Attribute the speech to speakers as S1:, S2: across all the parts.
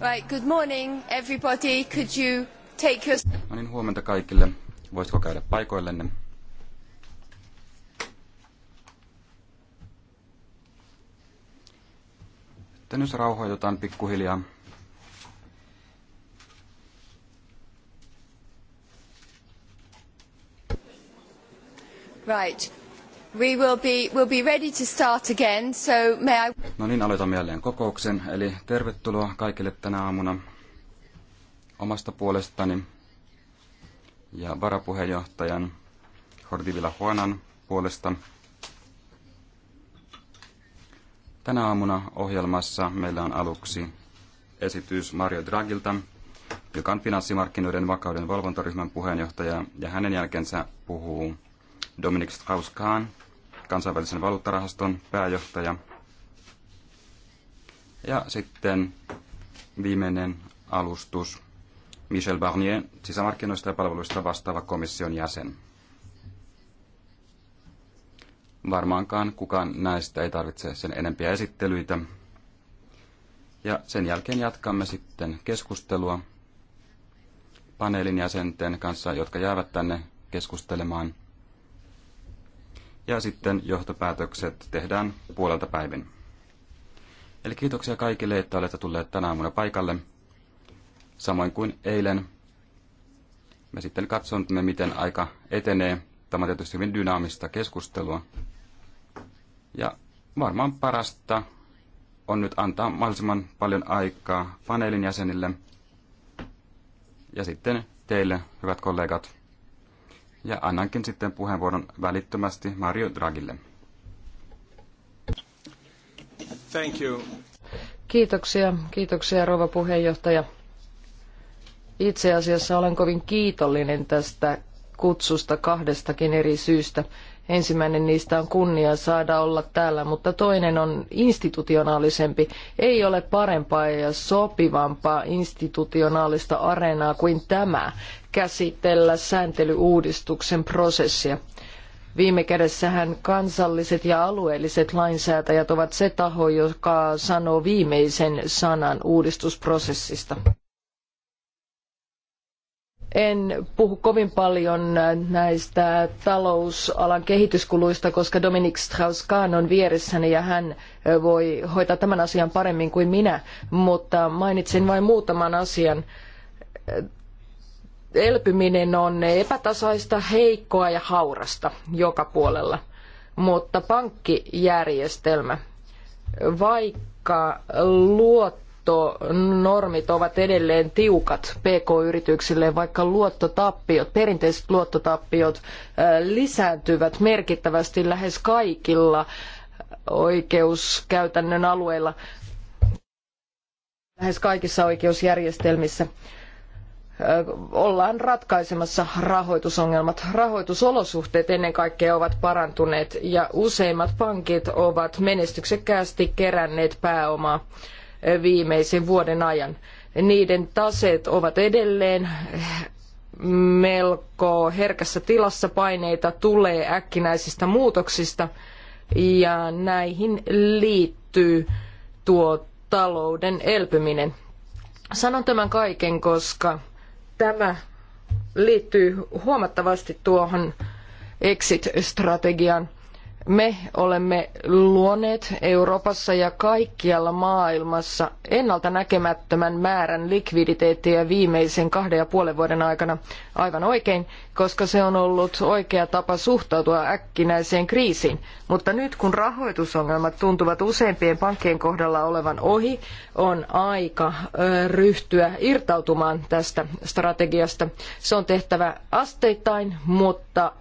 S1: Right, good morning everybody. Could you take your...
S2: No niin, huomenta kaikille. Voisitko käydä paikoillenne? Sitten jos rauhoitetaan pikkuhiljaa.
S1: Right. We will be, we'll be ready to start again,
S2: so may I... No niin, aloitamme jälleen kokouksen. Eli tervetuloa kaikille tänä aamuna omasta puolestani ja varapuheenjohtajan Jordi Villahuanan puolesta. Tänä aamuna ohjelmassa meillä on aluksi esitys Mario Dragilta, joka on finanssimarkkinoiden vakauden valvontaryhmän puheenjohtaja, ja hänen jälkensä puhuu Dominik strauss kansainvälisen valuuttarahaston pääjohtaja – ja sitten viimeinen alustus. Michel Barnier, sisämarkkinoista ja palveluista vastaava komission jäsen. Varmaankaan kukaan näistä ei tarvitse sen enempiä esittelyitä. Ja sen jälkeen jatkamme sitten keskustelua paneelin jäsenten kanssa, jotka jäävät tänne keskustelemaan. Ja sitten johtopäätökset tehdään puolelta päivin. Eli kiitoksia kaikille, että olette tulleet tänä aamuna paikalle, samoin kuin eilen. Me sitten katsomme, miten aika etenee. Tämä on tietysti hyvin dynaamista keskustelua. Ja varmaan parasta on nyt antaa mahdollisimman paljon aikaa paneelin jäsenille ja sitten teille, hyvät kollegat. Ja annankin sitten puheenvuoron välittömästi Mario Dragille.
S3: Thank you.
S1: Kiitoksia, kiitoksia rouva puheenjohtaja. Itse asiassa olen kovin kiitollinen tästä kutsusta kahdestakin eri syystä. Ensimmäinen niistä on kunnia saada olla täällä, mutta toinen on institutionaalisempi. Ei ole parempaa ja sopivampaa institutionaalista areenaa kuin tämä käsitellä sääntelyuudistuksen prosessia. Viime kädessähän kansalliset ja alueelliset lainsäätäjät ovat se taho, joka sanoo viimeisen sanan uudistusprosessista. En puhu kovin paljon näistä talousalan kehityskuluista, koska Dominik Strauss-Kahn on vieressäni ja hän voi hoitaa tämän asian paremmin kuin minä, mutta mainitsen vain muutaman asian elpyminen on epätasaista, heikkoa ja haurasta joka puolella. Mutta pankkijärjestelmä, vaikka luottonormit ovat edelleen tiukat PK-yrityksille, vaikka luottotappiot, perinteiset luottotappiot lisääntyvät merkittävästi lähes kaikilla oikeuskäytännön alueilla, lähes kaikissa oikeusjärjestelmissä ollaan ratkaisemassa rahoitusongelmat. Rahoitusolosuhteet ennen kaikkea ovat parantuneet ja useimmat pankit ovat menestyksekkäästi keränneet pääomaa viimeisen vuoden ajan. Niiden taseet ovat edelleen melko herkässä tilassa, paineita tulee äkkinäisistä muutoksista ja näihin liittyy tuo talouden elpyminen. Sanon tämän kaiken, koska Tämä liittyy huomattavasti tuohon exit-strategian me olemme luoneet Euroopassa ja kaikkialla maailmassa ennalta näkemättömän määrän likviditeettiä viimeisen kahden ja puolen vuoden aikana aivan oikein, koska se on ollut oikea tapa suhtautua äkkinäiseen kriisiin. Mutta nyt kun rahoitusongelmat tuntuvat useimpien pankkien kohdalla olevan ohi, on aika ryhtyä irtautumaan tästä strategiasta. Se on tehtävä asteittain, mutta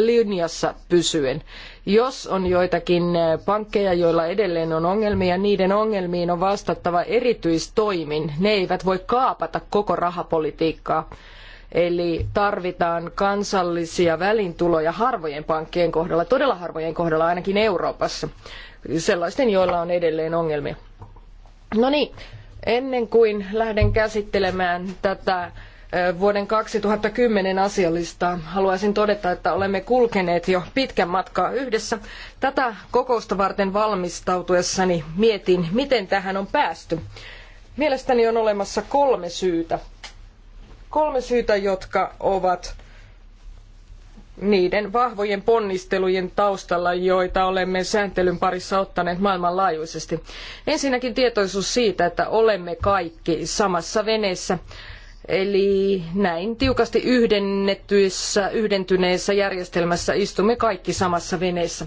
S1: linjassa pysyen. Jos on joitakin eh, pankkeja, joilla edelleen on ongelmia, niiden ongelmiin on vastattava erityistoimin. Ne eivät voi kaapata koko rahapolitiikkaa. Eli tarvitaan kansallisia välintuloja harvojen pankkien kohdalla, todella harvojen kohdalla ainakin Euroopassa, sellaisten, joilla on edelleen ongelmia. No niin, ennen kuin lähden käsittelemään tätä vuoden 2010 asialistaa. Haluaisin todeta, että olemme kulkeneet jo pitkän matkaa yhdessä. Tätä kokousta varten valmistautuessani mietin, miten tähän on päästy. Mielestäni on olemassa kolme syytä. Kolme syytä, jotka ovat niiden vahvojen ponnistelujen taustalla, joita olemme sääntelyn parissa ottaneet maailmanlaajuisesti. Ensinnäkin tietoisuus siitä, että olemme kaikki samassa veneessä. Eli näin tiukasti yhdennetyissä, yhdentyneessä järjestelmässä istumme kaikki samassa veneessä.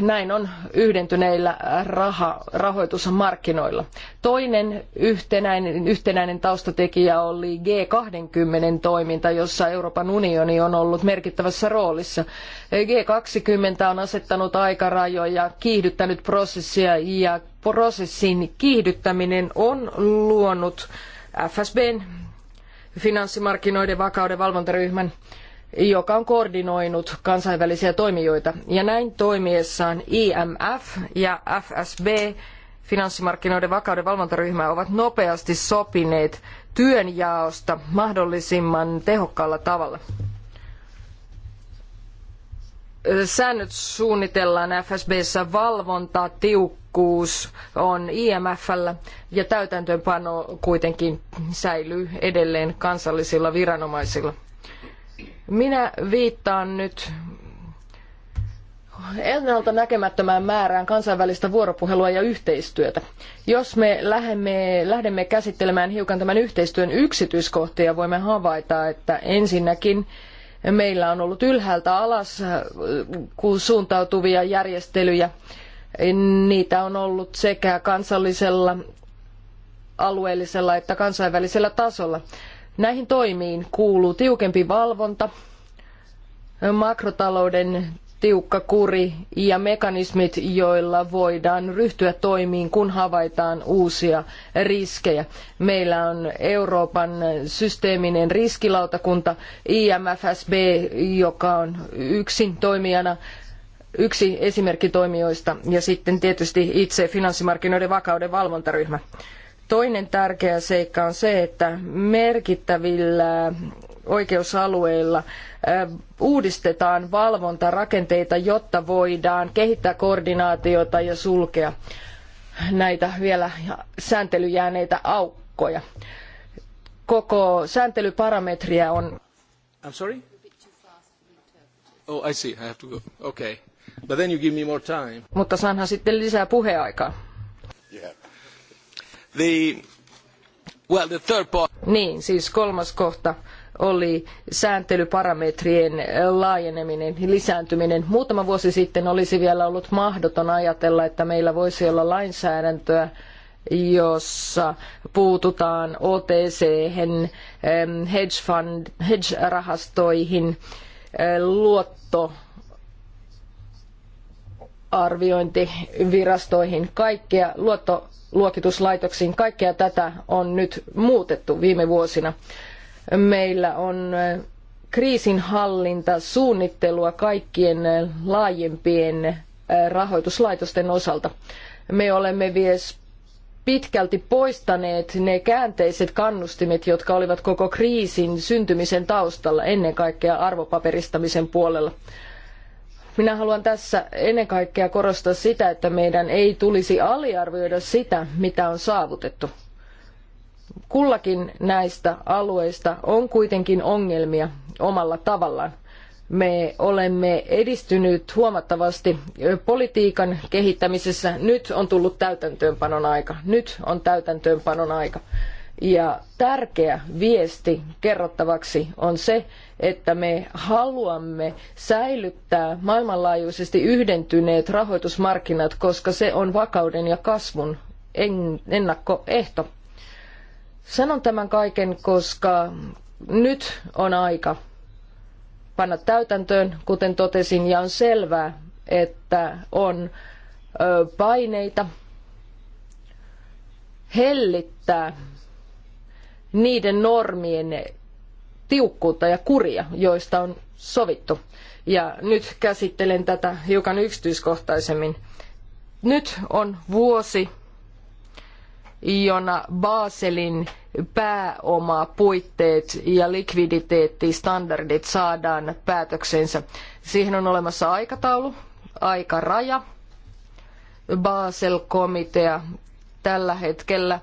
S1: Näin on yhdentyneillä raha, rahoitusmarkkinoilla. Toinen yhtenäinen, yhtenäinen taustatekijä oli G20-toiminta, jossa Euroopan unioni on ollut merkittävässä roolissa. G20 on asettanut aikarajoja, kiihdyttänyt prosessia ja prosessin kiihdyttäminen on luonut äh, FSBn finanssimarkkinoiden vakauden valvontaryhmän, joka on koordinoinut kansainvälisiä toimijoita. Ja näin toimiessaan IMF ja FSB finanssimarkkinoiden vakauden valvontaryhmä ovat nopeasti sopineet työnjaosta mahdollisimman tehokkaalla tavalla. Säännöt suunnitellaan FSBssä valvontaa tiukkaan tiukkuus on IMFllä ja täytäntöönpano kuitenkin säilyy edelleen kansallisilla viranomaisilla. Minä viittaan nyt ennalta näkemättömään määrään kansainvälistä vuoropuhelua ja yhteistyötä. Jos me lähdemme, lähdemme käsittelemään hiukan tämän yhteistyön yksityiskohtia, voimme havaita, että ensinnäkin meillä on ollut ylhäältä alas äh, suuntautuvia järjestelyjä Niitä on ollut sekä kansallisella, alueellisella että kansainvälisellä tasolla. Näihin toimiin kuuluu tiukempi valvonta, makrotalouden tiukka kuri ja mekanismit, joilla voidaan ryhtyä toimiin, kun havaitaan uusia riskejä. Meillä on Euroopan systeeminen riskilautakunta, IMFSB, joka on yksin toimijana, yksi esimerkki toimijoista ja sitten tietysti itse finanssimarkkinoiden vakauden valvontaryhmä. Toinen tärkeä seikka on se, että merkittävillä oikeusalueilla äh, uudistetaan valvontarakenteita, jotta voidaan kehittää koordinaatiota ja sulkea näitä vielä sääntelyjääneitä aukkoja. Koko sääntelyparametriä on...
S3: I'm sorry? Oh, I see. I have to go. Okay. But then you give me more time.
S1: Mutta saanhan sitten lisää puheaikaa. The, well, the third part. Niin, siis kolmas kohta oli sääntelyparametrien laajeneminen, lisääntyminen. Muutama vuosi sitten olisi vielä ollut mahdoton ajatella, että meillä voisi olla lainsäädäntöä, jossa puututaan OTC, hedge-rahastoihin, luotto arviointivirastoihin, kaikkea luottoluokituslaitoksiin, kaikkea tätä on nyt muutettu viime vuosina. Meillä on eh, kriisinhallinta, suunnittelua kaikkien eh, laajempien eh, rahoituslaitosten osalta. Me olemme vies pitkälti poistaneet ne käänteiset kannustimet, jotka olivat koko kriisin syntymisen taustalla, ennen kaikkea arvopaperistamisen puolella. Minä haluan tässä ennen kaikkea korostaa sitä, että meidän ei tulisi aliarvioida sitä, mitä on saavutettu. Kullakin näistä alueista on kuitenkin ongelmia omalla tavallaan. Me olemme edistyneet huomattavasti politiikan kehittämisessä. Nyt on tullut täytäntöönpanon aika. Nyt on täytäntöönpanon aika. Ja tärkeä viesti kerrottavaksi on se, että me haluamme säilyttää maailmanlaajuisesti yhdentyneet rahoitusmarkkinat, koska se on vakauden ja kasvun ennakkoehto. Sanon tämän kaiken, koska nyt on aika panna täytäntöön, kuten totesin, ja on selvää, että on paineita hellittää niiden normien tiukkuutta ja kuria, joista on sovittu. Ja nyt käsittelen tätä hiukan yksityiskohtaisemmin. Nyt on vuosi, jona Baselin pääomapuitteet ja likviditeettistandardit saadaan päätöksensä. Siihen on olemassa aikataulu, aikaraja. Basel-komitea tällä hetkellä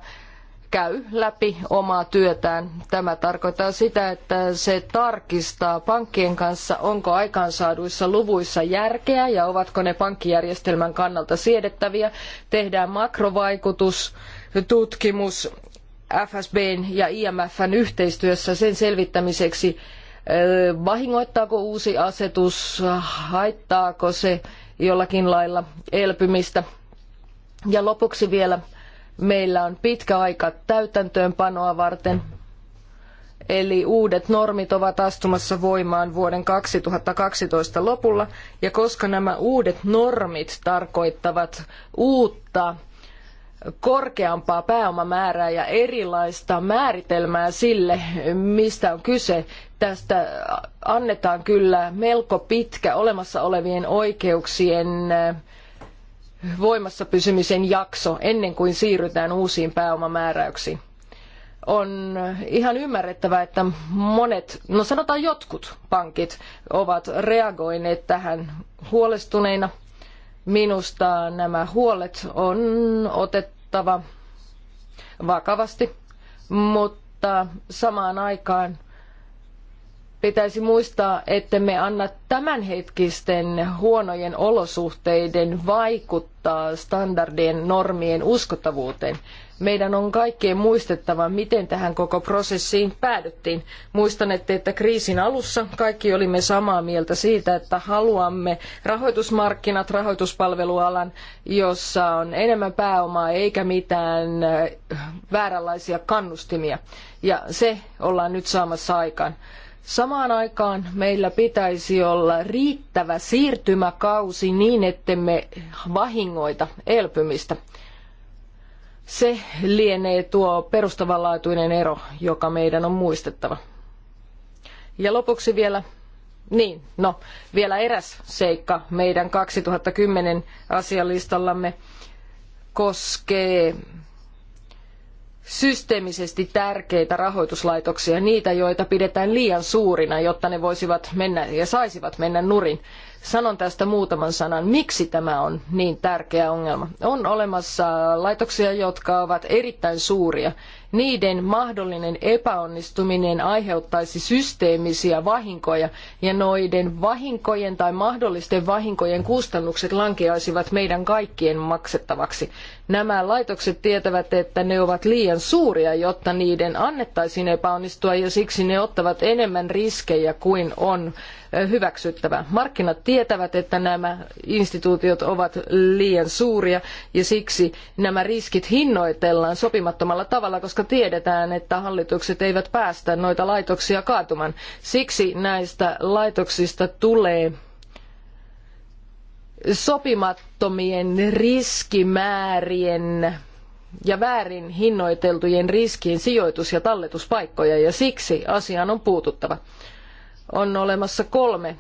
S1: käy läpi omaa työtään. Tämä tarkoittaa sitä, että se tarkistaa pankkien kanssa, onko aikaansaaduissa luvuissa järkeä ja ovatko ne pankkijärjestelmän kannalta siedettäviä. Tehdään makrovaikutus, tutkimus FSBn ja IMFn yhteistyössä sen selvittämiseksi, vahingoittaako uusi asetus, haittaako se jollakin lailla elpymistä. Ja lopuksi vielä Meillä on pitkä aika täytäntöönpanoa varten, eli uudet normit ovat astumassa voimaan vuoden 2012 lopulla, ja koska nämä uudet normit tarkoittavat uutta korkeampaa pääomamäärää ja erilaista määritelmää sille, mistä on kyse. Tästä annetaan kyllä melko pitkä olemassa olevien oikeuksien voimassa pysymisen jakso ennen kuin siirrytään uusiin pääomamääräyksiin. On ihan ymmärrettävää, että monet, no sanotaan jotkut pankit ovat reagoineet tähän huolestuneina. Minusta nämä huolet on otettava vakavasti, mutta samaan aikaan pitäisi muistaa, että me anna tämänhetkisten huonojen olosuhteiden vaikuttaa standardien normien uskottavuuteen. Meidän on kaikkien muistettava, miten tähän koko prosessiin päädyttiin. Muistanette, että kriisin alussa kaikki olimme samaa mieltä siitä, että haluamme rahoitusmarkkinat, rahoituspalvelualan, jossa on enemmän pääomaa eikä mitään äh, vääränlaisia kannustimia. Ja se ollaan nyt saamassa aikaan. Samaan aikaan meillä pitäisi olla riittävä siirtymäkausi niin, ettemme vahingoita elpymistä. Se lienee tuo perustavanlaatuinen ero, joka meidän on muistettava. Ja lopuksi vielä, niin, no, vielä eräs seikka meidän 2010 asialistallamme koskee systeemisesti tärkeitä rahoituslaitoksia, niitä joita pidetään liian suurina, jotta ne voisivat mennä ja saisivat mennä nurin. Sanon tästä muutaman sanan, miksi tämä on niin tärkeä ongelma. On olemassa laitoksia, jotka ovat erittäin suuria niiden mahdollinen epäonnistuminen aiheuttaisi systeemisiä vahinkoja ja noiden vahinkojen tai mahdollisten vahinkojen kustannukset lankeaisivat meidän kaikkien maksettavaksi. Nämä laitokset tietävät, että ne ovat liian suuria, jotta niiden annettaisiin epäonnistua ja siksi ne ottavat enemmän riskejä kuin on hyväksyttävä. Markkinat tietävät, että nämä instituutiot ovat liian suuria ja siksi nämä riskit hinnoitellaan sopimattomalla tavalla, koska koska tiedetään, että hallitukset eivät päästä noita laitoksia kaatumaan. Siksi näistä laitoksista tulee sopimattomien riskimäärien ja väärin hinnoiteltujen riskien sijoitus- ja talletuspaikkoja, ja siksi asiaan on puututtava. On olemassa kolme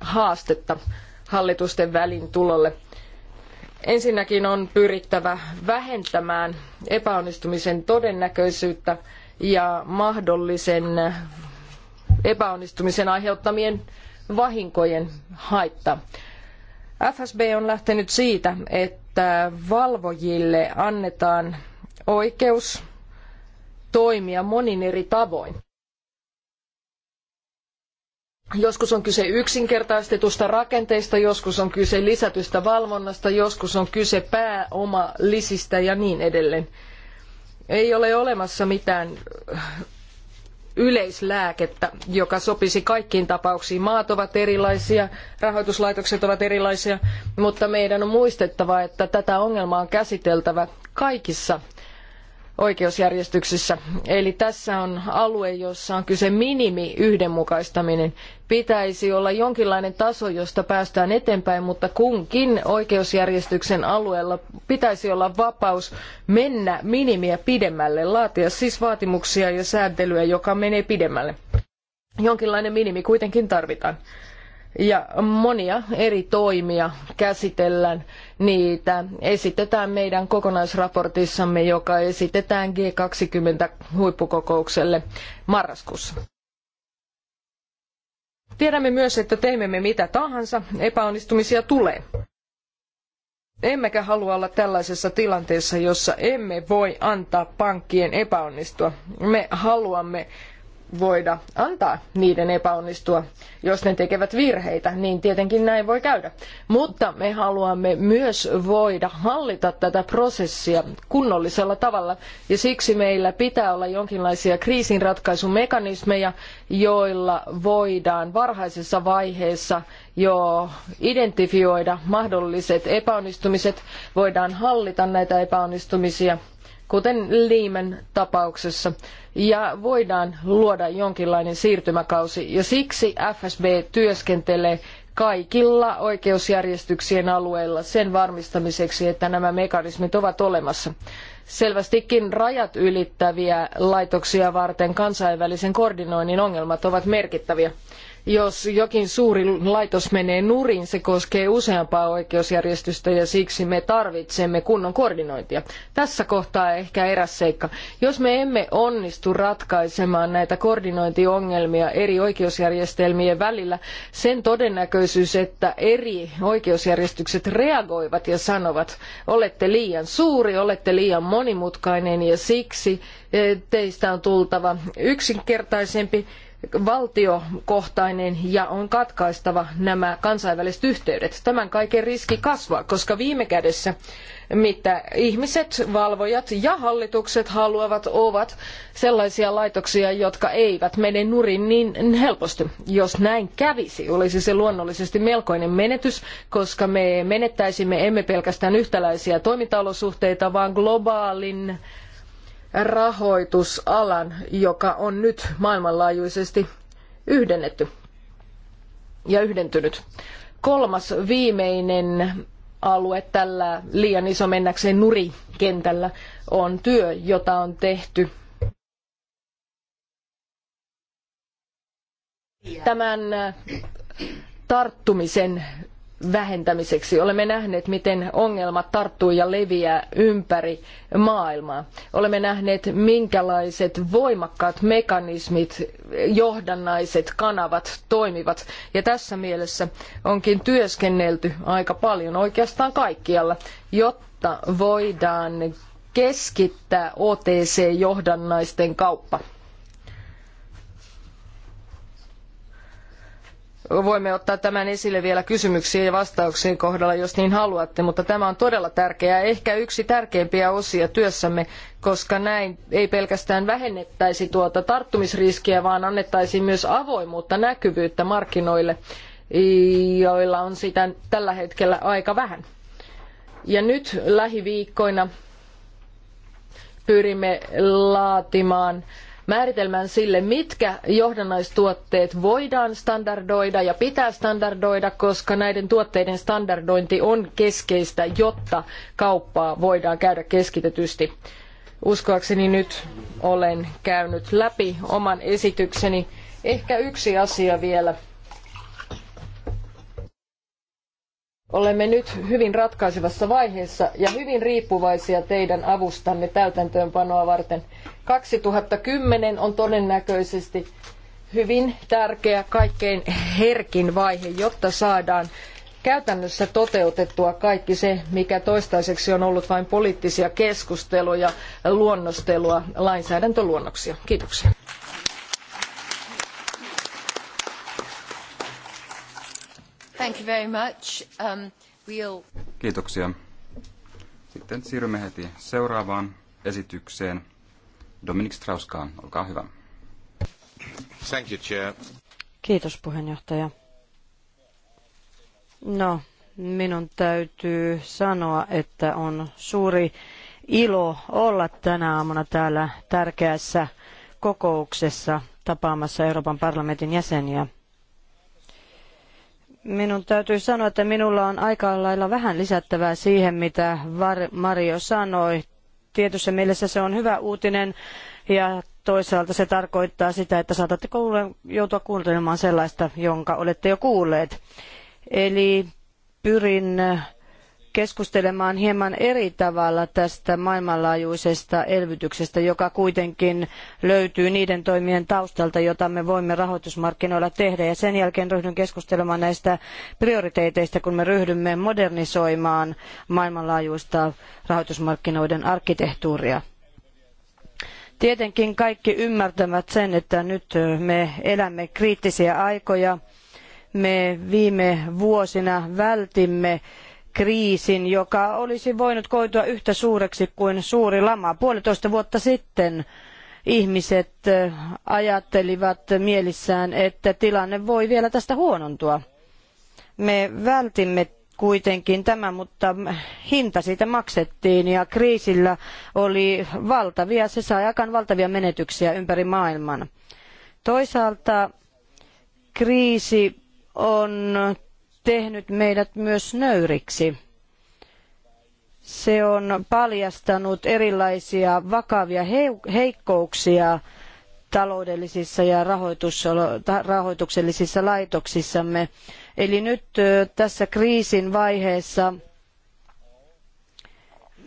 S1: haastetta hallitusten välin tulolle. Ensinnäkin on pyrittävä vähentämään epäonnistumisen todennäköisyyttä ja mahdollisen epäonnistumisen aiheuttamien vahinkojen haitta. FSB on lähtenyt siitä, että valvojille annetaan oikeus toimia monin eri tavoin. Joskus on kyse yksinkertaistetusta rakenteista, joskus on kyse lisätystä valvonnasta, joskus on kyse pääomalisistä ja niin edelleen. Ei ole olemassa mitään äh, yleislääkettä, joka sopisi kaikkiin tapauksiin. Maat ovat erilaisia, rahoituslaitokset ovat erilaisia, mutta meidän on muistettava, että tätä ongelmaa on käsiteltävä kaikissa oikeusjärjestyksissä. Eli tässä on alue, jossa on kyse minimi yhdenmukaistaminen. Pitäisi olla jonkinlainen taso, josta päästään eteenpäin, mutta kunkin oikeusjärjestyksen alueella pitäisi olla vapaus mennä minimiä pidemmälle, laatia siis vaatimuksia ja sääntelyä, joka menee pidemmälle. Jonkinlainen minimi kuitenkin tarvitaan ja monia eri toimia käsitellään. Niitä esitetään meidän kokonaisraportissamme, joka esitetään G20 huippukokoukselle marraskuussa. Tiedämme myös, että teemme me mitä tahansa, epäonnistumisia tulee. Emmekä halua olla tällaisessa tilanteessa, jossa emme voi antaa pankkien epäonnistua. Me haluamme voida antaa niiden epäonnistua, jos ne tekevät virheitä, niin tietenkin näin voi käydä. Mutta me haluamme myös voida hallita tätä prosessia kunnollisella tavalla, ja siksi meillä pitää olla jonkinlaisia kriisinratkaisumekanismeja, joilla voidaan varhaisessa vaiheessa jo identifioida mahdolliset epäonnistumiset, voidaan hallita näitä epäonnistumisia, kuten Lehman tapauksessa ja voidaan luoda jonkinlainen siirtymäkausi. Ja siksi FSB työskentelee kaikilla oikeusjärjestyksien alueilla sen varmistamiseksi, että nämä mekanismit ovat olemassa. Selvästikin rajat ylittäviä laitoksia varten kansainvälisen koordinoinnin ongelmat ovat merkittäviä jos jokin suuri laitos menee nurin, se koskee useampaa oikeusjärjestystä ja siksi me tarvitsemme kunnon koordinointia. Tässä kohtaa ehkä eräs seikka. Jos me emme onnistu ratkaisemaan näitä koordinointiongelmia eri oikeusjärjestelmien välillä, sen todennäköisyys, että eri oikeusjärjestykset reagoivat ja sanovat, olette liian suuri, olette liian monimutkainen ja siksi eh, teistä on tultava yksinkertaisempi, valtiokohtainen ja on katkaistava nämä kansainväliset yhteydet. Tämän kaiken riski kasvaa, koska viime kädessä mitä ihmiset, valvojat ja hallitukset haluavat ovat sellaisia laitoksia, jotka eivät mene nurin niin helposti. Jos näin kävisi, olisi se luonnollisesti melkoinen menetys, koska me menettäisimme emme pelkästään yhtäläisiä toimintaolosuhteita, vaan globaalin rahoitusalan, joka on nyt maailmanlaajuisesti yhdennetty ja yhdentynyt. Kolmas viimeinen alue tällä liian iso mennäkseen nurikentällä on työ, jota on tehty tämän tarttumisen vähentämiseksi. Olemme nähneet, miten ongelma tarttuu ja leviää ympäri maailmaa. Olemme nähneet, minkälaiset voimakkaat mekanismit, johdannaiset kanavat toimivat. Ja tässä mielessä onkin työskennelty aika paljon oikeastaan kaikkialla, jotta voidaan keskittää OTC-johdannaisten kauppa. voimme ottaa tämän esille vielä kysymyksiin ja vastauksiin kohdalla, jos niin haluatte, mutta tämä on todella tärkeää, ehkä yksi tärkeimpiä osia työssämme, koska näin ei pelkästään vähennettäisi tuota tarttumisriskiä, vaan annettaisiin myös avoimuutta, näkyvyyttä markkinoille, joilla on sitä tällä hetkellä aika vähän. Ja nyt lähiviikkoina pyrimme laatimaan määritelmän sille, mitkä johdannaistuotteet voidaan standardoida ja pitää standardoida, koska näiden tuotteiden standardointi on keskeistä, jotta kauppaa voidaan käydä keskitetysti. Uskoakseni nyt olen käynyt läpi oman esitykseni. Ehkä yksi asia vielä. Olemme nyt hyvin ratkaisevassa vaiheessa ja hyvin riippuvaisia teidän avustanne täytäntöönpanoa varten. 2010 on todennäköisesti hyvin tärkeä, kaikkein herkin vaihe, jotta saadaan käytännössä toteutettua kaikki se, mikä toistaiseksi on ollut vain poliittisia keskusteluja, luonnostelua, lainsäädäntöluonnoksia. Kiitoksia. Um,
S2: Kiitoksia. Sitten siirrymme heti seuraavaan esitykseen. Dominik Strauskaan, olkaa hyvä. Thank you, Chair.
S4: Kiitos puheenjohtaja. No, minun täytyy sanoa, että on suuri ilo olla tänä aamuna täällä tärkeässä kokouksessa tapaamassa Euroopan parlamentin jäseniä minun täytyy sanoa, että minulla on aika lailla vähän lisättävää siihen, mitä Mario sanoi. Tietyssä mielessä se on hyvä uutinen ja toisaalta se tarkoittaa sitä, että saatatte kuule, joutua kuuntelemaan sellaista, jonka olette jo kuulleet. Eli pyrin keskustelemaan hieman eri tavalla tästä maailmanlaajuisesta elvytyksestä, joka kuitenkin löytyy niiden toimien taustalta, jota me voimme rahoitusmarkkinoilla tehdä. Ja sen jälkeen ryhdyn keskustelemaan näistä prioriteeteista, kun me ryhdymme modernisoimaan maailmanlaajuista rahoitusmarkkinoiden arkkitehtuuria. Tietenkin kaikki ymmärtävät sen, että nyt me elämme kriittisiä aikoja. Me viime vuosina vältimme kriisin, joka olisi voinut koitua yhtä suureksi kuin suuri lama. Puolitoista vuotta sitten ihmiset ajattelivat mielissään, että tilanne voi vielä tästä huonontua. Me vältimme kuitenkin tämä, mutta hinta siitä maksettiin ja kriisillä oli valtavia, se sai aikaan valtavia menetyksiä ympäri maailman. Toisaalta kriisi on tehnyt meidät myös nöyriksi. Se on paljastanut erilaisia vakavia heikkouksia taloudellisissa ja rahoituksellisissa laitoksissamme. Eli nyt tässä kriisin vaiheessa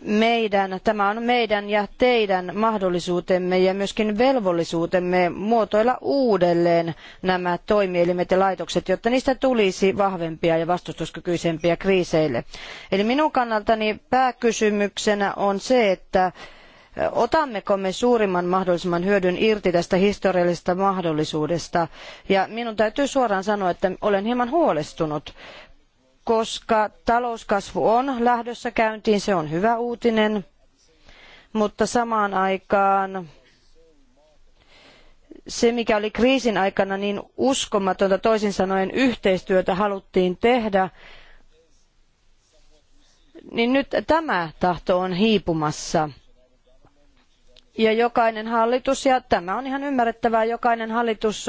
S4: meidän, tämä on meidän ja teidän mahdollisuutemme ja myöskin velvollisuutemme muotoilla uudelleen nämä toimielimet ja laitokset, jotta niistä tulisi vahvempia ja vastustuskykyisempiä kriiseille. Eli minun kannaltani pääkysymyksenä on se, että otammeko me suurimman mahdollisimman hyödyn irti tästä historiallisesta mahdollisuudesta. Ja minun täytyy suoraan sanoa, että olen hieman huolestunut koska talouskasvu on lähdössä käyntiin, se on hyvä uutinen, mutta samaan aikaan se, mikä oli kriisin aikana niin uskomatonta, toisin sanoen yhteistyötä haluttiin tehdä, niin nyt tämä tahto on hiipumassa. Ja jokainen hallitus, ja tämä on ihan ymmärrettävää, jokainen hallitus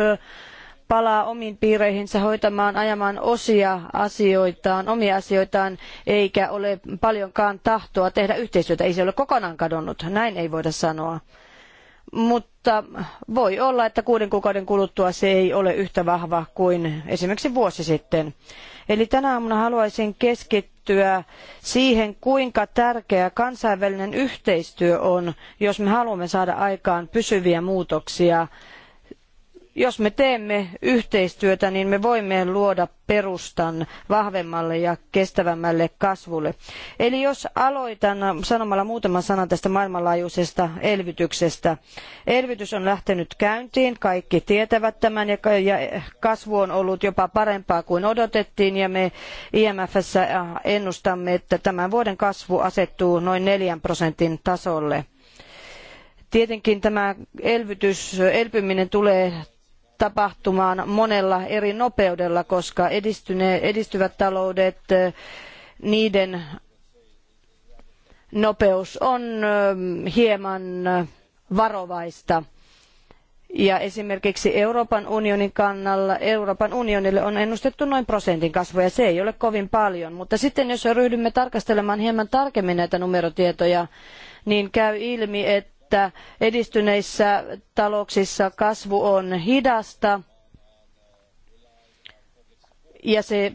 S4: palaa omiin piireihinsä hoitamaan, ajamaan osia asioitaan, omia asioitaan, eikä ole paljonkaan tahtoa tehdä yhteistyötä. Ei se ole kokonaan kadonnut, näin ei voida sanoa. Mutta voi olla, että kuuden kuukauden kuluttua se ei ole yhtä vahva kuin esimerkiksi vuosi sitten. Eli tänä aamuna haluaisin keskittyä siihen, kuinka tärkeä kansainvälinen yhteistyö on, jos me haluamme saada aikaan pysyviä muutoksia jos me teemme yhteistyötä, niin me voimme luoda perustan vahvemmalle ja kestävämmälle kasvulle. Eli jos aloitan sanomalla muutaman sanan tästä maailmanlaajuisesta elvytyksestä. Elvytys on lähtenyt käyntiin, kaikki tietävät tämän ja kasvu on ollut jopa parempaa kuin odotettiin ja me IMFssä äh, ennustamme, että tämän vuoden kasvu asettuu noin 4 prosentin tasolle. Tietenkin tämä elvytys, elpyminen tulee tapahtumaan monella eri nopeudella, koska edistyvät taloudet, niiden nopeus on hieman varovaista. Ja esimerkiksi Euroopan unionin kannalla Euroopan unionille on ennustettu noin prosentin kasvua ja se ei ole kovin paljon. Mutta sitten jos ryhdymme tarkastelemaan hieman tarkemmin näitä numerotietoja, niin käy ilmi, että että edistyneissä talouksissa kasvu on hidasta ja se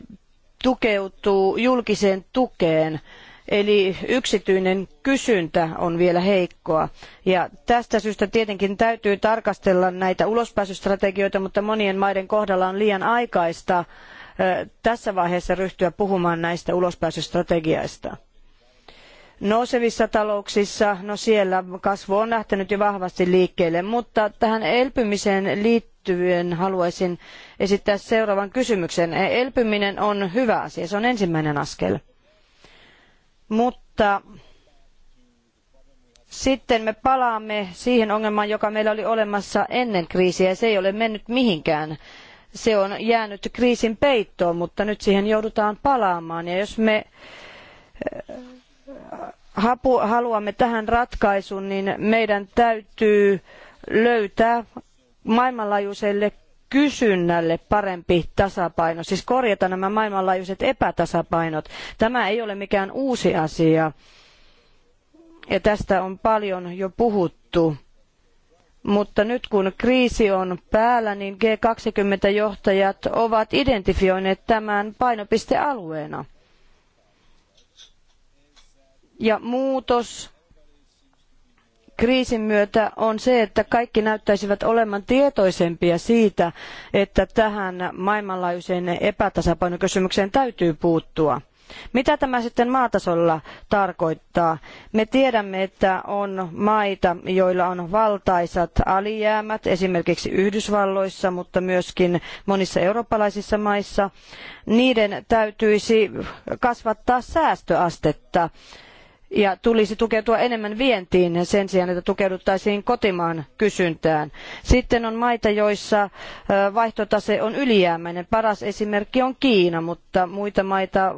S4: tukeutuu julkiseen tukeen. Eli yksityinen kysyntä on vielä heikkoa. Ja tästä syystä tietenkin täytyy tarkastella näitä ulospääsystrategioita, mutta monien maiden kohdalla on liian aikaista tässä vaiheessa ryhtyä puhumaan näistä ulospääsystrategioista nousevissa talouksissa, no siellä kasvu on lähtenyt jo vahvasti liikkeelle, mutta tähän elpymiseen liittyen haluaisin esittää seuraavan kysymyksen. Elpyminen on hyvä asia, se on ensimmäinen askel. Mutta sitten me palaamme siihen ongelmaan, joka meillä oli olemassa ennen kriisiä ja se ei ole mennyt mihinkään. Se on jäänyt kriisin peittoon, mutta nyt siihen joudutaan palaamaan ja jos me haluamme tähän ratkaisun, niin meidän täytyy löytää maailmanlaajuiselle kysynnälle parempi tasapaino, siis korjata nämä maailmanlaajuiset epätasapainot. Tämä ei ole mikään uusi asia ja tästä on paljon jo puhuttu. Mutta nyt kun kriisi on päällä, niin G20-johtajat ovat identifioineet tämän painopistealueena ja muutos kriisin myötä on se, että kaikki näyttäisivät olevan tietoisempia siitä, että tähän maailmanlaajuiseen epätasapainokysymykseen täytyy puuttua. Mitä tämä sitten maatasolla tarkoittaa? Me tiedämme, että on maita, joilla on valtaisat alijäämät, esimerkiksi Yhdysvalloissa, mutta myöskin monissa eurooppalaisissa maissa. Niiden täytyisi kasvattaa säästöastetta ja tulisi tukeutua enemmän vientiin sen sijaan, että tukeuduttaisiin kotimaan kysyntään. Sitten on maita, joissa vaihtotase on ylijäämäinen. Paras esimerkki on Kiina, mutta muita maita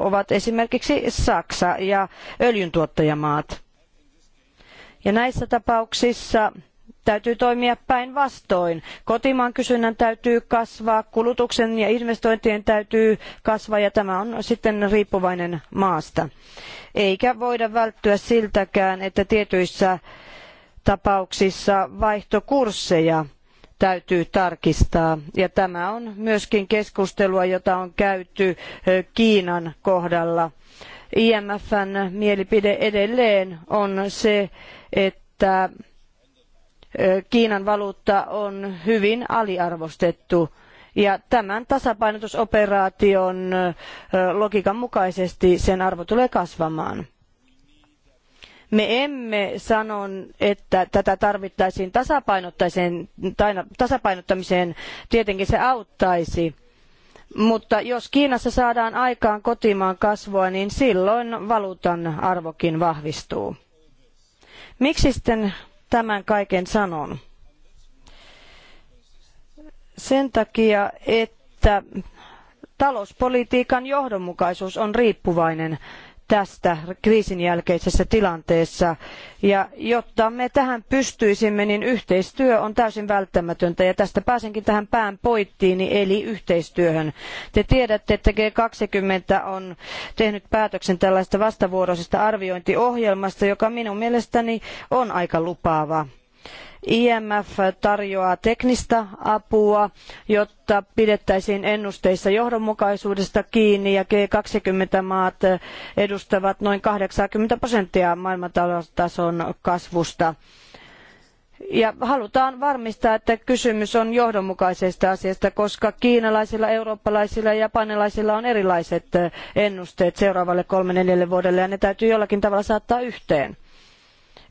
S4: ovat esimerkiksi Saksa ja öljyntuottajamaat. Ja näissä tapauksissa täytyy toimia päinvastoin. Kotimaan kysynnän täytyy kasvaa, kulutuksen ja investointien täytyy kasvaa ja tämä on sitten riippuvainen maasta. Eikä voida välttyä siltäkään, että tietyissä tapauksissa vaihtokursseja täytyy tarkistaa. Ja tämä on myöskin keskustelua, jota on käyty Kiinan kohdalla. IMFn mielipide edelleen on se, että Kiinan valuutta on hyvin aliarvostettu. Ja tämän tasapainotusoperaation logiikan mukaisesti sen arvo tulee kasvamaan. Me emme sano, että tätä tarvittaisiin tasapainottamiseen, tietenkin se auttaisi. Mutta jos Kiinassa saadaan aikaan kotimaan kasvua, niin silloin valuutan arvokin vahvistuu. Miksi sitten tämän kaiken sanon? Sen takia, että talouspolitiikan johdonmukaisuus on riippuvainen tästä kriisin jälkeisessä tilanteessa. Ja jotta me tähän pystyisimme, niin yhteistyö on täysin välttämätöntä ja tästä pääsenkin tähän pään poittiini niin eli yhteistyöhön. Te tiedätte, että G20 on tehnyt päätöksen tällaista vastavuoroisesta arviointiohjelmasta, joka minun mielestäni on aika lupaava. IMF tarjoaa teknistä apua, jotta pidettäisiin ennusteissa johdonmukaisuudesta kiinni ja G20-maat edustavat noin 80 prosenttia maailmantason kasvusta. Ja halutaan varmistaa, että kysymys on johdonmukaisesta asiasta, koska kiinalaisilla, eurooppalaisilla ja japanilaisilla on erilaiset ennusteet seuraavalle kolme neljälle vuodelle ja ne täytyy jollakin tavalla saattaa yhteen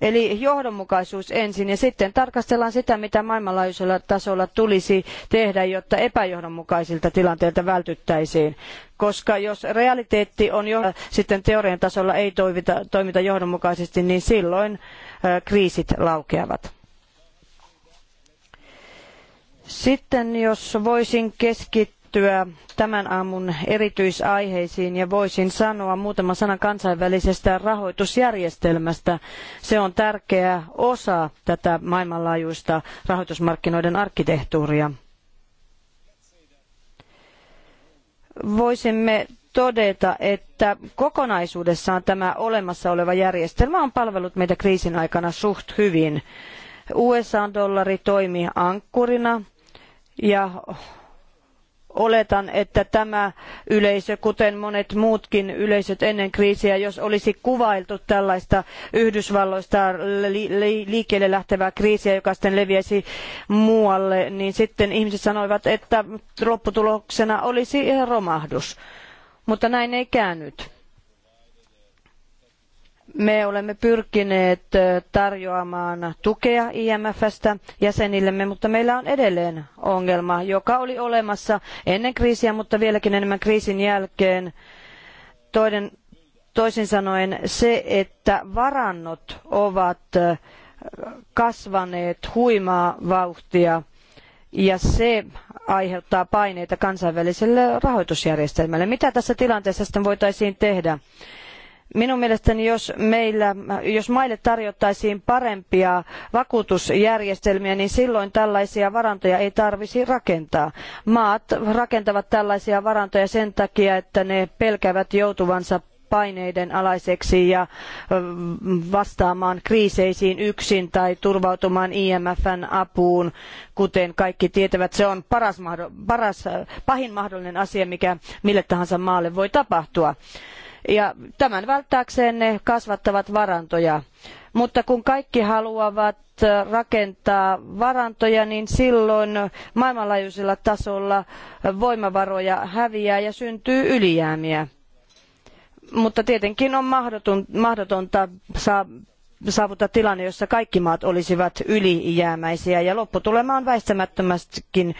S4: Eli johdonmukaisuus ensin ja sitten tarkastellaan sitä, mitä maailmanlaajuisella tasolla tulisi tehdä, jotta epäjohdonmukaisilta tilanteilta vältyttäisiin. Koska jos realiteetti on jo äh, sitten teorian tasolla ei toimita, toimita johdonmukaisesti, niin silloin äh, kriisit laukeavat. Sitten jos voisin keskittyä keskittyä tämän aamun erityisaiheisiin ja voisin sanoa muutaman sanan kansainvälisestä rahoitusjärjestelmästä. Se on tärkeä osa tätä maailmanlaajuista rahoitusmarkkinoiden arkkitehtuuria. Voisimme todeta, että kokonaisuudessaan tämä olemassa oleva järjestelmä on palvellut meitä kriisin aikana suht hyvin. USA-dollari toimi ankkurina ja oletan, että tämä yleisö, kuten monet muutkin yleisöt ennen kriisiä, jos olisi kuvailtu tällaista Yhdysvalloista liikkeelle lähtevää kriisiä, joka sitten leviäisi muualle, niin sitten ihmiset sanoivat, että lopputuloksena olisi romahdus. Mutta näin ei käynyt me olemme pyrkineet tarjoamaan tukea IMFstä jäsenillemme, mutta meillä on edelleen ongelma, joka oli olemassa ennen kriisiä, mutta vieläkin enemmän kriisin jälkeen. Toinen, toisin sanoen se, että varannot ovat kasvaneet huimaa vauhtia ja se aiheuttaa paineita kansainväliselle rahoitusjärjestelmälle. Mitä tässä tilanteessa sitten voitaisiin tehdä? minun mielestäni jos, meillä, jos maille tarjottaisiin parempia vakuutusjärjestelmiä niin silloin tällaisia varantoja ei tarvitsisi rakentaa. maat rakentavat tällaisia varantoja sen takia että ne pelkäävät joutuvansa paineiden alaiseksi ja vastaamaan kriiseisiin yksin tai turvautumaan IMFn apuun. Kuten kaikki tietävät, se on paras, paras, pahin mahdollinen asia, mikä mille tahansa maalle voi tapahtua ja tämän välttääkseen ne kasvattavat varantoja. Mutta kun kaikki haluavat äh, rakentaa varantoja, niin silloin maailmanlaajuisella tasolla voimavaroja häviää ja syntyy ylijäämiä mutta tietenkin on mahdotonta saa saavuttaa tilanne, jossa kaikki maat olisivat ylijäämäisiä ja lopputulema on väistämättömästikin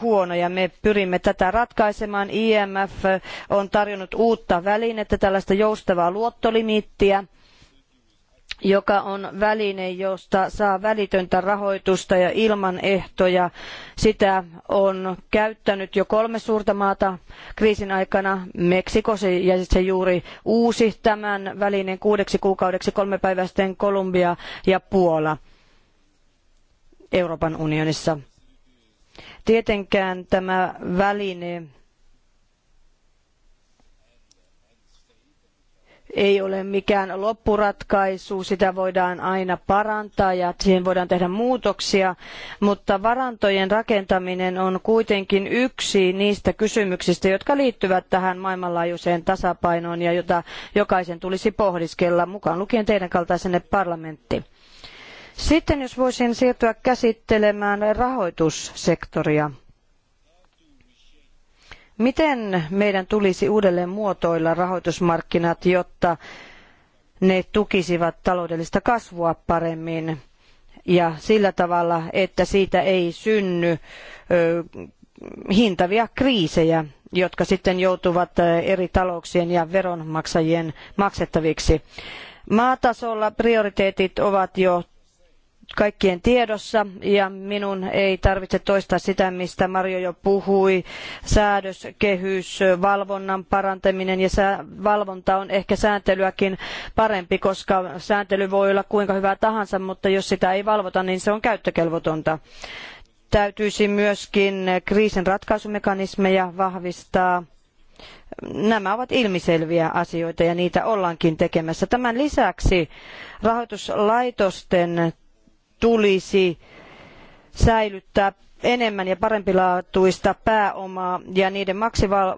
S4: huono ja me pyrimme tätä ratkaisemaan. IMF on tarjonnut uutta välinettä, tällaista joustavaa luottolimiittiä joka on väline, josta saa välitöntä rahoitusta ja ilman ehtoja. Sitä on käyttänyt jo kolme suurta maata kriisin aikana. Meksiko se, ja se juuri uusi tämän välineen kuudeksi kuukaudeksi kolme päivää sitten Kolumbia ja Puola Euroopan unionissa. Tietenkään tämä väline ei ole mikään loppuratkaisu, sitä voidaan aina parantaa ja siihen voidaan tehdä muutoksia, mutta varantojen rakentaminen on kuitenkin yksi niistä kysymyksistä, jotka liittyvät tähän maailmanlaajuiseen tasapainoon ja jota jokaisen tulisi pohdiskella, mukaan lukien teidän kaltaisenne parlamentti. Sitten jos voisin siirtyä käsittelemään rahoitussektoria. Miten meidän tulisi uudelleen muotoilla rahoitusmarkkinat, jotta ne tukisivat taloudellista kasvua paremmin ja sillä tavalla, että siitä ei synny hintavia kriisejä, jotka sitten joutuvat eri talouksien ja veronmaksajien maksettaviksi. Maatasolla prioriteetit ovat jo kaikkien tiedossa ja minun ei tarvitse toistaa sitä, mistä Mario jo puhui. Säädöskehys, valvonnan parantaminen ja valvonta on ehkä sääntelyäkin parempi, koska sääntely voi olla kuinka hyvää tahansa, mutta jos sitä ei valvota, niin se on käyttökelvotonta. Täytyisi myöskin kriisin ratkaisumekanismeja vahvistaa. Nämä ovat ilmiselviä asioita ja niitä ollaankin tekemässä. Tämän lisäksi rahoituslaitosten tulisi säilyttää enemmän ja parempilaatuista pääomaa ja niiden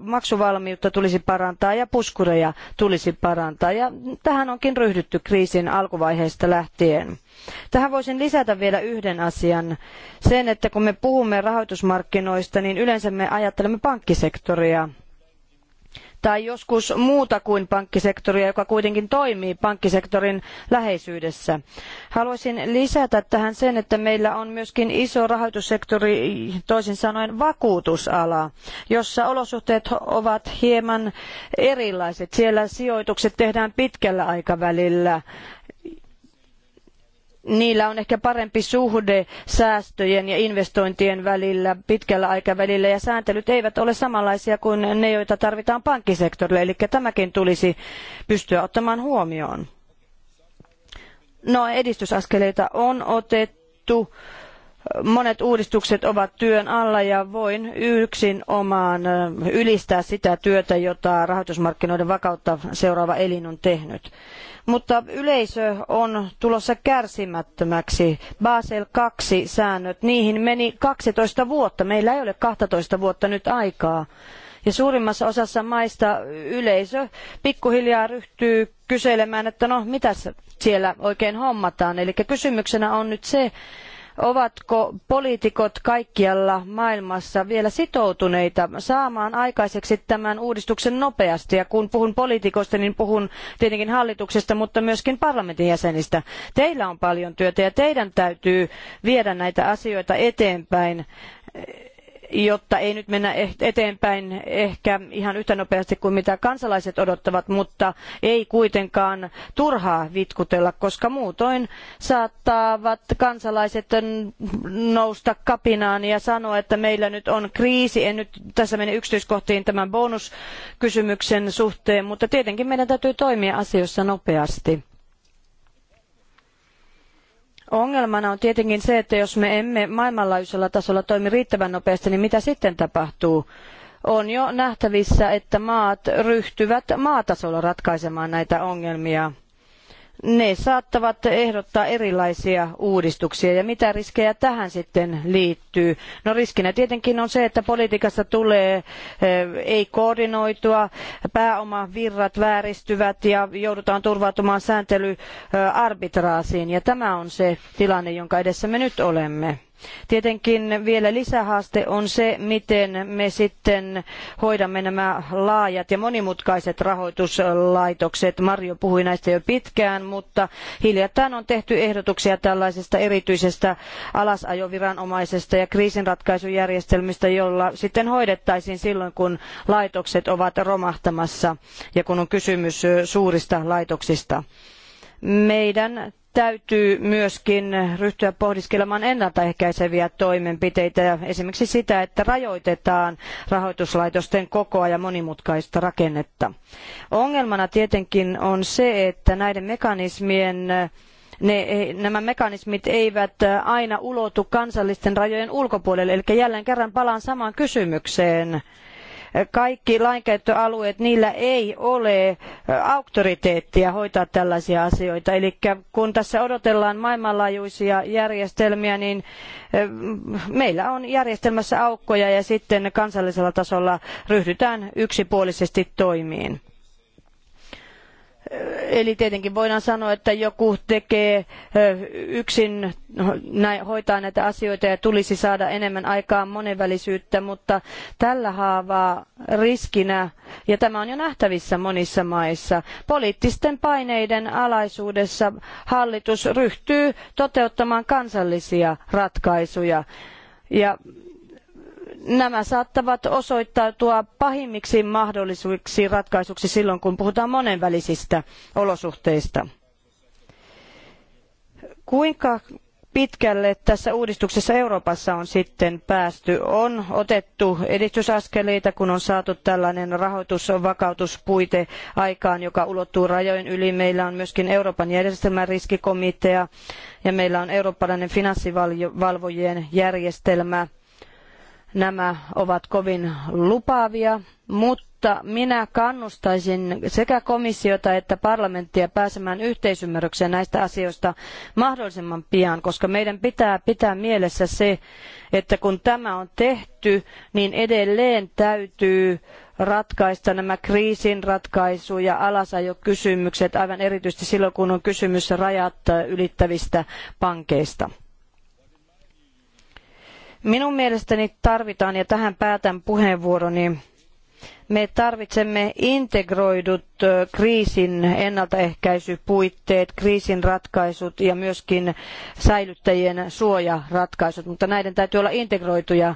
S4: maksuvalmiutta tulisi parantaa ja puskureja tulisi parantaa. Ja tähän onkin ryhdytty kriisin alkuvaiheesta lähtien. Tähän voisin lisätä vielä yhden asian. Sen, että kun me puhumme rahoitusmarkkinoista, niin yleensä me ajattelemme pankkisektoria tai joskus muuta kuin pankkisektoria, joka kuitenkin toimii pankkisektorin läheisyydessä. Haluaisin lisätä tähän sen, että meillä on myöskin iso rahoitussektori, toisin sanoen vakuutusala, jossa olosuhteet ovat hieman erilaiset. Siellä sijoitukset tehdään pitkällä aikavälillä niillä on ehkä parempi suhde säästöjen ja investointien välillä pitkällä aikavälillä ja sääntelyt eivät ole samanlaisia kuin ne, joita tarvitaan pankkisektorille, eli tämäkin tulisi pystyä ottamaan huomioon. No, edistysaskeleita on otettu. Monet uudistukset ovat työn alla ja voin yksin omaan ylistää sitä työtä, jota rahoitusmarkkinoiden vakautta seuraava elin on tehnyt mutta yleisö on tulossa kärsimättömäksi. Basel 2 säännöt, niihin meni 12 vuotta. Meillä ei ole 12 vuotta nyt aikaa. Ja suurimmassa osassa maista yleisö pikkuhiljaa ryhtyy kyselemään, että no mitäs siellä oikein hommataan. Eli kysymyksenä on nyt se, ovatko poliitikot kaikkialla maailmassa vielä sitoutuneita saamaan aikaiseksi tämän uudistuksen nopeasti. Ja kun puhun poliitikoista, niin puhun tietenkin hallituksesta, mutta myöskin parlamentin jäsenistä. Teillä on paljon työtä ja teidän täytyy viedä näitä asioita eteenpäin jotta ei nyt mennä eh, eteenpäin ehkä ihan yhtä nopeasti kuin mitä kansalaiset odottavat, mutta ei kuitenkaan turhaa vitkutella, koska muutoin saattavat kansalaiset nousta kapinaan ja sanoa, että meillä nyt on kriisi. En nyt tässä mene yksityiskohtiin tämän bonuskysymyksen suhteen, mutta tietenkin meidän täytyy toimia asioissa nopeasti Ongelmana on tietenkin se, että jos me emme maailmanlaajuisella tasolla toimi riittävän nopeasti, niin mitä sitten tapahtuu? On jo nähtävissä, että maat ryhtyvät maatasolla ratkaisemaan näitä ongelmia. Ne saattavat ehdottaa erilaisia uudistuksia ja mitä riskejä tähän sitten liittyy? kehittyy. No riskinä tietenkin on se, että politiikasta tulee eh, ei koordinoitua, pääomavirrat vääristyvät ja joudutaan turvautumaan sääntelyarbitraasiin. Ja tämä on se tilanne, jonka edessä me nyt olemme. Tietenkin vielä lisähaaste on se, miten me sitten hoidamme nämä laajat ja monimutkaiset rahoituslaitokset. Marjo puhui näistä jo pitkään, mutta hiljattain on tehty ehdotuksia tällaisesta erityisestä alasajoviranomaisesta ja kriisinratkaisujärjestelmistä, jolla sitten hoidettaisiin silloin, kun laitokset ovat romahtamassa ja kun on kysymys suurista laitoksista. Meidän täytyy myöskin ryhtyä pohdiskelemaan ennaltaehkäiseviä toimenpiteitä, esimerkiksi sitä, että rajoitetaan rahoituslaitosten kokoa ja monimutkaista rakennetta. Ongelmana tietenkin on se, että näiden mekanismien E, nämä mekanismit eivät e, aina ulotu kansallisten rajojen ulkopuolelle. Eli jälleen kerran palaan samaan kysymykseen kaikki lainkäyttöalueet, niillä ei ole e, auktoriteettia hoitaa tällaisia asioita. Eli kun tässä odotellaan maailmanlaajuisia järjestelmiä, niin meillä on järjestelmässä aukkoja ja sitten kansallisella tasolla ryhdytään yksipuolisesti toimiin. Eli tietenkin voidaan sanoa, että joku tekee yksin, hoitaa näitä asioita ja tulisi saada enemmän aikaan monenvälisyyttä, mutta tällä haavaa riskinä, ja tämä on jo nähtävissä monissa maissa, poliittisten paineiden alaisuudessa hallitus ryhtyy toteuttamaan kansallisia ratkaisuja. Ja nämä saattavat osoittautua pahimmiksi mahdollisiksi ratkaisuksi silloin, kun puhutaan monenvälisistä olosuhteista. Kuinka pitkälle tässä uudistuksessa Euroopassa on sitten päästy? On otettu edistysaskeleita, kun on saatu tällainen rahoitusvakautuspuite aikaan, joka ulottuu rajojen yli. Meillä on myöskin Euroopan järjestelmäriskikomitea ja meillä on eurooppalainen finanssivalvojien järjestelmä – Nämä ovat kovin lupaavia, mutta minä kannustaisin sekä komissiota että parlamenttia pääsemään yhteisymmärrykseen näistä asioista mahdollisimman pian, koska meidän pitää pitää mielessä se, että kun tämä on tehty, niin edelleen täytyy ratkaista nämä kriisinratkaisu- ja alasajokysymykset, aivan erityisesti silloin, kun on kysymys rajat ylittävistä pankeista. Minun mielestäni tarvitaan, ja tähän päätän puheenvuoroni, me tarvitsemme integroidut kriisin ennaltaehkäisypuitteet, kriisin ratkaisut ja myöskin säilyttäjien suojaratkaisut, mutta näiden täytyy olla integroituja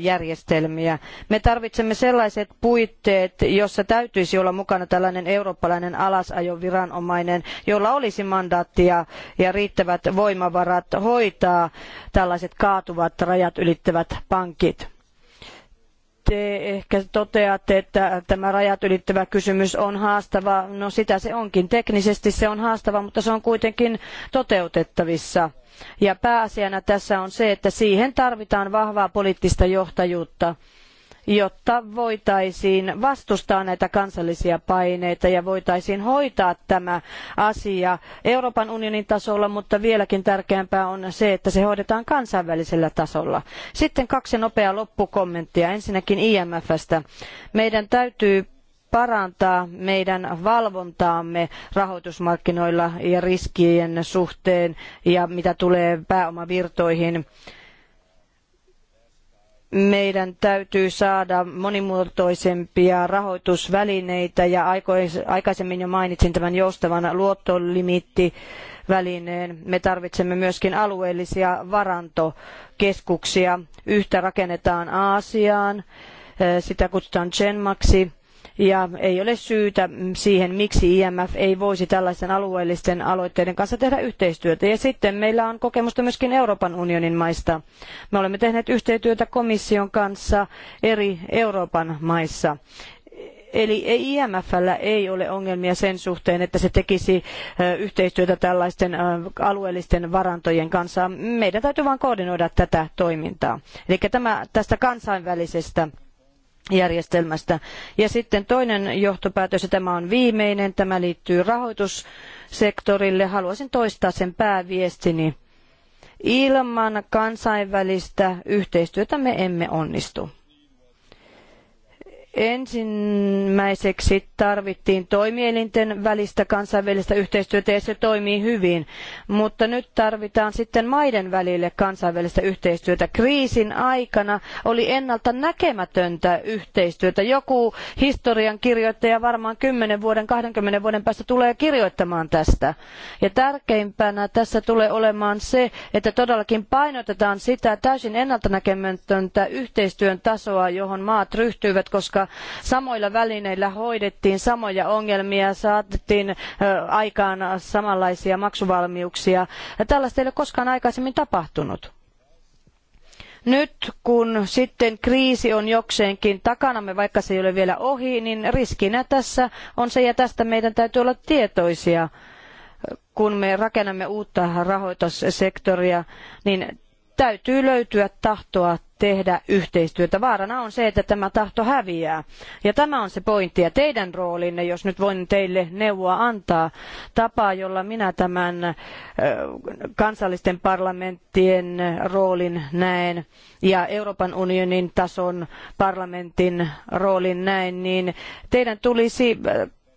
S4: järjestelmiä. Me tarvitsemme sellaiset puitteet, jossa täytyisi olla mukana tällainen eurooppalainen alasajoviranomainen, jolla olisi mandaattia ja riittävät voimavarat hoitaa tällaiset kaatuvat rajat ylittävät pankit te ehkä toteatte, että tämä rajat ylittävä kysymys on haastava. No sitä se onkin. Teknisesti se on haastava, mutta se on kuitenkin toteutettavissa. Ja pääasiana tässä on se, että siihen tarvitaan vahvaa poliittista johtajuutta jotta voitaisiin vastustaa näitä kansallisia paineita ja voitaisiin hoitaa tämä asia Euroopan unionin tasolla, mutta vieläkin tärkeämpää on se, että se hoidetaan kansainvälisellä tasolla. Sitten kaksi nopeaa loppukommenttia. Ensinnäkin IMFstä. Meidän täytyy parantaa meidän valvontaamme rahoitusmarkkinoilla ja riskien suhteen ja mitä tulee pääomavirtoihin meidän täytyy saada monimuotoisempia rahoitusvälineitä ja aikaisemmin jo mainitsin tämän joustavan luottolimitti välineen. Me tarvitsemme myöskin alueellisia varantokeskuksia. Yhtä rakennetaan Aasiaan, sitä kutsutaan Genmaksi ja ei ole syytä siihen, miksi IMF ei voisi tällaisten alueellisten aloitteiden kanssa tehdä yhteistyötä. Ja sitten meillä on kokemusta myöskin Euroopan unionin maista. Me olemme tehneet yhteistyötä komission kanssa eri Euroopan maissa. Eli IMFllä ei ole ongelmia sen suhteen, että se tekisi yhteistyötä tällaisten alueellisten varantojen kanssa. Meidän täytyy vain koordinoida tätä toimintaa. Eli tämä tästä kansainvälisestä järjestelmästä. Ja sitten toinen johtopäätös, ja tämä on viimeinen, tämä liittyy rahoitussektorille. Haluaisin toistaa sen pääviestini. Ilman kansainvälistä yhteistyötä me emme onnistu. Ensimmäiseksi tarvittiin toimielinten välistä kansainvälistä yhteistyötä ja se toimii hyvin, mutta nyt tarvitaan sitten maiden välille kansainvälistä yhteistyötä. Kriisin aikana oli ennalta näkemätöntä yhteistyötä. Joku historian kirjoittaja varmaan 10 vuoden, 20 vuoden päästä tulee kirjoittamaan tästä. Ja tärkeimpänä tässä tulee olemaan se, että todellakin painotetaan sitä täysin ennalta näkemätöntä yhteistyön tasoa, johon maat ryhtyivät, koska samoilla välineillä hoidettiin samoja ongelmia, saatettiin aikaan samanlaisia maksuvalmiuksia. Tällaista ei ole koskaan aikaisemmin tapahtunut. Nyt kun sitten kriisi on jokseenkin takanamme, vaikka se ei ole vielä ohi, niin riskinä tässä on se, ja tästä meidän täytyy olla tietoisia, kun me rakennamme uutta rahoitussektoria, niin täytyy löytyä tahtoa tehdä yhteistyötä. Vaarana on se, että tämä tahto häviää. Ja tämä on se pointti. Ja teidän roolinne, jos nyt voin teille neuvoa antaa, tapa, jolla minä tämän kansallisten parlamenttien roolin näen ja Euroopan unionin tason parlamentin roolin näen, niin teidän tulisi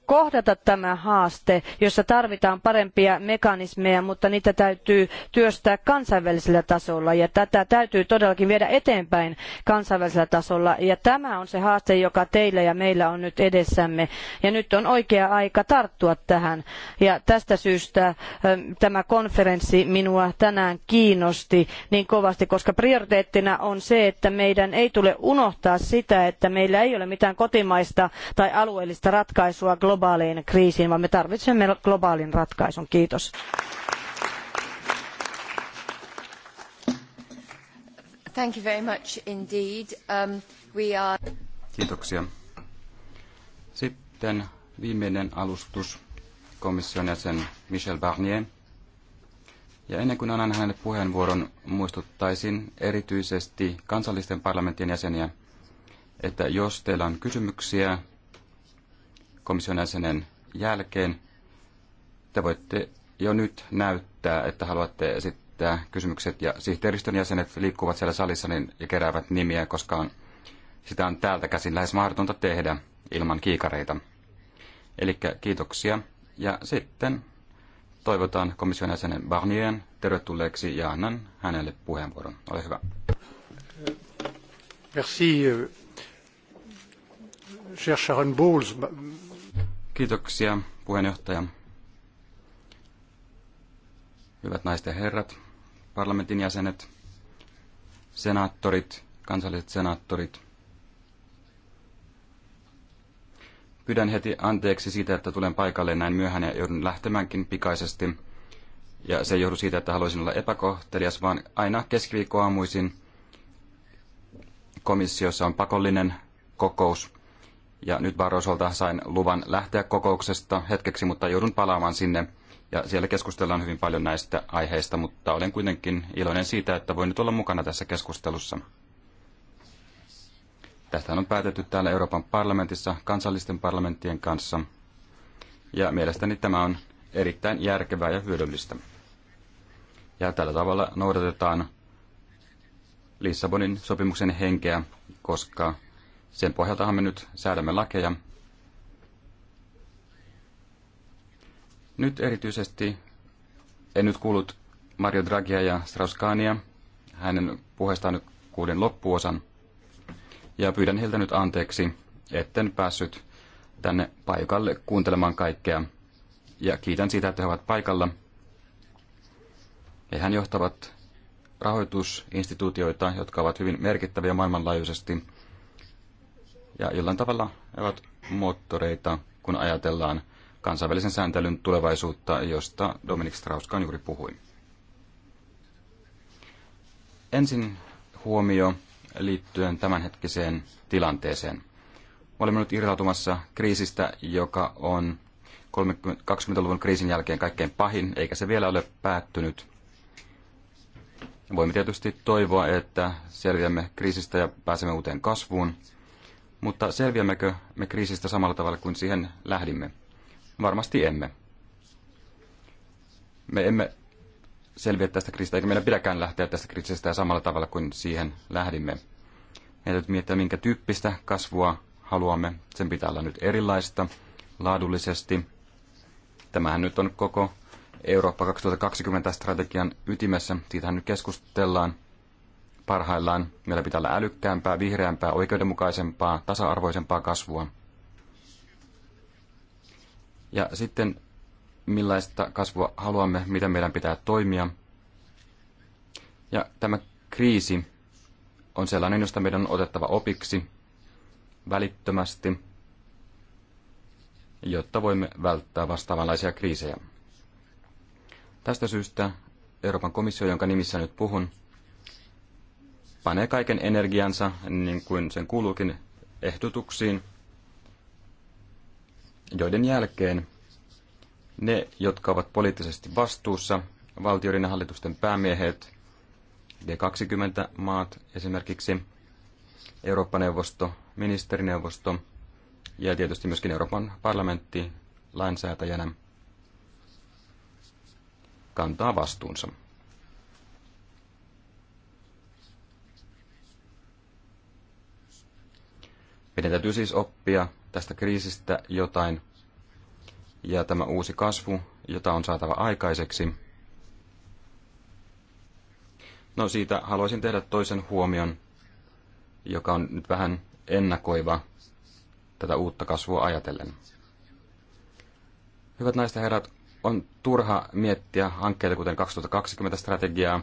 S4: kohdata tämä haaste, jossa tarvitaan parempia mekanismeja, mutta niitä täytyy työstää kansainvälisellä tasolla ja tätä täytyy todellakin viedä eteenpäin kansainvälisellä tasolla. Ja tämä on se haaste, joka teillä ja meillä on nyt edessämme ja nyt on oikea aika tarttua tähän. Ja tästä syystä tämä konferenssi minua tänään kiinnosti niin kovasti, koska prioriteettina on se, että meidän ei tule unohtaa sitä, että meillä ei ole mitään kotimaista tai alueellista ratkaisua globaaliin globaaliin kriisiin, vaan me tarvitsemme globaalin ratkaisun.
S2: Kiitos.
S1: Thank you very much indeed. Um, we are...
S2: Kiitoksia. Sitten viimeinen alustus komission jäsen Michel Barnier. Ja ennen kuin annan hänelle puheenvuoron, muistuttaisin erityisesti kansallisten parlamenttien jäseniä, että jos teillä on kysymyksiä komission jäsenen jälkeen. Te voitte jo nyt näyttää, että haluatte esittää kysymykset ja sihteeristön jäsenet liikkuvat siellä salissa niin, ja keräävät nimiä, koska on, sitä on täältä käsin lähes mahdotonta tehdä ilman kiikareita. Eli kiitoksia ja sitten toivotan komission jäsenen Barnieren tervetulleeksi ja annan hänelle puheenvuoron. Ole hyvä.
S3: Merci, euh, cher Sharon Bowles.
S2: Kiitoksia, puheenjohtaja. Hyvät naiset ja herrat, parlamentin jäsenet, senaattorit, kansalliset senaattorit. Pyydän heti anteeksi siitä, että tulen paikalle näin myöhään ja joudun lähtemäänkin pikaisesti. Ja se ei johdu siitä, että haluaisin olla epäkohtelias, vaan aina keskiviikkoaamuisin komissiossa on pakollinen kokous. Ja nyt Barrosolta sain luvan lähteä kokouksesta hetkeksi, mutta joudun palaamaan sinne. Ja siellä keskustellaan hyvin paljon näistä aiheista, mutta olen kuitenkin iloinen siitä, että voin nyt olla mukana tässä keskustelussa. Tästä on päätetty täällä Euroopan parlamentissa kansallisten parlamenttien kanssa. Ja mielestäni tämä on erittäin järkevää ja hyödyllistä. Ja tällä tavalla noudatetaan Lissabonin sopimuksen henkeä, koska sen pohjaltahan me nyt säädämme lakeja. Nyt erityisesti en nyt kuullut Mario Draghia ja Strauskania. Hänen puheestaan nyt kuuden loppuosan. Ja pyydän heiltä nyt anteeksi, etten päässyt tänne paikalle kuuntelemaan kaikkea. Ja kiitän siitä, että he ovat paikalla. Hehän johtavat rahoitusinstituutioita, jotka ovat hyvin merkittäviä maailmanlaajuisesti – ja jollain tavalla ovat moottoreita, kun ajatellaan kansainvälisen sääntelyn tulevaisuutta, josta Dominik Strauskaan juuri puhui. Ensin huomio liittyen tämänhetkiseen tilanteeseen. Olemme nyt irtautumassa kriisistä, joka on 20-luvun kriisin jälkeen kaikkein pahin, eikä se vielä ole päättynyt. Voimme tietysti toivoa, että selviämme kriisistä ja pääsemme uuteen kasvuun, mutta selviämmekö me kriisistä samalla tavalla kuin siihen lähdimme? Varmasti emme. Me emme selviä tästä kriisistä, eikä meidän pidäkään lähteä tästä kriisistä samalla tavalla kuin siihen lähdimme. Meidän täytyy miettiä, minkä tyyppistä kasvua haluamme. Sen pitää olla nyt erilaista laadullisesti. Tämähän nyt on koko Eurooppa 2020 strategian ytimessä. Siitähän nyt keskustellaan parhaillaan. Meillä pitää olla älykkäämpää, vihreämpää, oikeudenmukaisempaa, tasa-arvoisempaa kasvua. Ja sitten millaista kasvua haluamme, miten meidän pitää toimia. Ja tämä kriisi on sellainen, josta meidän on otettava opiksi välittömästi, jotta voimme välttää vastaavanlaisia kriisejä. Tästä syystä Euroopan komissio, jonka nimissä nyt puhun, panee kaiken energiansa, niin kuin sen kuuluukin, ehdotuksiin, joiden jälkeen ne, jotka ovat poliittisesti vastuussa, valtioiden ja hallitusten päämiehet, G20-maat esimerkiksi, Eurooppa-neuvosto, ministerineuvosto ja tietysti myöskin Euroopan parlamentti lainsäätäjänä kantaa vastuunsa. Meidän täytyy siis oppia tästä kriisistä jotain, ja tämä uusi kasvu, jota on saatava aikaiseksi. No siitä haluaisin tehdä toisen huomion, joka on nyt vähän ennakoiva tätä uutta kasvua ajatellen. Hyvät naiset ja herrat, on turha miettiä hankkeita kuten 2020 strategiaa,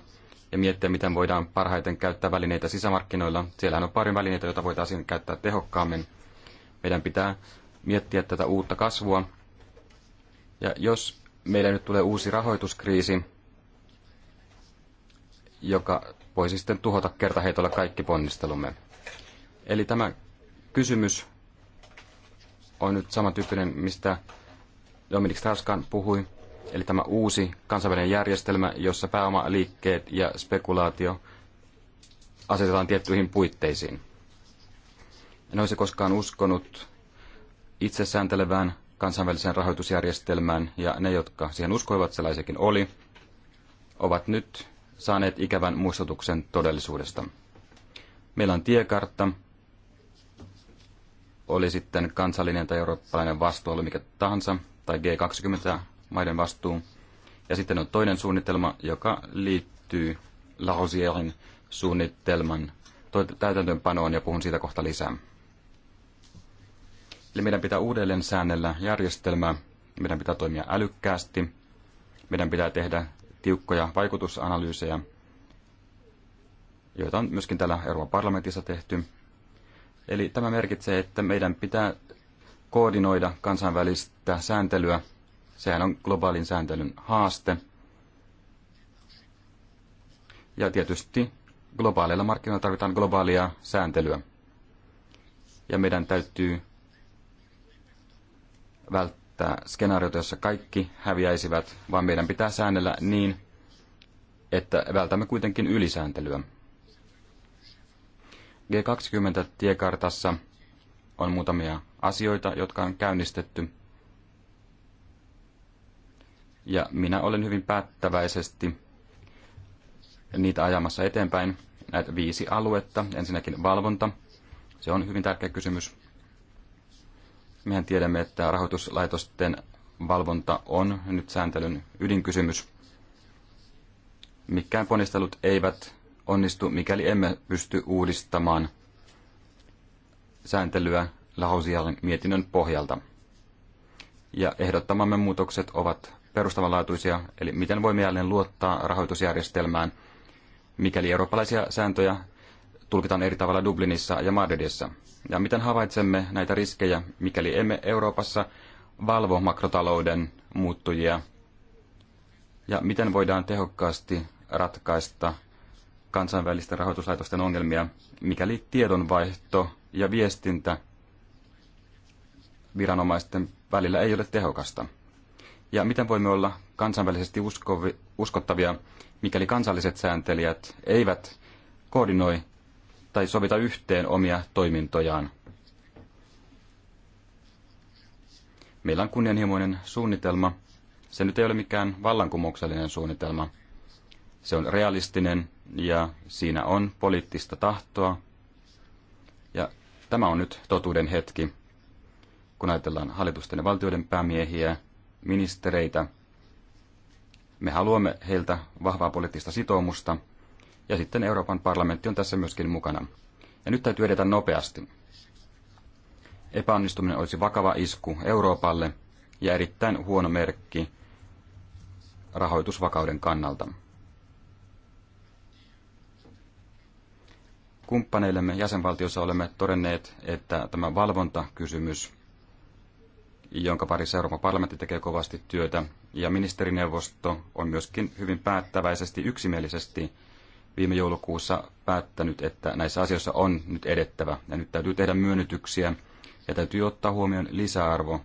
S2: ja miettiä, miten voidaan parhaiten käyttää välineitä sisämarkkinoilla. Siellähän on paljon välineitä, joita voitaisiin käyttää tehokkaammin. Meidän pitää miettiä tätä uutta kasvua. Ja jos meillä nyt tulee uusi rahoituskriisi, joka voisi sitten tuhota kertaheitolla kaikki ponnistelumme. Eli tämä kysymys on nyt samantyyppinen, mistä Dominik Strauskan puhui. Eli tämä uusi kansainvälinen järjestelmä, jossa pääomaliikkeet ja spekulaatio asetetaan tiettyihin puitteisiin. En olisi koskaan uskonut sääntelevään kansainväliseen rahoitusjärjestelmään, ja ne, jotka siihen uskoivat, sellaisekin oli, ovat nyt saaneet ikävän muistutuksen todellisuudesta. Meillä on tiekartta, oli sitten kansallinen tai eurooppalainen vastuu, mikä tahansa, tai G20 maiden vastuu. Ja sitten on toinen suunnitelma, joka liittyy Larosierin suunnitelman täytäntöönpanoon ja puhun siitä kohta lisää. Eli meidän pitää uudelleen säännellä järjestelmää, meidän pitää toimia älykkäästi, meidän pitää tehdä tiukkoja vaikutusanalyysejä, joita on myöskin täällä Euroopan parlamentissa tehty. Eli tämä merkitsee, että meidän pitää koordinoida kansainvälistä sääntelyä Sehän on globaalin sääntelyn haaste. Ja tietysti globaaleilla markkinoilla tarvitaan globaalia sääntelyä. Ja meidän täytyy välttää skenaariota, jossa kaikki häviäisivät, vaan meidän pitää säännellä niin, että vältämme kuitenkin ylisääntelyä. G20-tiekartassa on muutamia asioita, jotka on käynnistetty – ja minä olen hyvin päättäväisesti niitä ajamassa eteenpäin. Näitä viisi aluetta. Ensinnäkin valvonta. Se on hyvin tärkeä kysymys. Mehän tiedämme, että rahoituslaitosten valvonta on nyt sääntelyn ydinkysymys. Mikään ponnistelut eivät onnistu, mikäli emme pysty uudistamaan sääntelyä Lahousian mietinnön pohjalta. Ja ehdottamamme muutokset ovat perustavanlaatuisia, eli miten voimme jälleen luottaa rahoitusjärjestelmään, mikäli eurooppalaisia sääntöjä tulkitaan eri tavalla Dublinissa ja Madridissa, ja miten havaitsemme näitä riskejä, mikäli emme Euroopassa valvo makrotalouden muuttujia, ja miten voidaan tehokkaasti ratkaista kansainvälisten rahoituslaitosten ongelmia, mikäli tiedonvaihto ja viestintä viranomaisten välillä ei ole tehokasta. Ja miten voimme olla kansainvälisesti uskovi, uskottavia, mikäli kansalliset sääntelijät eivät koordinoi tai sovita yhteen omia toimintojaan? Meillä on kunnianhimoinen suunnitelma. Se nyt ei ole mikään vallankumouksellinen suunnitelma. Se on realistinen ja siinä on poliittista tahtoa. Ja tämä on nyt totuuden hetki, kun ajatellaan hallitusten ja valtioiden päämiehiä, ministereitä. Me haluamme heiltä vahvaa poliittista sitoumusta, ja sitten Euroopan parlamentti on tässä myöskin mukana. Ja nyt täytyy edetä nopeasti. Epäonnistuminen olisi vakava isku Euroopalle ja erittäin huono merkki rahoitusvakauden kannalta. Kumppaneillemme jäsenvaltiossa olemme todenneet, että tämä valvontakysymys jonka parissa Euroopan parlamentti tekee kovasti työtä, ja ministerineuvosto on myöskin hyvin päättäväisesti yksimielisesti viime joulukuussa päättänyt, että näissä asioissa on nyt edettävä, ja nyt täytyy tehdä myönnytyksiä, ja täytyy ottaa huomioon lisäarvo,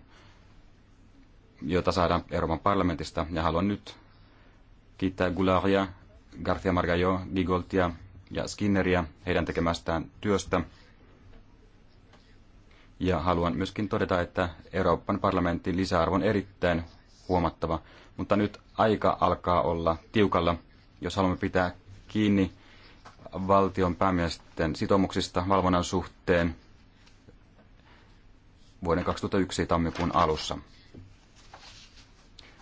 S2: jota saadaan Euroopan parlamentista, ja haluan nyt kiittää Gularia, Garcia Margallo, Gigoltia ja Skinneria heidän tekemästään työstä, ja haluan myöskin todeta, että Euroopan parlamentin lisäarvo on erittäin huomattava, mutta nyt aika alkaa olla tiukalla, jos haluamme pitää kiinni valtion päämiesten sitoumuksista valvonnan suhteen vuoden 2001 tammikuun alussa.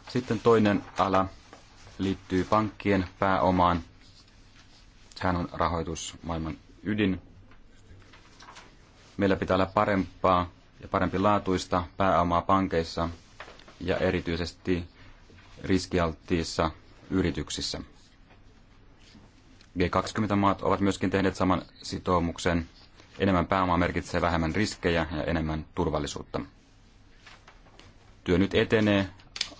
S2: Sitten toinen ala liittyy pankkien pääomaan. Sehän on rahoitusmaailman ydin. Meillä pitää olla parempaa ja parempi laatuista pääomaa pankeissa ja erityisesti riskialttiissa yrityksissä. G20-maat ovat myöskin tehneet saman sitoumuksen. Enemmän pääomaa merkitsee vähemmän riskejä ja enemmän turvallisuutta. Työ nyt etenee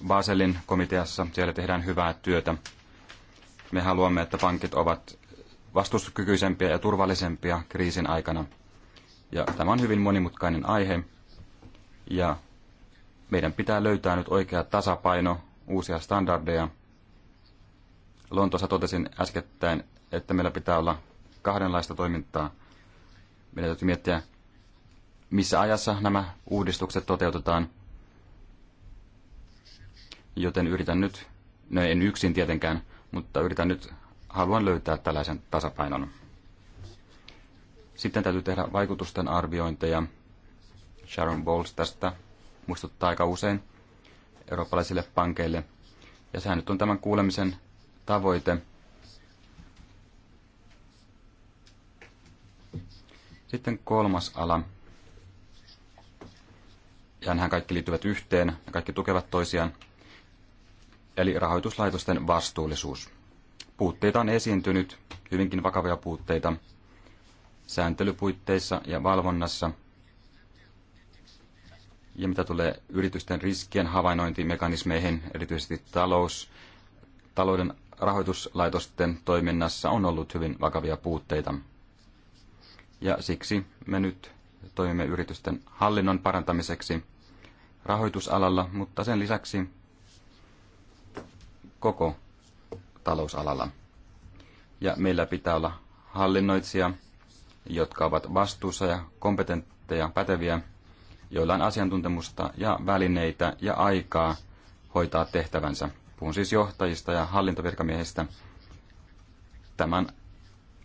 S2: Baselin komiteassa. Siellä tehdään hyvää työtä. Me haluamme, että pankit ovat vastustuskykyisempiä ja turvallisempia kriisin aikana – ja tämä on hyvin monimutkainen aihe. Ja meidän pitää löytää nyt oikea tasapaino, uusia standardeja. Lontossa totesin äskettäin, että meillä pitää olla kahdenlaista toimintaa. Meidän täytyy miettiä, missä ajassa nämä uudistukset toteutetaan. Joten yritän nyt, no en yksin tietenkään, mutta yritän nyt, haluan löytää tällaisen tasapainon. Sitten täytyy tehdä vaikutusten arviointeja. Sharon Bowles tästä muistuttaa aika usein eurooppalaisille pankeille. Ja sehän nyt on tämän kuulemisen tavoite. Sitten kolmas ala. Ja nämä kaikki liittyvät yhteen, ja kaikki tukevat toisiaan. Eli rahoituslaitosten vastuullisuus. Puutteita on esiintynyt, hyvinkin vakavia puutteita, sääntelypuitteissa ja valvonnassa. Ja mitä tulee yritysten riskien havainnointimekanismeihin, erityisesti talous, talouden rahoituslaitosten toiminnassa on ollut hyvin vakavia puutteita. Ja siksi me nyt toimimme yritysten hallinnon parantamiseksi rahoitusalalla, mutta sen lisäksi koko talousalalla. Ja meillä pitää olla hallinnoitsija, jotka ovat vastuussa ja kompetentteja, päteviä, joilla on asiantuntemusta ja välineitä ja aikaa hoitaa tehtävänsä. Puhun siis johtajista ja hallintovirkamiehistä. Tämän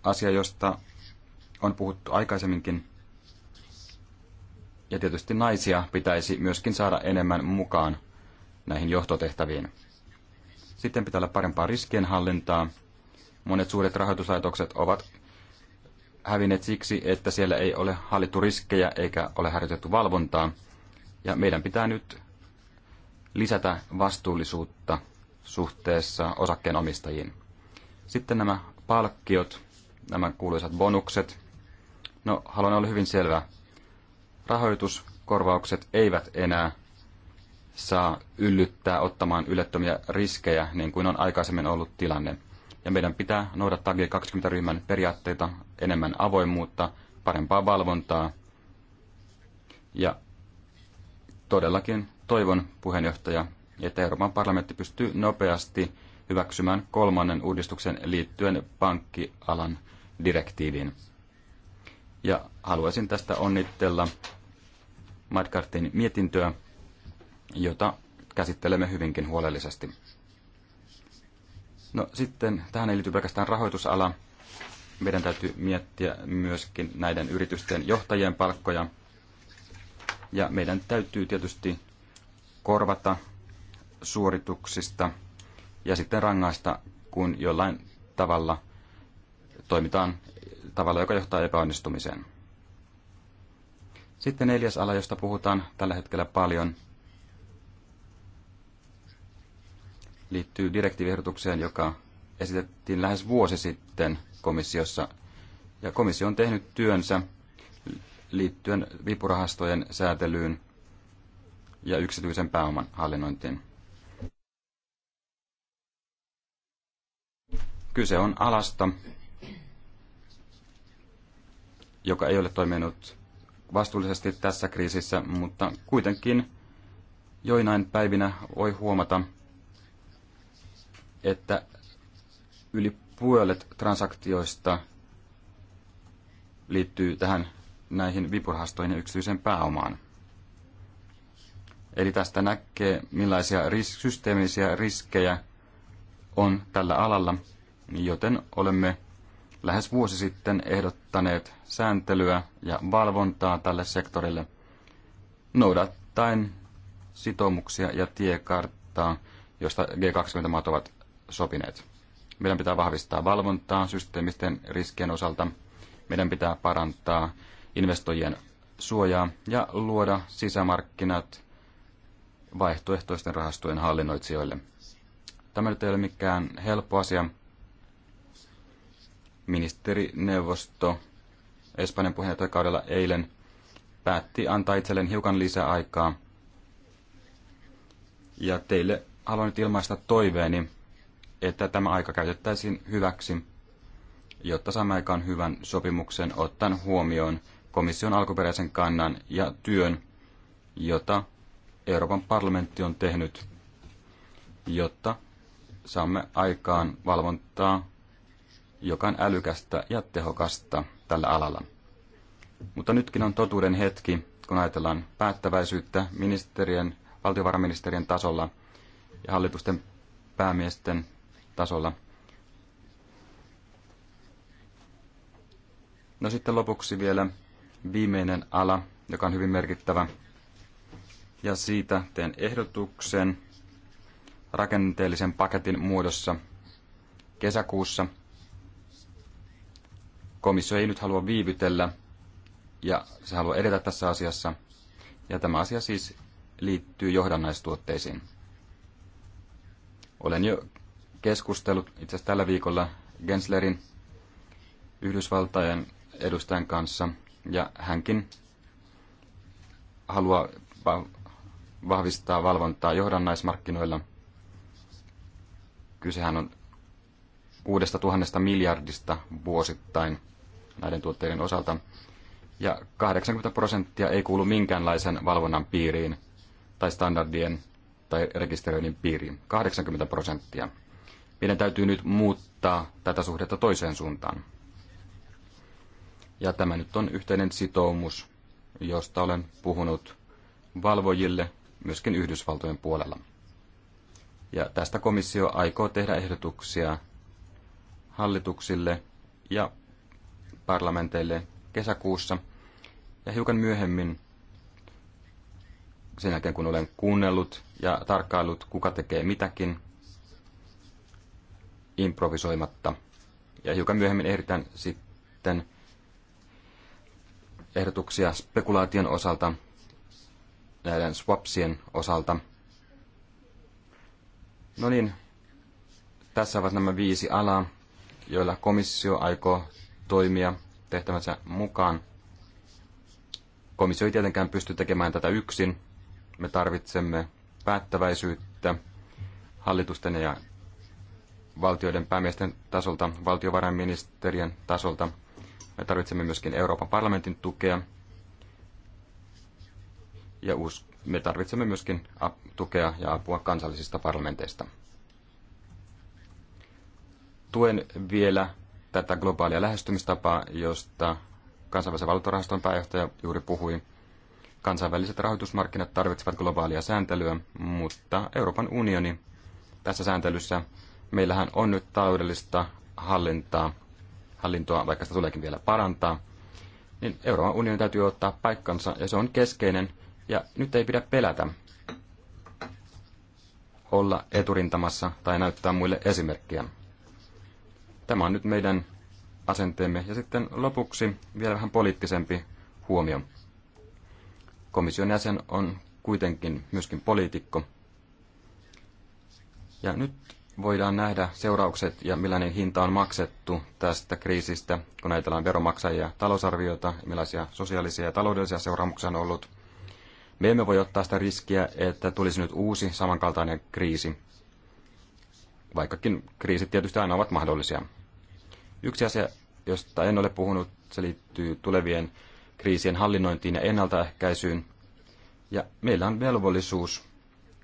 S2: asia, josta on puhuttu aikaisemminkin. Ja tietysti naisia pitäisi myöskin saada enemmän mukaan näihin johtotehtäviin. Sitten pitää olla parempaa riskienhallintaa. Monet suuret rahoituslaitokset ovat hävinneet siksi, että siellä ei ole hallittu riskejä eikä ole harjoitettu valvontaa. Ja meidän pitää nyt lisätä vastuullisuutta suhteessa osakkeenomistajiin. Sitten nämä palkkiot, nämä kuuluisat bonukset. No, haluan olla hyvin selvä. Rahoituskorvaukset eivät enää saa yllyttää ottamaan ylettömiä riskejä, niin kuin on aikaisemmin ollut tilanne. Ja meidän pitää noudattaa G20-ryhmän periaatteita enemmän avoimuutta, parempaa valvontaa. Ja todellakin toivon puheenjohtaja, että Euroopan parlamentti pystyy nopeasti hyväksymään kolmannen uudistuksen liittyen pankkialan direktiiviin. Ja haluaisin tästä onnitella Madkartin mietintöä, jota käsittelemme hyvinkin huolellisesti. No sitten tähän ei liity pelkästään rahoitusala, meidän täytyy miettiä myöskin näiden yritysten johtajien palkkoja. Ja meidän täytyy tietysti korvata suorituksista ja sitten rangaista, kun jollain tavalla toimitaan tavalla, joka johtaa epäonnistumiseen. Sitten neljäs ala, josta puhutaan tällä hetkellä paljon, liittyy direktiivihdotukseen, joka esitettiin lähes vuosi sitten – komissiossa. Ja komissio on tehnyt työnsä liittyen vipurahastojen säätelyyn ja yksityisen pääoman hallinnointiin. Kyse on alasta, joka ei ole toiminut vastuullisesti tässä kriisissä, mutta kuitenkin joinain päivinä voi huomata, että yli puolet transaktioista liittyy tähän näihin vipurahastoihin ja yksityiseen pääomaan. Eli tästä näkee, millaisia ris- systeemisiä riskejä on tällä alalla, joten olemme lähes vuosi sitten ehdottaneet sääntelyä ja valvontaa tälle sektorille noudattaen sitoumuksia ja tiekarttaa, josta G20-maat ovat sopineet. Meidän pitää vahvistaa valvontaa systeemisten riskien osalta. Meidän pitää parantaa investoijien suojaa ja luoda sisämarkkinat vaihtoehtoisten rahastojen hallinnoitsijoille. Tämä nyt ei ole mikään helppo asia. Ministerineuvosto Espanjan puheenjohtajakaudella eilen päätti antaa itselleen hiukan lisää aikaa. Ja teille haluan nyt ilmaista toiveeni, että tämä aika käytettäisiin hyväksi, jotta saamme aikaan hyvän sopimuksen ottaen huomioon komission alkuperäisen kannan ja työn, jota Euroopan parlamentti on tehnyt, jotta saamme aikaan valvontaa, joka on älykästä ja tehokasta tällä alalla. Mutta nytkin on totuuden hetki, kun ajatellaan päättäväisyyttä ministerien, valtiovarainministerien tasolla ja hallitusten päämiesten tasolla. No sitten lopuksi vielä viimeinen ala, joka on hyvin merkittävä. Ja siitä teen ehdotuksen rakenteellisen paketin muodossa kesäkuussa. Komissio ei nyt halua viivytellä ja se haluaa edetä tässä asiassa. Ja tämä asia siis liittyy johdannaistuotteisiin. Olen jo keskustellut itse asiassa tällä viikolla Genslerin Yhdysvaltain edustajan kanssa, ja hänkin haluaa vahvistaa valvontaa johdannaismarkkinoilla. Kysehän on kuudesta tuhannesta miljardista vuosittain näiden tuotteiden osalta, ja 80 prosenttia ei kuulu minkäänlaisen valvonnan piiriin tai standardien tai rekisteröinnin piiriin. 80 prosenttia. Meidän täytyy nyt muuttaa tätä suhdetta toiseen suuntaan. Ja tämä nyt on yhteinen sitoumus, josta olen puhunut valvojille myöskin Yhdysvaltojen puolella. Ja tästä komissio aikoo tehdä ehdotuksia hallituksille ja parlamenteille kesäkuussa ja hiukan myöhemmin sen jälkeen kun olen kuunnellut ja tarkkaillut, kuka tekee mitäkin improvisoimatta. Ja hiukan myöhemmin ehditään sitten ehdotuksia spekulaation osalta, näiden swapsien osalta. No niin, tässä ovat nämä viisi alaa, joilla komissio aikoo toimia tehtävänsä mukaan. Komissio ei tietenkään pysty tekemään tätä yksin. Me tarvitsemme päättäväisyyttä hallitusten ja valtioiden päämiesten tasolta, valtiovarainministerien tasolta. Me tarvitsemme myöskin Euroopan parlamentin tukea ja me tarvitsemme myöskin tukea ja apua kansallisista parlamenteista. Tuen vielä tätä globaalia lähestymistapaa, josta kansainvälisen valuuttarahaston pääjohtaja juuri puhui. Kansainväliset rahoitusmarkkinat tarvitsevat globaalia sääntelyä, mutta Euroopan unioni tässä sääntelyssä meillähän on nyt taloudellista hallintaa, hallintoa, vaikka sitä tuleekin vielä parantaa, niin Euroopan unionin täytyy ottaa paikkansa ja se on keskeinen ja nyt ei pidä pelätä olla eturintamassa tai näyttää muille esimerkkiä. Tämä on nyt meidän asenteemme. Ja sitten lopuksi vielä vähän poliittisempi huomio. Komission jäsen on kuitenkin myöskin poliitikko. Ja nyt voidaan nähdä seuraukset ja millainen hinta on maksettu tästä kriisistä, kun ajatellaan veromaksajia, talousarviota, millaisia sosiaalisia ja taloudellisia seuraamuksia on ollut. Me emme voi ottaa sitä riskiä, että tulisi nyt uusi samankaltainen kriisi, vaikkakin kriisit tietysti aina ovat mahdollisia. Yksi asia, josta en ole puhunut, se liittyy tulevien kriisien hallinnointiin ja ennaltaehkäisyyn. Ja meillä on velvollisuus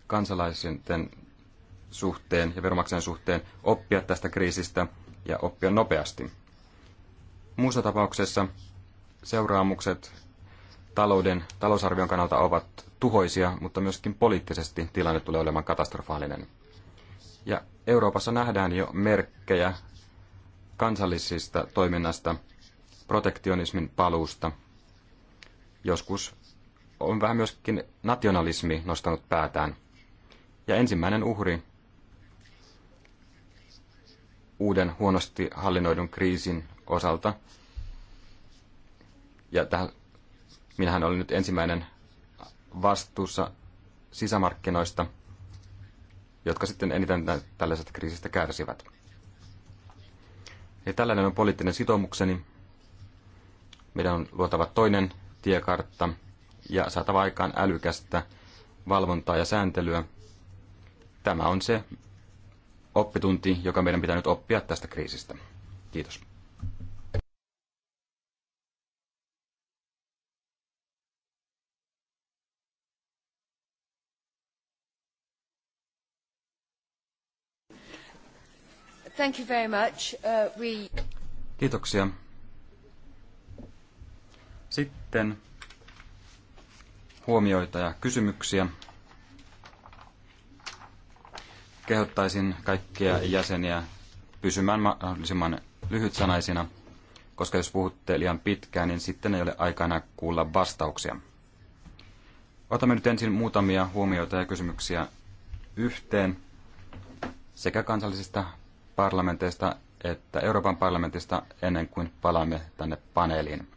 S2: kansalaisten suhteen ja veromaksajan suhteen oppia tästä kriisistä ja oppia nopeasti. Muussa tapauksessa seuraamukset talouden talousarvion kannalta ovat tuhoisia, mutta myöskin poliittisesti tilanne tulee olemaan katastrofaalinen. Ja Euroopassa nähdään jo merkkejä kansallisista toiminnasta, protektionismin paluusta. Joskus on vähän myöskin nationalismi nostanut päätään. Ja ensimmäinen uhri uuden huonosti hallinnoidun kriisin osalta. Ja tähän, minähän olin nyt ensimmäinen vastuussa sisämarkkinoista, jotka sitten eniten tällaisesta kriisistä kärsivät. Ja tällainen on poliittinen sitoumukseni. Meidän on luotava toinen tiekartta ja saatava aikaan älykästä valvontaa ja sääntelyä. Tämä on se, oppitunti, joka meidän pitää nyt oppia tästä kriisistä. Kiitos.
S1: Thank you very much. Uh, we...
S2: Kiitoksia. Sitten huomioita ja kysymyksiä kehottaisin kaikkia jäseniä pysymään mahdollisimman lyhytsanaisina, koska jos puhutte liian pitkään, niin sitten ei ole aikana kuulla vastauksia. Otamme nyt ensin muutamia huomioita ja kysymyksiä yhteen sekä kansallisista parlamenteista että Euroopan parlamentista ennen kuin palaamme tänne paneeliin.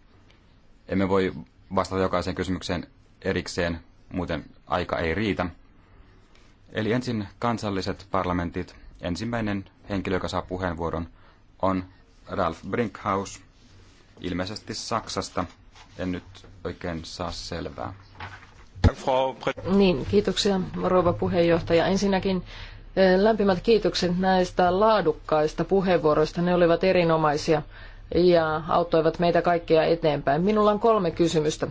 S2: Emme voi vastata jokaiseen kysymykseen erikseen, muuten aika ei riitä – Eli ensin kansalliset parlamentit. Ensimmäinen henkilö, joka saa puheenvuoron, on Ralf Brinkhaus, ilmeisesti Saksasta. En nyt oikein saa selvää.
S1: Niin, kiitoksia rouva puheenjohtaja. Ensinnäkin eh, lämpimät kiitokset näistä laadukkaista puheenvuoroista. Ne olivat erinomaisia ja auttoivat meitä kaikkia eteenpäin. Minulla on kolme kysymystä.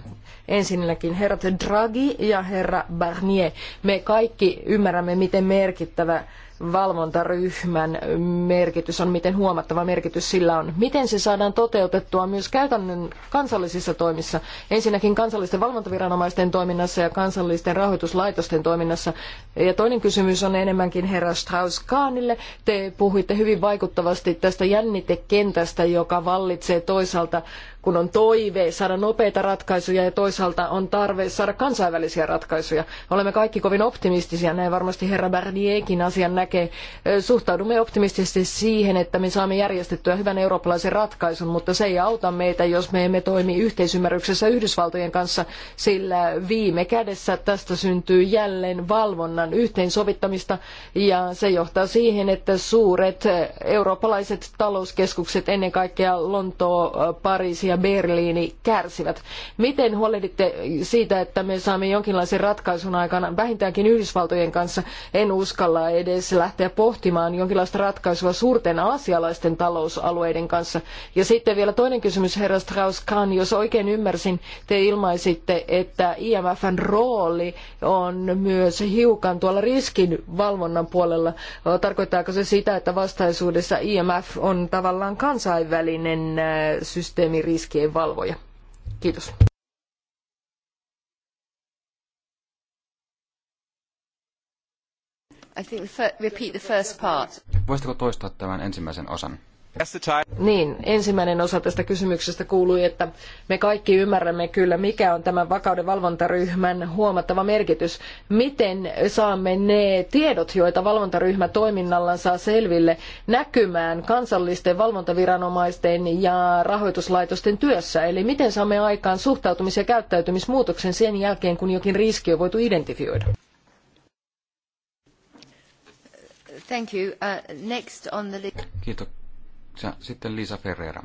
S1: Ensinnäkin herrat Draghi ja herra Barnier. Me kaikki ymmärrämme, miten merkittävä valvontaryhmän merkitys on, miten huomattava merkitys sillä on. Miten se saadaan toteutettua myös käytännön kansallisissa toimissa, ensinnäkin kansallisten valvontaviranomaisten toiminnassa ja kansallisten rahoituslaitosten toiminnassa. Ja toinen kysymys on enemmänkin herra Strauss-Kahnille. Te puhuitte hyvin vaikuttavasti tästä jännitekentästä, joka vallitsee toisaalta kun on toive saada nopeita ratkaisuja ja toisaalta on tarve saada kansainvälisiä ratkaisuja. Olemme kaikki kovin optimistisia, näin varmasti herra Barnierkin asian näkee. Suhtaudumme optimistisesti siihen, että me saamme järjestettyä hyvän eurooppalaisen ratkaisun, mutta se ei auta meitä, jos me emme toimi yhteisymmärryksessä Yhdysvaltojen kanssa, sillä viime kädessä tästä syntyy jälleen valvonnan yhteensovittamista ja se johtaa siihen, että suuret eurooppalaiset talouskeskukset, ennen kaikkea Lontoa, Pariisi ja Berliini kärsivät. Miten huolehditte siitä, että me saamme jonkinlaisen ratkaisun aikana vähintäänkin Yhdysvaltojen kanssa? En uskalla edes lähteä pohtimaan jonkinlaista ratkaisua suurten aasialaisten talousalueiden kanssa. Ja sitten vielä toinen kysymys, herra Strauss-Kahn, jos oikein ymmärsin, te ilmaisitte, että IMFn rooli on myös hiukan tuolla riskin valvonnan puolella. Tarkoittaako se sitä, että vastaisuudessa IMF on tavallaan kansainvälinen äh, systeemiriski? riskien valvoja. Kiitos. I think repeat the first part.
S2: Voisitko toistaa tämän ensimmäisen osan?
S1: Niin, ensimmäinen osa tästä kysymyksestä kuului, että me kaikki ymmärrämme kyllä, mikä on tämän vakauden valvontaryhmän huomattava merkitys. Miten saamme ne tiedot, joita valvontaryhmä toiminnallaan saa selville, näkymään kansallisten valvontaviranomaisten ja rahoituslaitosten työssä? Eli miten saamme aikaan suhtautumis- ja käyttäytymismuutoksen sen jälkeen, kun jokin riski on voitu identifioida? Thank you. Uh, next on the...
S2: Kiitos. Sitten Lisa Ferreira.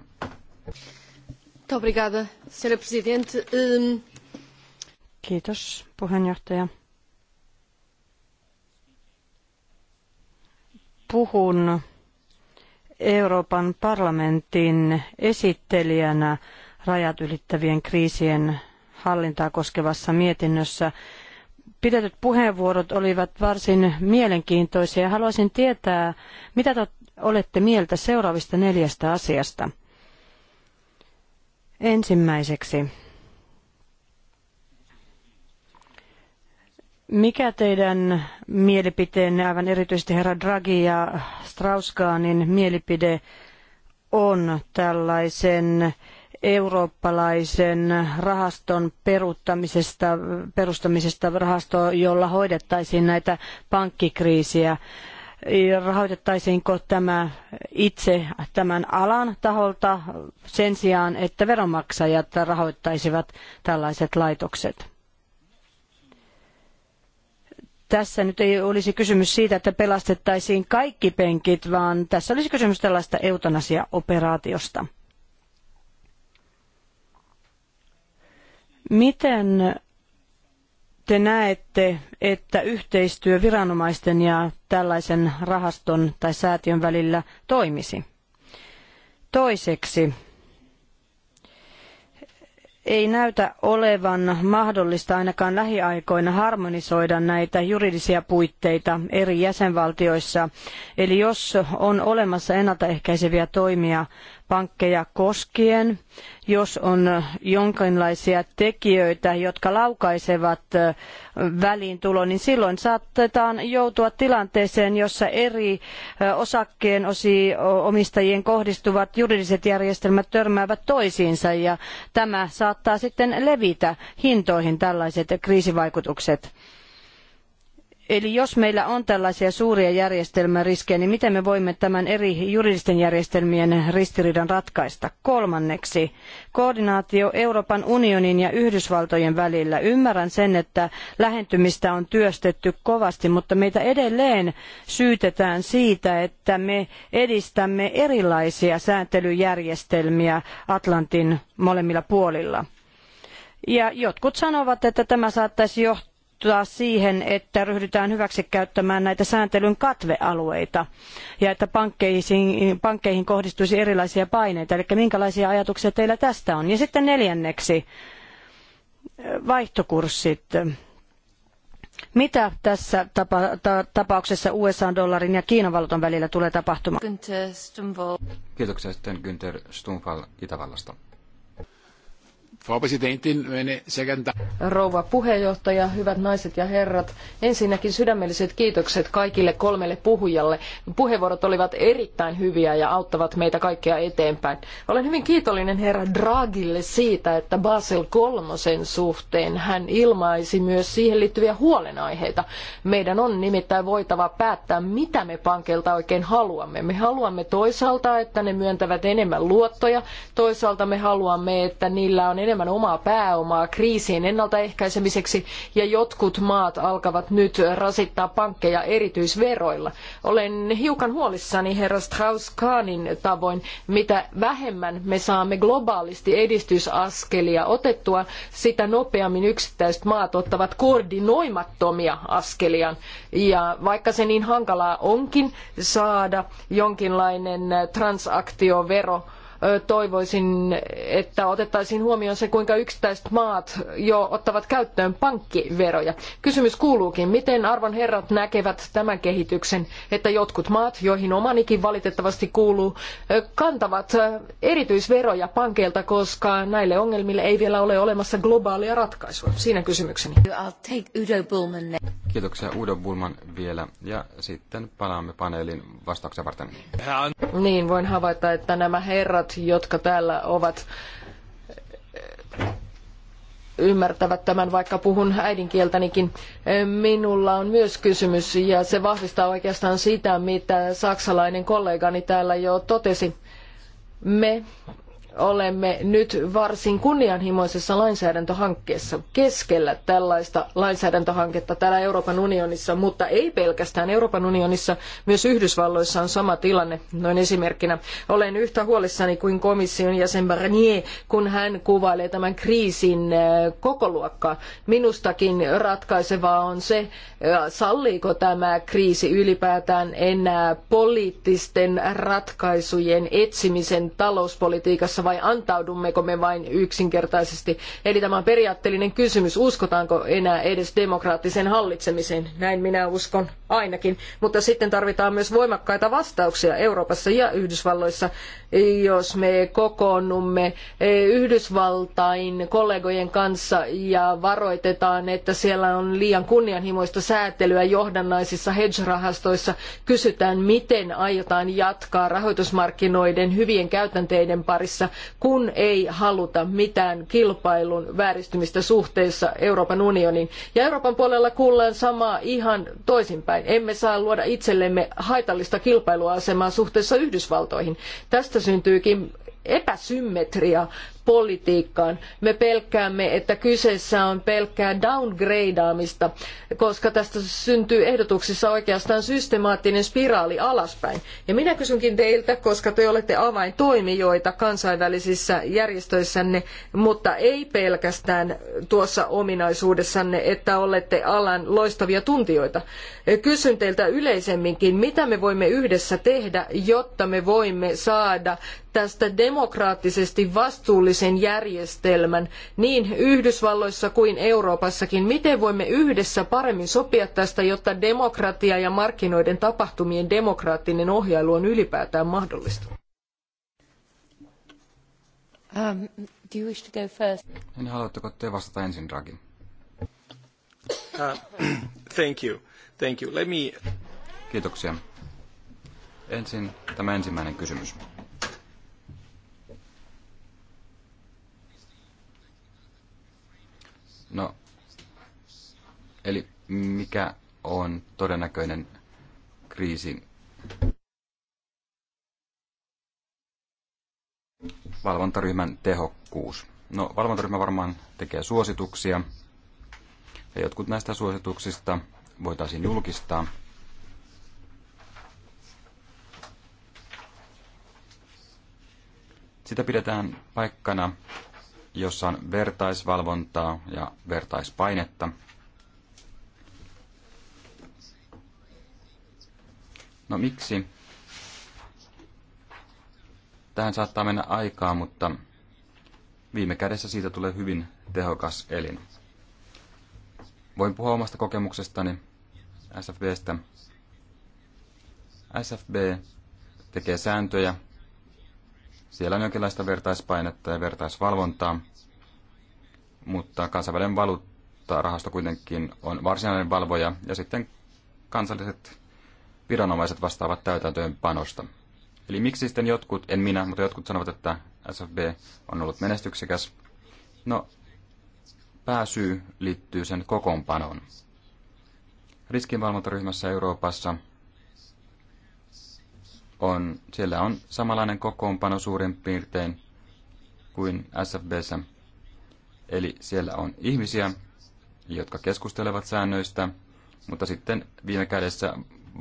S1: Obrigada, presidente. Um,
S4: Kiitos, puheenjohtaja. Puhun Euroopan parlamentin esittelijänä rajat ylittävien kriisien hallintaa koskevassa mietinnössä. Pidetyt puheenvuorot olivat varsin mielenkiintoisia. Haluaisin tietää, mitä olette mieltä seuraavista neljästä asiasta. Ensimmäiseksi, mikä teidän mielipiteenne, aivan erityisesti herra Draghi ja Strauskaanin mielipide on tällaisen eurooppalaisen rahaston peruttamisesta perustamisesta rahasto, jolla hoidettaisiin näitä pankkikriisiä rahoitettaisiinko tämä itse tämän alan taholta sen sijaan, että veronmaksajat rahoittaisivat tällaiset laitokset. Tässä nyt ei olisi kysymys siitä, että pelastettaisiin kaikki penkit, vaan tässä olisi kysymys tällaista eutanasia Miten te näette, että yhteistyö viranomaisten ja tällaisen rahaston tai säätiön välillä toimisi? Toiseksi, ei näytä olevan mahdollista ainakaan lähiaikoina harmonisoida näitä juridisia puitteita eri jäsenvaltioissa. Eli jos on olemassa ennaltaehkäiseviä toimia, pankkeja koskien. Jos on jonkinlaisia tekijöitä, jotka laukaisevat tulo niin silloin saatetaan joutua tilanteeseen, jossa eri osakkeen omistajien kohdistuvat juridiset järjestelmät törmäävät toisiinsa ja tämä saattaa sitten levitä hintoihin tällaiset kriisivaikutukset. Eli jos meillä on tällaisia suuria järjestelmäriskejä, niin miten me voimme tämän eri juridisten järjestelmien ristiriidan ratkaista? Kolmanneksi, koordinaatio Euroopan unionin ja Yhdysvaltojen välillä. Ymmärrän sen, että lähentymistä on työstetty kovasti, mutta meitä edelleen syytetään siitä, että me edistämme erilaisia sääntelyjärjestelmiä Atlantin molemmilla puolilla. Ja jotkut sanovat, että tämä saattaisi johtaa johtaa siihen, että ryhdytään hyväksikäyttämään näitä sääntelyn katvealueita ja että pankkeihin, pankkeihin kohdistuisi erilaisia paineita. Eli minkälaisia ajatuksia teillä tästä on? Ja sitten neljänneksi vaihtokurssit. Mitä tässä tapauksessa USA-dollarin ja Kiinan valuutan välillä tulee tapahtumaan?
S1: Günther
S2: Kiitoksia sitten Günther Stumval Itävallasta.
S3: Frau Präsidentin, meine sehr geehrten
S1: Rouva puheenjohtaja, hyvät naiset ja herrat, ensinnäkin sydämelliset kiitokset kaikille kolmelle puhujalle. Puheenvuorot olivat erittäin hyviä ja auttavat meitä kaikkia eteenpäin. Olen hyvin kiitollinen herra Dragille siitä, että Basel kolmosen suhteen hän ilmaisi myös siihen liittyviä huolenaiheita. Meidän on nimittäin voitava päättää, mitä me pankilta oikein haluamme. Me haluamme toisaalta, että ne myöntävät enemmän luottoja, toisaalta me haluamme, että niillä on enemmän enemmän omaa pääomaa kriisien ennaltaehkäisemiseksi ja jotkut maat alkavat nyt rasittaa pankkeja erityisveroilla. Olen hiukan huolissani herra Strauss-Kahnin tavoin, mitä vähemmän me saamme globaalisti edistysaskelia otettua, sitä nopeammin yksittäiset maat ottavat koordinoimattomia askelia Ja vaikka se niin hankalaa onkin saada jonkinlainen transaktiovero toivoisin, että otettaisiin huomioon se, kuinka yksittäiset maat jo ottavat käyttöön pankkiveroja. Kysymys kuuluukin, miten arvon herrat näkevät tämän kehityksen, että jotkut maat, joihin omanikin valitettavasti kuuluu, kantavat erityisveroja pankeilta, koska näille ongelmille ei vielä ole olemassa globaalia ratkaisua. Siinä kysymykseni.
S2: Kiitoksia Udo Bulman vielä ja sitten palaamme paneelin vastauksia varten.
S1: Niin, voin havaita, että nämä herrat kollegat, jotka täällä ovat, ymmärtävät tämän, vaikka puhun äidinkieltänikin. Minulla on myös kysymys, ja se vahvistaa oikeastaan sitä, mitä saksalainen kollegani täällä jo totesi. Me olemme nyt varsin kunnianhimoisessa lainsäädäntöhankkeessa keskellä tällaista lainsäädäntöhanketta täällä Euroopan unionissa, mutta ei pelkästään Euroopan unionissa, myös Yhdysvalloissa on sama tilanne. Noin esimerkkinä olen yhtä huolissani kuin komission jäsen Barnier, kun hän kuvailee tämän kriisin äh, kokoluokkaa. Minustakin ratkaisevaa on se, äh, salliiko tämä kriisi ylipäätään enää poliittisten ratkaisujen etsimisen talouspolitiikassa vai antaudummeko me vain yksinkertaisesti. Eli tämä on periaatteellinen kysymys, uskotaanko enää edes demokraattiseen hallitsemiseen. Näin minä uskon ainakin. Mutta sitten tarvitaan myös voimakkaita vastauksia Euroopassa ja Yhdysvalloissa, jos me kokoonnumme e, Yhdysvaltain kollegojen kanssa ja varoitetaan, että siellä on liian kunnianhimoista säätelyä johdannaisissa hedge-rahastoissa. Kysytään, miten aiotaan jatkaa rahoitusmarkkinoiden hyvien käytänteiden parissa kun ei haluta mitään kilpailun vääristymistä suhteessa Euroopan unioniin. Ja Euroopan puolella kuullaan samaa ihan toisinpäin. Emme saa luoda itsellemme haitallista kilpailuasemaa suhteessa Yhdysvaltoihin. Tästä syntyykin epäsymmetria politiikkaan. Me pelkäämme, että kyseessä on pelkkää downgradeaamista, koska tästä syntyy ehdotuksissa oikeastaan systemaattinen spiraali alaspäin. Ja minä kysynkin teiltä, koska te olette avaintoimijoita kansainvälisissä järjestöissänne, mutta ei pelkästään tuossa ominaisuudessanne, että olette alan loistavia tuntijoita. Kysyn teiltä yleisemminkin, mitä me voimme yhdessä tehdä, jotta me voimme saada tästä demokraattisesti vastuullisesta maailmanlaajuisen järjestelmän niin Yhdysvalloissa kuin Euroopassakin. Miten voimme yhdessä paremmin sopia tästä, jotta demokratia ja markkinoiden tapahtumien demokraattinen ohjailu on ylipäätään mahdollista? Um, do you wish to go first? En
S2: no niin, haluatteko te vastata ensin, Draghi? Uh, thank you. Thank you. Let me... Kiitoksia. Ensin tämä ensimmäinen kysymys. No, eli mikä on todennäköinen kriisi? Valvontaryhmän tehokkuus. No, valvontaryhmä varmaan tekee suosituksia. Ja jotkut näistä suosituksista voitaisiin julkistaa. Sitä pidetään paikkana, jossa on vertaisvalvontaa ja vertaispainetta. No miksi? Tähän saattaa mennä aikaa, mutta viime kädessä siitä tulee hyvin tehokas elin. Voin puhua omasta kokemuksestani SFBstä. SFB tekee sääntöjä, siellä on jonkinlaista vertaispainetta ja vertaisvalvontaa, mutta kansainvälinen valuuttarahasto kuitenkin on varsinainen valvoja ja sitten kansalliset viranomaiset vastaavat täytäntöön panosta. Eli miksi sitten jotkut, en minä, mutta jotkut sanovat, että SFB on ollut menestyksekäs? No, pääsyy liittyy sen kokoonpanoon. Riskinvalvontaryhmässä Euroopassa on, siellä on samanlainen kokoonpano suurin piirtein kuin SFBssä. Eli siellä on ihmisiä, jotka keskustelevat säännöistä, mutta sitten viime kädessä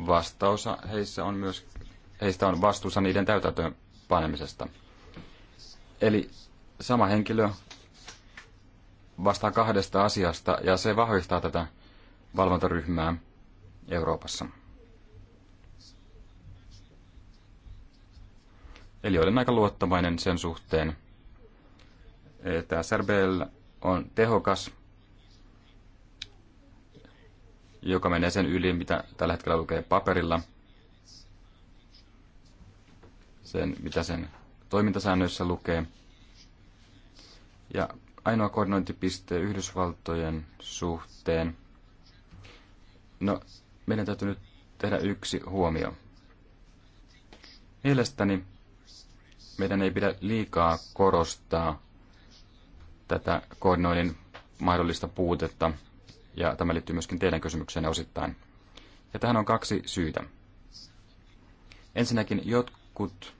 S2: vastausa heissä on myös, heistä on vastuussa niiden täytäntöön panemisesta. Eli sama henkilö vastaa kahdesta asiasta ja se vahvistaa tätä valvontaryhmää Euroopassa. Eli olen aika luottavainen sen suhteen, että SRBL on tehokas, joka menee sen yli, mitä tällä hetkellä lukee paperilla, sen, mitä sen toimintasäännöissä lukee. Ja ainoa koordinointipiste Yhdysvaltojen suhteen. No, meidän täytyy nyt tehdä yksi huomio. Mielestäni meidän ei pidä liikaa korostaa tätä koordinoinnin mahdollista puutetta, ja tämä liittyy myöskin teidän kysymykseenne osittain. Ja tähän on kaksi syytä. Ensinnäkin jotkut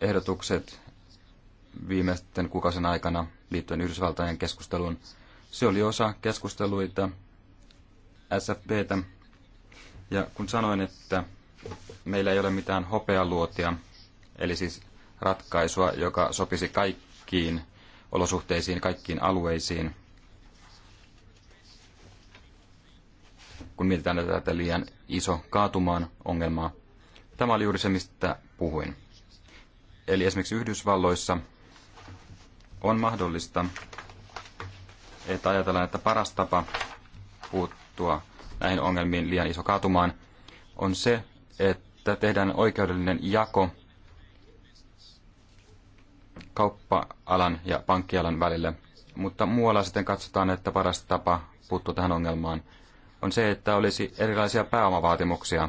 S2: ehdotukset viimeisten kuukausien aikana liittyen Yhdysvaltain keskusteluun, se oli osa keskusteluita SFPtä. Ja kun sanoin, että meillä ei ole mitään hopealuotia Eli siis ratkaisua, joka sopisi kaikkiin olosuhteisiin, kaikkiin alueisiin. Kun mietitään tätä liian iso kaatumaan ongelmaa, tämä oli juuri se, mistä puhuin. Eli esimerkiksi Yhdysvalloissa on mahdollista, että ajatellaan, että paras tapa puuttua näihin ongelmiin liian iso kaatumaan on se, että tehdään oikeudellinen jako – kauppa-alan ja pankkialan välille, mutta muualla sitten katsotaan, että paras tapa puuttua tähän ongelmaan on se, että olisi erilaisia pääomavaatimuksia.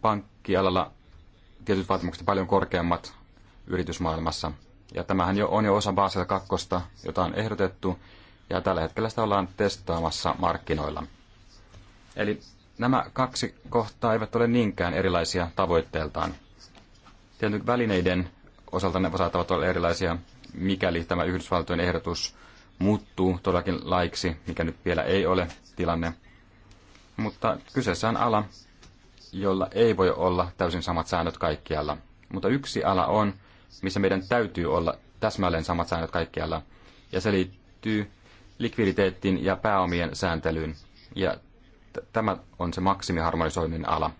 S2: Pankkialalla tietyt vaatimukset paljon korkeammat yritysmaailmassa. Ja tämähän jo on jo osa Basel 2, jota on ehdotettu, ja tällä hetkellä sitä ollaan testaamassa markkinoilla. Eli nämä kaksi kohtaa eivät ole niinkään erilaisia tavoitteeltaan. Tietyt välineiden osalta ne saattavat olla erilaisia, mikäli tämä Yhdysvaltojen ehdotus muuttuu todellakin laiksi, mikä nyt vielä ei ole tilanne. Mutta kyseessä on ala, jolla ei voi olla täysin samat säännöt kaikkialla. Mutta yksi ala on, missä meidän täytyy olla täsmälleen samat säännöt kaikkialla. Ja se liittyy likviditeettiin ja pääomien sääntelyyn. Ja tämä on se maksimiharmonisoinnin ala.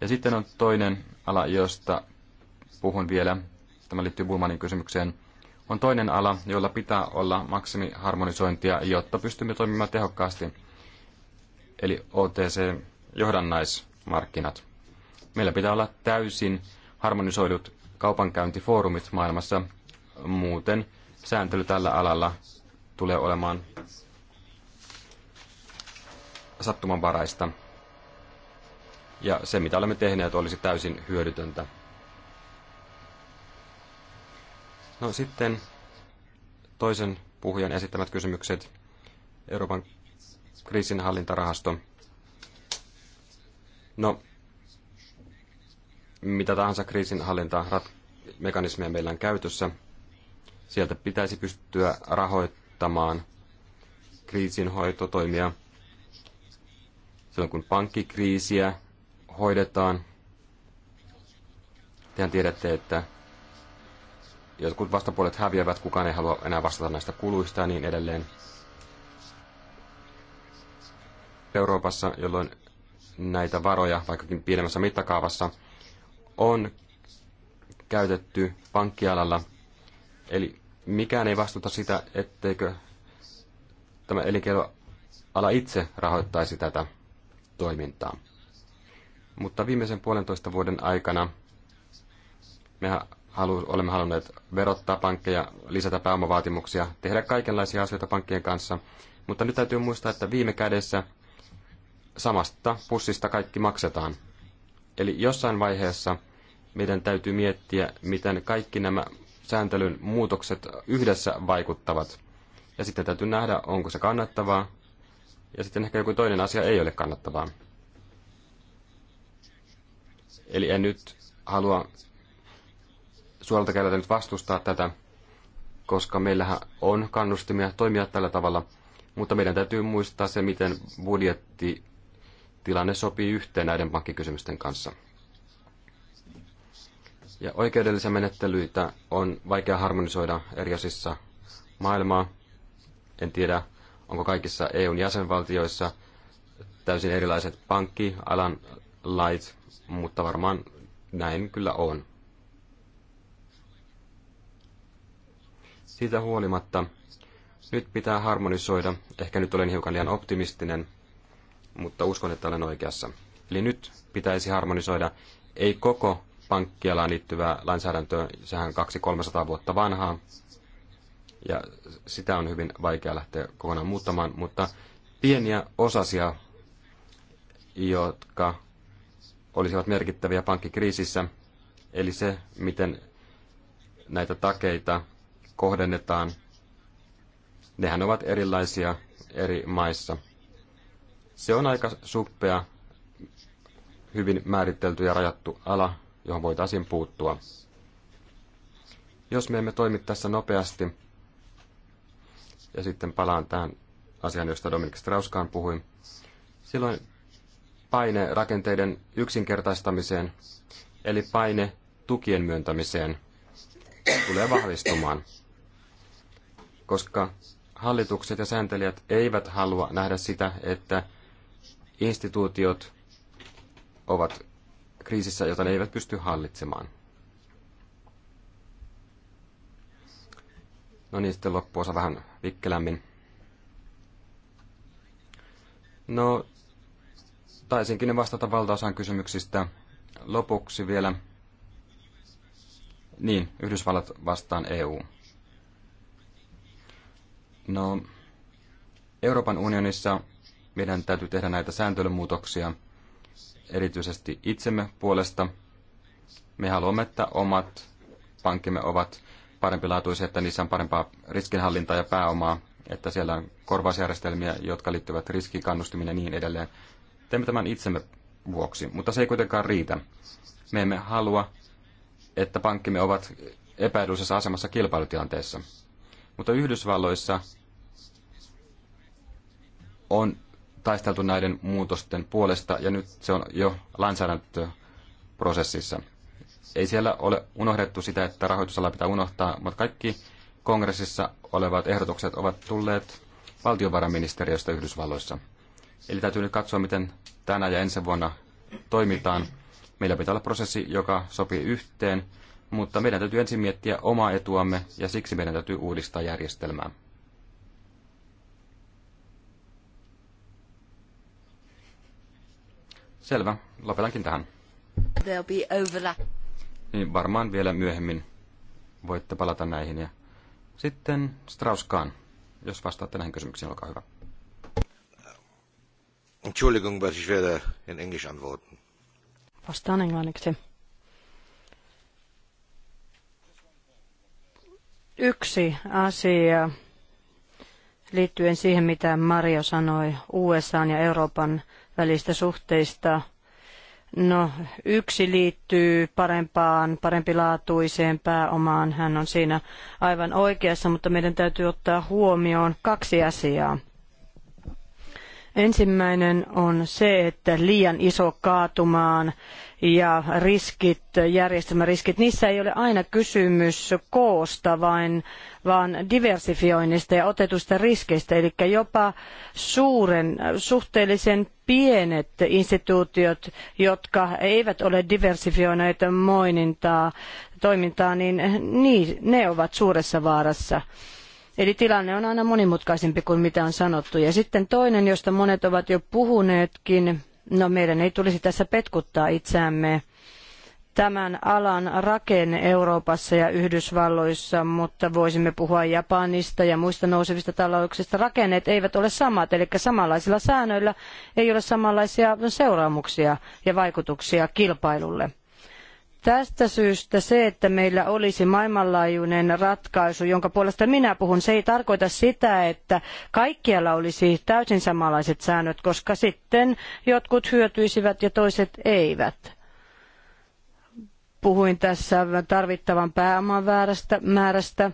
S2: Ja sitten on toinen ala, josta puhun vielä, tämä liittyy Bulmanin kysymykseen, on toinen ala, jolla pitää olla maksimiharmonisointia, jotta pystymme toimimaan tehokkaasti, eli OTC-johdannaismarkkinat. Meillä pitää olla täysin harmonisoidut kaupankäyntifoorumit maailmassa, muuten sääntely tällä alalla tulee olemaan sattumanvaraista. Ja se, mitä olemme tehneet, olisi täysin hyödytöntä. No sitten toisen puhujan esittämät kysymykset. Euroopan kriisinhallintarahasto. No, mitä tahansa kriisinhallintamekanismeja meillä on käytössä, sieltä pitäisi pystyä rahoittamaan kriisinhoitotoimia. Silloin kun pankkikriisiä hoidetaan, tehän tiedätte, että jotkut vastapuolet häviävät, kukaan ei halua enää vastata näistä kuluista ja niin edelleen. Euroopassa, jolloin näitä varoja, vaikkakin pienemmässä mittakaavassa, on käytetty pankkialalla. Eli mikään ei vastuta sitä, etteikö tämä elinkeinoala itse rahoittaisi tätä toimintaa. Mutta viimeisen puolentoista vuoden aikana mehän halu, olemme halunneet verottaa pankkeja, lisätä pääomavaatimuksia, tehdä kaikenlaisia asioita pankkien kanssa. Mutta nyt täytyy muistaa, että viime kädessä samasta pussista kaikki maksetaan. Eli jossain vaiheessa meidän täytyy miettiä, miten kaikki nämä sääntelyn muutokset yhdessä vaikuttavat. Ja sitten täytyy nähdä, onko se kannattavaa. Ja sitten ehkä joku toinen asia ei ole kannattavaa. Eli en nyt halua suolta käydä nyt vastustaa tätä, koska meillähän on kannustimia toimia tällä tavalla, mutta meidän täytyy muistaa se, miten budjettitilanne sopii yhteen näiden pankkikysymysten kanssa. Ja oikeudellisia menettelyitä on vaikea harmonisoida eri osissa maailmaa. En tiedä, onko kaikissa EUn jäsenvaltioissa täysin erilaiset pankkialan lait, mutta varmaan näin kyllä on. Siitä huolimatta nyt pitää harmonisoida. Ehkä nyt olen hiukan liian optimistinen, mutta uskon, että olen oikeassa. Eli nyt pitäisi harmonisoida ei koko pankkialaan liittyvää lainsäädäntöä, sehän 200-300 vuotta vanhaa, ja sitä on hyvin vaikea lähteä kokonaan muuttamaan, mutta pieniä osasia, jotka olisivat merkittäviä pankkikriisissä, eli se, miten näitä takeita kohdennetaan, nehän ovat erilaisia eri maissa. Se on aika suppea, hyvin määritelty ja rajattu ala, johon voitaisiin puuttua. Jos me emme toimi tässä nopeasti, ja sitten palaan tähän asiaan, josta Dominik Strauskaan puhui, silloin paine rakenteiden yksinkertaistamiseen, eli paine tukien myöntämiseen, tulee vahvistumaan koska hallitukset ja sääntelijät eivät halua nähdä sitä, että instituutiot ovat kriisissä, jota ne eivät pysty hallitsemaan. No niin, sitten loppuosa vähän vikkelämmin. No, taisinkin vastata valtaosaan kysymyksistä. Lopuksi vielä. Niin, Yhdysvallat vastaan EU. No, Euroopan unionissa meidän täytyy tehdä näitä sääntelymuutoksia erityisesti itsemme puolesta. Me haluamme, että omat pankkimme ovat parempilaatuisia, että niissä on parempaa riskinhallintaa ja pääomaa, että siellä on korvausjärjestelmiä, jotka liittyvät riskikannustimiin ja niin edelleen. Teemme tämän itsemme vuoksi, mutta se ei kuitenkaan riitä. Me emme halua, että pankkimme ovat epäedullisessa asemassa kilpailutilanteessa. Mutta Yhdysvalloissa on taisteltu näiden muutosten puolesta ja nyt se on jo lainsäädäntöprosessissa. Ei siellä ole unohdettu sitä, että rahoitusala pitää unohtaa, mutta kaikki kongressissa olevat ehdotukset ovat tulleet valtiovarainministeriöstä Yhdysvalloissa. Eli täytyy nyt katsoa, miten tänä ja ensi vuonna toimitaan. Meillä pitää olla prosessi, joka sopii yhteen, mutta meidän täytyy ensin miettiä omaa etuamme ja siksi meidän täytyy uudistaa järjestelmää. Selvä, lopetankin tähän.
S1: There'll be overlap.
S2: Niin, varmaan vielä myöhemmin voitte palata näihin. Ja sitten Strauskaan, jos vastaatte näihin kysymyksiin, olkaa hyvä.
S3: Entschuldigung, was ich werde in Englisch antworten.
S4: Vastaan englanniksi. Yksi asia liittyen siihen, mitä Mario sanoi USA ja Euroopan välistä suhteista. No, yksi liittyy parempaan, parempilaatuiseen pääomaan. Hän on siinä aivan oikeassa, mutta meidän täytyy ottaa huomioon kaksi asiaa. Ensimmäinen on se, että liian iso kaatumaan ja riskit, järjestelmäriskit, niissä ei ole aina kysymys koosta, vain, vaan diversifioinnista ja otetusta riskeistä. Eli jopa suuren, suhteellisen pienet instituutiot, jotka eivät ole diversifioineet moinintaa, toimintaa, niin ne ovat suuressa vaarassa. Eli tilanne on aina monimutkaisempi kuin mitä on sanottu. Ja sitten toinen, josta monet ovat jo puhuneetkin, no meidän ei tulisi tässä petkuttaa itseämme tämän alan rakenne Euroopassa ja Yhdysvalloissa, mutta voisimme puhua Japanista ja muista nousevista talouksista. Rakenneet eivät ole samat, eli samanlaisilla säännöillä ei ole samanlaisia seuraamuksia ja vaikutuksia kilpailulle. Tästä syystä se, että meillä olisi maailmanlaajuinen ratkaisu, jonka puolesta minä puhun, se ei tarkoita sitä, että kaikkialla olisi täysin samanlaiset säännöt, koska sitten jotkut hyötyisivät ja toiset eivät. Puhuin tässä tarvittavan pääoman määrästä.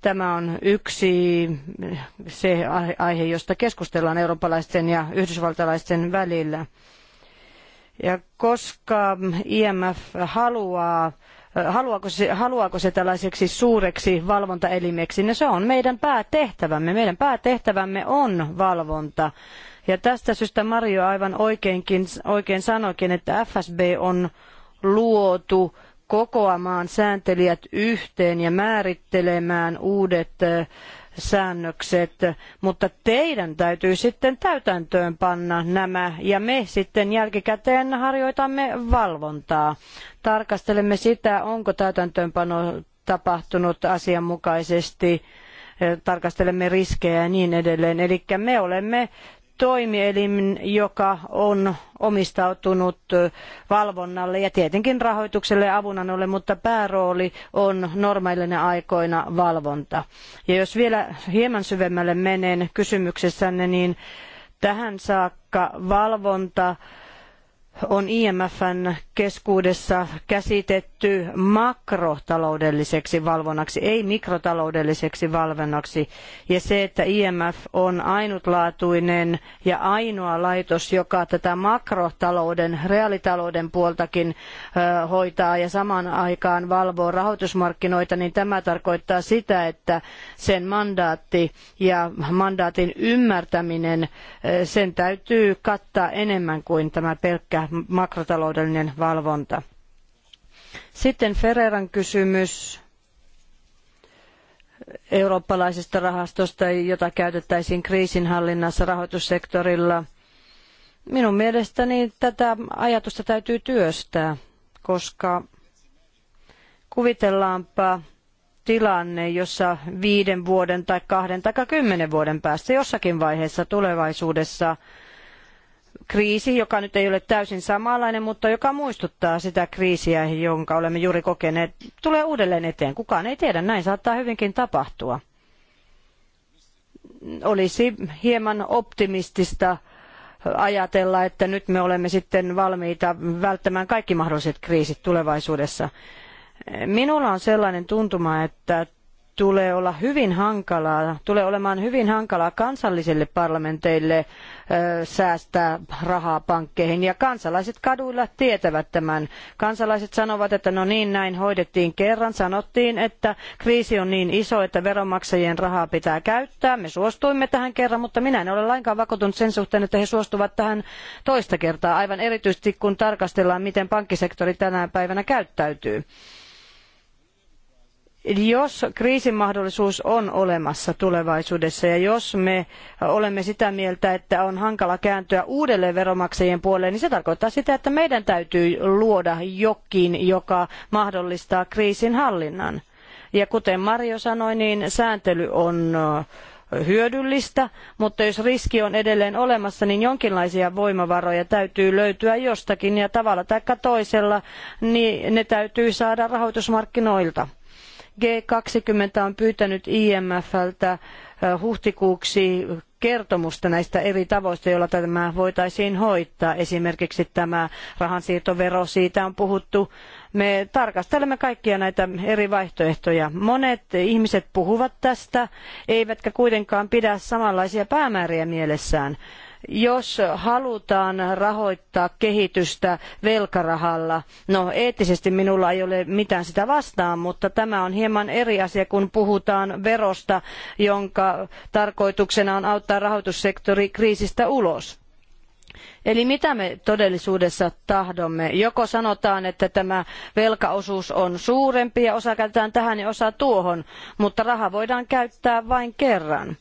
S4: Tämä on yksi se aihe, josta keskustellaan eurooppalaisten ja yhdysvaltalaisten välillä. Ja koska IMF haluaa äh, Haluaako se, haluaako se tällaiseksi suureksi valvontaelimeksi? niin se on meidän päätehtävämme. Meidän päätehtävämme on valvonta. Ja tästä syystä Mario aivan oikeinkin, oikein sanoikin, että FSB on luotu kokoamaan sääntelijät yhteen ja määrittelemään uudet äh, säännökset, mutta teidän täytyy sitten täytäntöön panna nämä ja me sitten jälkikäteen harjoitamme valvontaa. Tarkastelemme sitä, onko täytäntöönpano tapahtunut asianmukaisesti tarkastelemme riskejä ja niin edelleen. Eli me olemme toimielin, joka on omistautunut valvonnalle ja tietenkin rahoitukselle ja avunannolle, mutta päärooli on normaalinen aikoina valvonta. Ja jos vielä hieman syvemmälle menen kysymyksessänne, niin tähän saakka valvonta on IMFn keskuudessa käsitetty ryhtyy makrotaloudelliseksi valvonnaksi, ei mikrotaloudelliseksi valvonnaksi. Ja se, että IMF on ainutlaatuinen ja ainoa laitos, joka tätä makrotalouden, reaalitalouden puoltakin hoitaa ja samaan aikaan valvoo rahoitusmarkkinoita, niin tämä tarkoittaa sitä, että sen mandaatti ja mandaatin ymmärtäminen, sen täytyy kattaa enemmän kuin tämä pelkkä makrotaloudellinen valvonta. Sitten Ferreran kysymys eurooppalaisesta rahastosta, jota käytettäisiin kriisinhallinnassa rahoitussektorilla. Minun mielestäni tätä ajatusta täytyy työstää, koska kuvitellaanpa tilanne, jossa viiden vuoden tai kahden tai kymmenen vuoden päästä jossakin vaiheessa tulevaisuudessa – kriisi, joka nyt ei ole täysin samanlainen, mutta joka muistuttaa sitä kriisiä, jonka olemme juuri kokeneet, tulee uudelleen eteen. Kukaan ei tiedä, näin saattaa hyvinkin tapahtua. Olisi hieman optimistista ajatella, että nyt me olemme sitten valmiita välttämään kaikki mahdolliset kriisit tulevaisuudessa. Minulla on sellainen tuntuma, että tulee olla hyvin hankalaa, tulee olemaan hyvin hankalaa kansallisille parlamenteille säästää rahaa pankkeihin. Ja kansalaiset kaduilla tietävät tämän. Kansalaiset sanovat, että no niin, näin hoidettiin kerran. Sanottiin, että kriisi on niin iso, että veronmaksajien rahaa pitää käyttää. Me suostuimme tähän kerran, mutta minä en ole lainkaan vakuutunut sen suhteen, että he suostuvat tähän toista kertaa. Aivan erityisesti kun tarkastellaan, miten pankkisektori tänä päivänä käyttäytyy jos mahdollisuus on olemassa tulevaisuudessa ja jos me olemme sitä mieltä, että on hankala kääntyä uudelleen veromaksajien puoleen, niin se tarkoittaa sitä, että meidän täytyy luoda jokin, joka mahdollistaa kriisin hallinnan. Ja kuten Mario sanoi, niin sääntely on hyödyllistä, mutta jos riski on edelleen olemassa, niin jonkinlaisia voimavaroja täytyy löytyä jostakin ja tavalla tai toisella niin ne täytyy saada rahoitusmarkkinoilta G20 on pyytänyt IMFltä huhtikuuksi kertomusta näistä eri tavoista, joilla tämä voitaisiin hoitaa. Esimerkiksi tämä rahansiirtovero, siitä on puhuttu. Me tarkastelemme kaikkia näitä eri vaihtoehtoja. Monet ihmiset puhuvat tästä, eivätkä kuitenkaan pidä samanlaisia päämääriä mielessään. Jos halutaan rahoittaa kehitystä velkarahalla, no eettisesti minulla ei ole mitään sitä vastaan, mutta tämä on hieman eri asia, kun puhutaan verosta, jonka tarkoituksena on auttaa rahoitussektori kriisistä ulos. Eli mitä me todellisuudessa tahdomme? Joko sanotaan, että tämä velkaosuus on suurempi ja osa käytetään tähän ja osa tuohon, mutta raha voidaan käyttää vain kerran.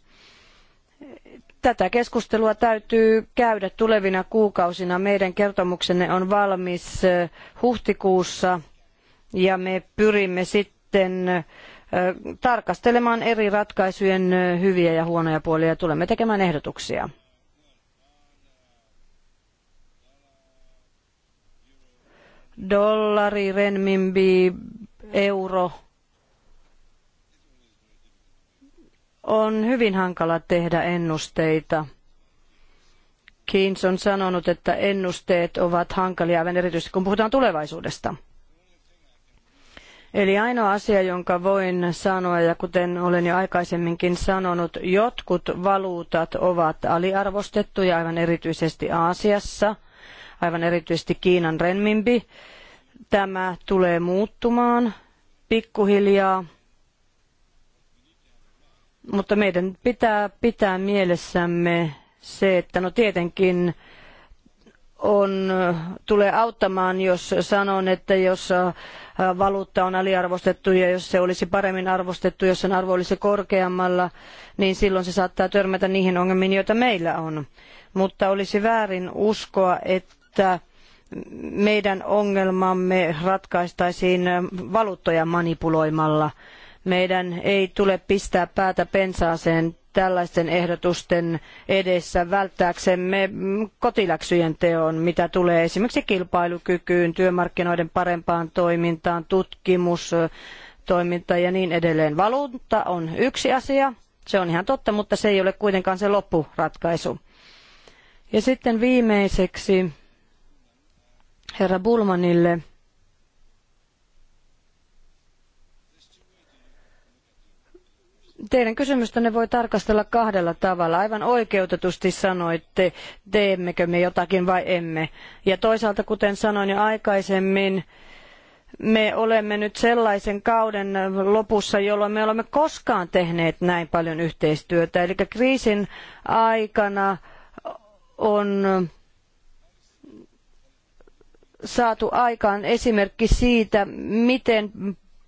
S4: Tätä keskustelua täytyy käydä tulevina kuukausina. Meidän kertomuksenne on valmis eh, huhtikuussa ja me pyrimme sitten eh, tarkastelemaan eri ratkaisujen eh, hyviä ja huonoja puolia ja tulemme tekemään ehdotuksia. Dollari, renminbi, euro, on hyvin hankala tehdä ennusteita. Keynes on sanonut, että ennusteet ovat hankalia, aivan erityisesti kun puhutaan tulevaisuudesta. Eli ainoa asia, jonka voin sanoa, ja kuten olen jo aikaisemminkin sanonut, jotkut valuutat ovat aliarvostettuja, aivan erityisesti Aasiassa, aivan erityisesti Kiinan renminbi. Tämä tulee muuttumaan pikkuhiljaa mutta meidän pitää pitää mielessämme se, että no tietenkin on, tulee auttamaan, jos sanon, että jos äh, valuutta on aliarvostettu ja jos se olisi paremmin arvostettu, jos sen arvo olisi korkeammalla, niin silloin se saattaa törmätä niihin ongelmiin, joita meillä on. Mutta olisi väärin uskoa, että meidän ongelmamme ratkaistaisiin valuuttoja manipuloimalla. Meidän ei tule pistää päätä pensaaseen tällaisten ehdotusten edessä välttääksemme kotiläksyjen teon, mitä tulee esimerkiksi kilpailukykyyn, työmarkkinoiden parempaan toimintaan, tutkimustoimintaan ja niin edelleen. Valuutta on yksi asia, se on ihan totta, mutta se ei ole kuitenkaan se loppuratkaisu. Ja sitten viimeiseksi herra Bulmanille – Teidän kysymystänne voi tarkastella kahdella tavalla. Aivan oikeutetusti sanoitte, teemmekö me jotakin vai emme. Ja toisaalta, kuten sanoin jo aikaisemmin, me olemme nyt sellaisen kauden lopussa, jolloin me olemme koskaan tehneet näin paljon yhteistyötä. Eli kriisin aikana on saatu aikaan esimerkki siitä, miten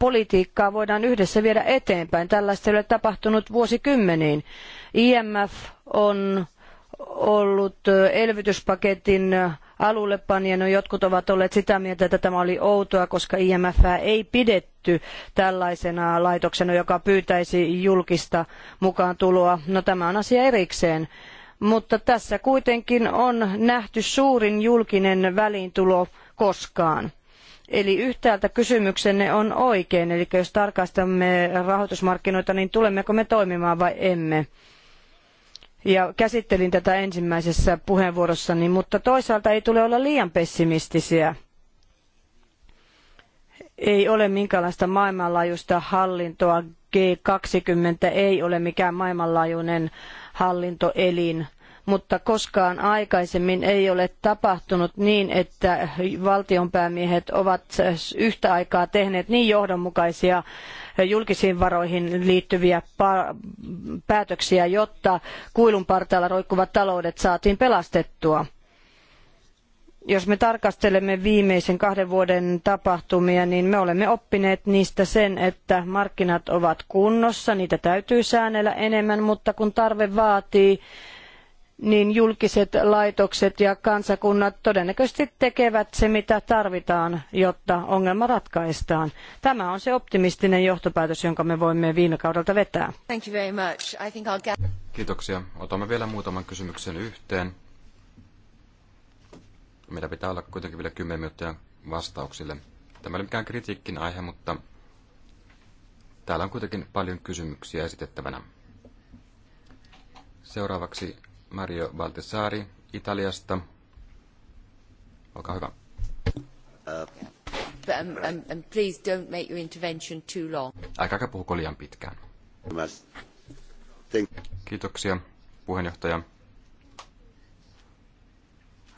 S4: politiikkaa voidaan yhdessä viedä eteenpäin. Tällaista ei ole tapahtunut vuosikymmeniin. IMF on ollut elvytyspaketin ja no, Jotkut ovat olleet sitä mieltä, että tämä oli outoa, koska IMF ei pidetty tällaisena laitoksena, joka pyytäisi julkista mukaan tuloa. No tämä on asia erikseen. Mutta tässä kuitenkin on nähty suurin julkinen väliintulo koskaan Eli yhtäältä kysymyksenne on oikein, eli jos tarkastamme rahoitusmarkkinoita, niin tulemmeko me toimimaan vai emme? Ja käsittelin tätä ensimmäisessä puheenvuorossani, mutta toisaalta ei tule olla liian pessimistisiä ei ole minkäänlaista maailmanlaajuista hallintoa. G20 ei ole mikään maailmanlaajuinen hallintoelin mutta koskaan aikaisemmin ei ole tapahtunut niin, että valtionpäämiehet ovat yhtä aikaa tehneet niin johdonmukaisia julkisiin varoihin liittyviä päätöksiä, jotta kuilun partaalla roikkuvat taloudet saatiin pelastettua jos me tarkastelemme viimeisen kahden vuoden tapahtumia, niin me olemme oppineet niistä sen, että markkinat ovat kunnossa, niitä täytyy säännellä enemmän, mutta kun tarve vaatii, niin julkiset laitokset ja kansakunnat todennäköisesti tekevät se, mitä tarvitaan, jotta ongelma ratkaistaan. Tämä on se optimistinen johtopäätös, jonka me voimme viime kaudelta vetää.
S1: Thank you very much. I think I'll get...
S2: Kiitoksia. Otamme vielä muutaman kysymyksen yhteen. Meillä pitää olla kuitenkin vielä 10 minuuttia vastauksille. Tämä ei ole mikään kritiikin aihe, mutta täällä on kuitenkin paljon kysymyksiä esitettävänä. Seuraavaksi Mario Baltesari Italiasta. Olkaa hyvä. Uh,
S1: um, um, and um, please don't make your intervention too long.
S2: Älkääkä puhuko liian pitkään. Kiitoksia, puheenjohtaja.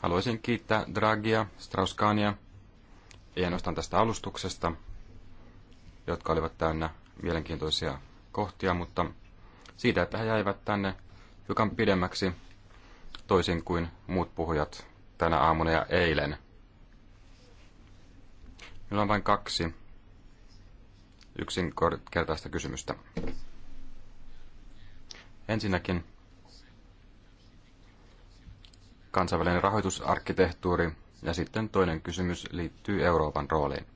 S2: Haluaisin kiittää Dragia, Strauskania, ei ainoastaan tästä alustuksesta, jotka olivat täynnä mielenkiintoisia kohtia, mutta siitä, että he jäivät tänne hiukan pidemmäksi toisin kuin muut puhujat tänä aamuna ja eilen. Minulla on vain kaksi yksinkertaista kysymystä. Ensinnäkin kansainvälinen rahoitusarkkitehtuuri ja sitten toinen kysymys liittyy Euroopan rooliin.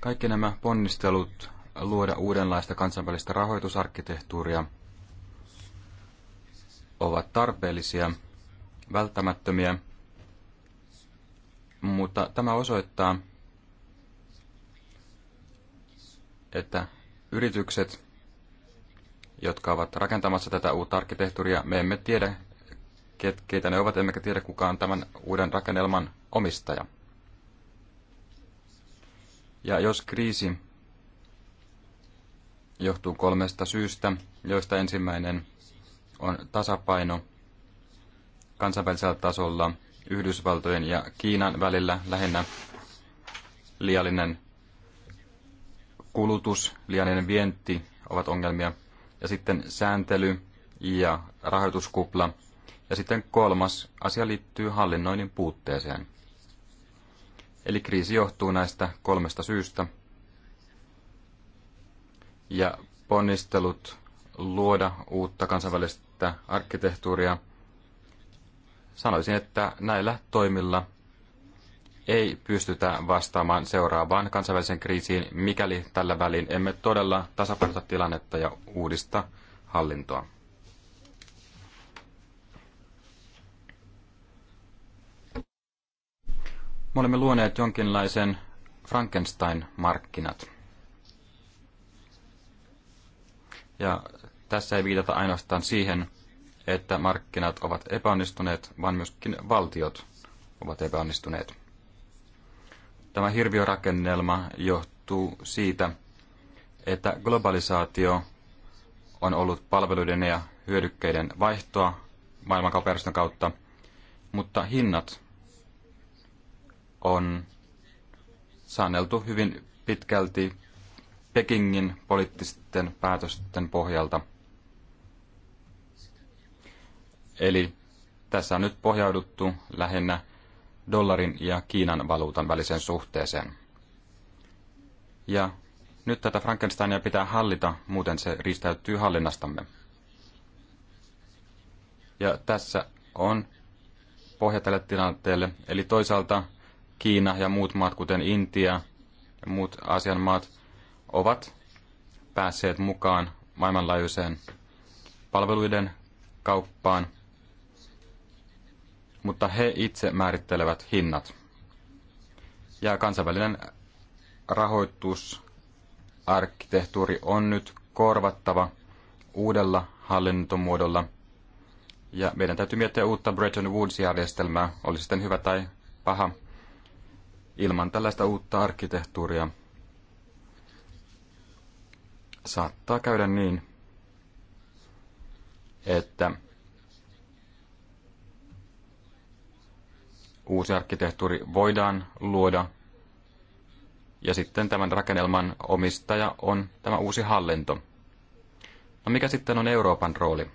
S2: Kaikki nämä ponnistelut luoda uudenlaista kansainvälistä rahoitusarkkitehtuuria ovat tarpeellisia, välttämättömiä, mutta tämä osoittaa, että yritykset, jotka ovat rakentamassa tätä uutta arkkitehtuuria, me emme tiedä, keitä ne ovat, emmekä tiedä kuka on tämän uuden rakennelman omistaja. Ja jos kriisi johtuu kolmesta syystä, joista ensimmäinen on tasapaino kansainvälisellä tasolla Yhdysvaltojen ja Kiinan välillä lähinnä liiallinen kulutus, liiallinen vienti ovat ongelmia, ja sitten sääntely ja rahoituskupla, ja sitten kolmas asia liittyy hallinnoinnin puutteeseen. Eli kriisi johtuu näistä kolmesta syystä – ja ponnistelut luoda uutta kansainvälistä arkkitehtuuria. Sanoisin, että näillä toimilla ei pystytä vastaamaan seuraavaan kansainväliseen kriisiin, mikäli tällä välin emme todella tasapainota tilannetta ja uudista hallintoa. Me olemme luoneet jonkinlaisen Frankenstein-markkinat. Ja tässä ei viitata ainoastaan siihen, että markkinat ovat epäonnistuneet, vaan myöskin valtiot ovat epäonnistuneet. Tämä hirviörakennelma johtuu siitä, että globalisaatio on ollut palveluiden ja hyödykkeiden vaihtoa maailmankauppajärjestön kautta, mutta hinnat on saanneltu hyvin pitkälti Pekingin poliittisten päätösten pohjalta. Eli tässä on nyt pohjauduttu lähinnä dollarin ja Kiinan valuutan väliseen suhteeseen. Ja nyt tätä Frankensteinia pitää hallita, muuten se riistäytyy hallinnastamme. Ja tässä on pohja tälle tilanteelle. Eli toisaalta Kiina ja muut maat, kuten Intia ja muut Aasian maat, ovat päässeet mukaan maailmanlaajuiseen palveluiden kauppaan, mutta he itse määrittelevät hinnat. Ja kansainvälinen rahoitusarkkitehtuuri on nyt korvattava uudella hallintomuodolla. Ja meidän täytyy miettiä uutta Bretton Woods-järjestelmää, oli sitten hyvä tai paha. Ilman tällaista uutta arkkitehtuuria saattaa käydä niin, että uusi arkkitehtuuri voidaan luoda ja sitten tämän rakennelman omistaja on tämä uusi hallinto. No mikä sitten on Euroopan rooli?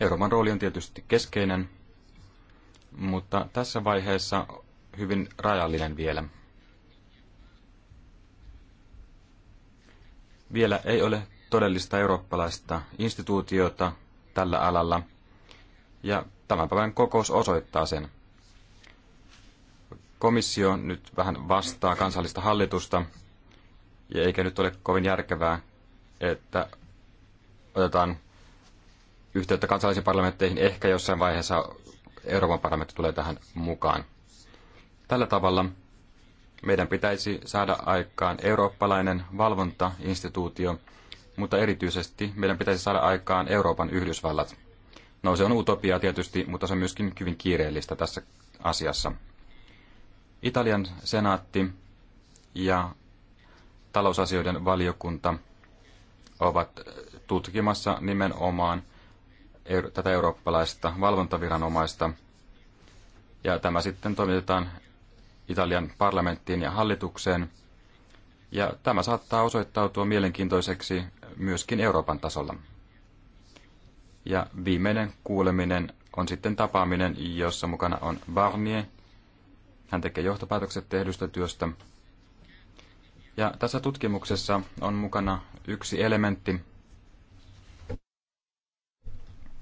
S2: Euroopan rooli on tietysti keskeinen, mutta tässä vaiheessa hyvin rajallinen vielä. Vielä ei ole todellista eurooppalaista instituutiota tällä alalla, ja tämän päivän kokous osoittaa sen. Komissio nyt vähän vastaa kansallista hallitusta, ja eikä nyt ole kovin järkevää, että otetaan yhteyttä kansallisiin parlamentteihin. Ehkä jossain vaiheessa Euroopan parlamentti tulee tähän mukaan. Tällä tavalla meidän pitäisi saada aikaan eurooppalainen valvontainstituutio, mutta erityisesti meidän pitäisi saada aikaan Euroopan Yhdysvallat. No se on utopia tietysti, mutta se on myöskin hyvin kiireellistä tässä asiassa. Italian senaatti ja talousasioiden valiokunta ovat tutkimassa nimenomaan tätä eurooppalaista valvontaviranomaista. Ja tämä sitten toimitetaan Italian parlamenttiin ja hallitukseen. Ja tämä saattaa osoittautua mielenkiintoiseksi myöskin Euroopan tasolla. Ja viimeinen kuuleminen on sitten tapaaminen, jossa mukana on Barnier. Hän tekee johtopäätökset tehdystä työstä. Ja tässä tutkimuksessa on mukana yksi elementti,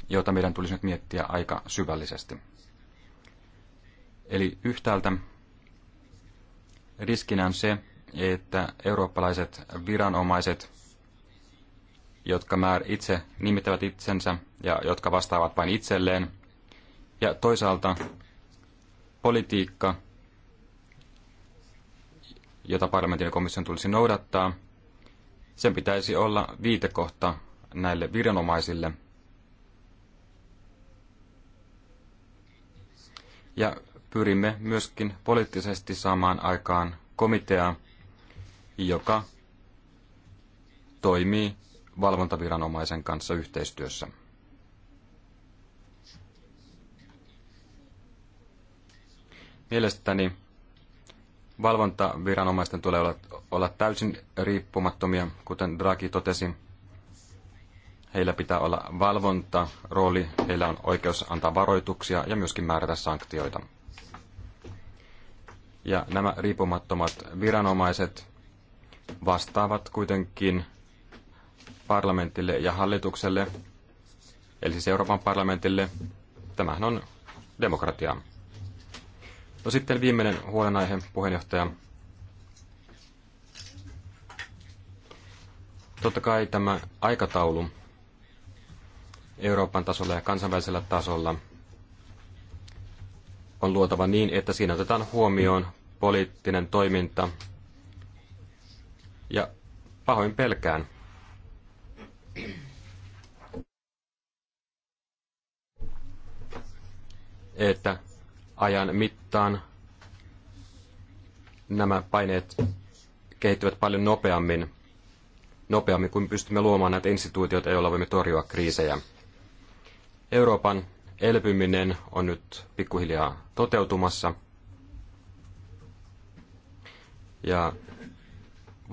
S2: jota meidän tulisi nyt miettiä aika syvällisesti. Eli yhtäältä riskinä on se, että eurooppalaiset viranomaiset, jotka määr itse nimittävät itsensä ja jotka vastaavat vain itselleen, ja toisaalta politiikka, jota parlamentin ja komission tulisi noudattaa, sen pitäisi olla viitekohta näille viranomaisille. Ja pyrimme myöskin poliittisesti saamaan aikaan komitea, joka toimii valvontaviranomaisen kanssa yhteistyössä. Mielestäni valvontaviranomaisten tulee olla, olla täysin riippumattomia, kuten Draghi totesi. Heillä pitää olla valvontarooli, heillä on oikeus antaa varoituksia ja myöskin määrätä sanktioita. Ja nämä riippumattomat viranomaiset vastaavat kuitenkin parlamentille ja hallitukselle, eli siis Euroopan parlamentille. Tämähän on demokratiaa. No sitten viimeinen huolenaihe, puheenjohtaja. Totta kai tämä aikataulu Euroopan tasolla ja kansainvälisellä tasolla on luotava niin, että siinä otetaan huomioon poliittinen toiminta. Ja pahoin pelkään. että ajan mittaan nämä paineet kehittyvät paljon nopeammin, nopeammin kuin pystymme luomaan näitä instituutioita, joilla voimme torjua kriisejä. Euroopan elpyminen on nyt pikkuhiljaa toteutumassa – ja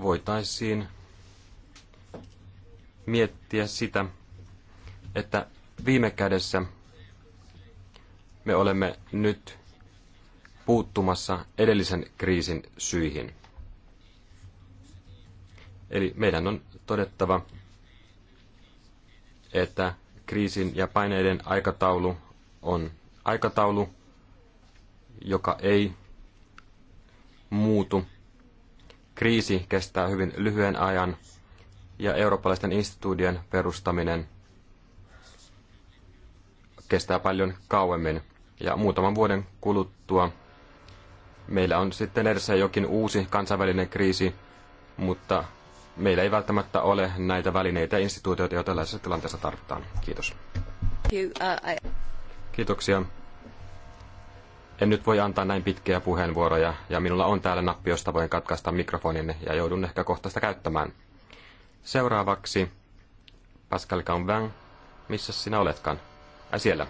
S2: voitaisiin miettiä sitä, että viime kädessä me olemme nyt puuttumassa edellisen kriisin syihin. Eli meidän on todettava, että kriisin ja paineiden aikataulu on aikataulu, joka ei muutu kriisi kestää hyvin lyhyen ajan ja eurooppalaisten instituutien perustaminen kestää paljon kauemmin. Ja muutaman vuoden kuluttua meillä on sitten edessä jokin uusi kansainvälinen kriisi, mutta meillä ei välttämättä ole näitä välineitä ja instituutioita, joita tällaisessa tilanteessa tarvitaan. Kiitos.
S1: Uh,
S2: Kiitoksia. En nyt voi antaa näin pitkiä puheenvuoroja, ja minulla on täällä nappi, josta voin katkaista mikrofonin, ja joudun ehkä kohta sitä käyttämään. Seuraavaksi Pascal Canvin. Missä sinä oletkaan? Ai siellä.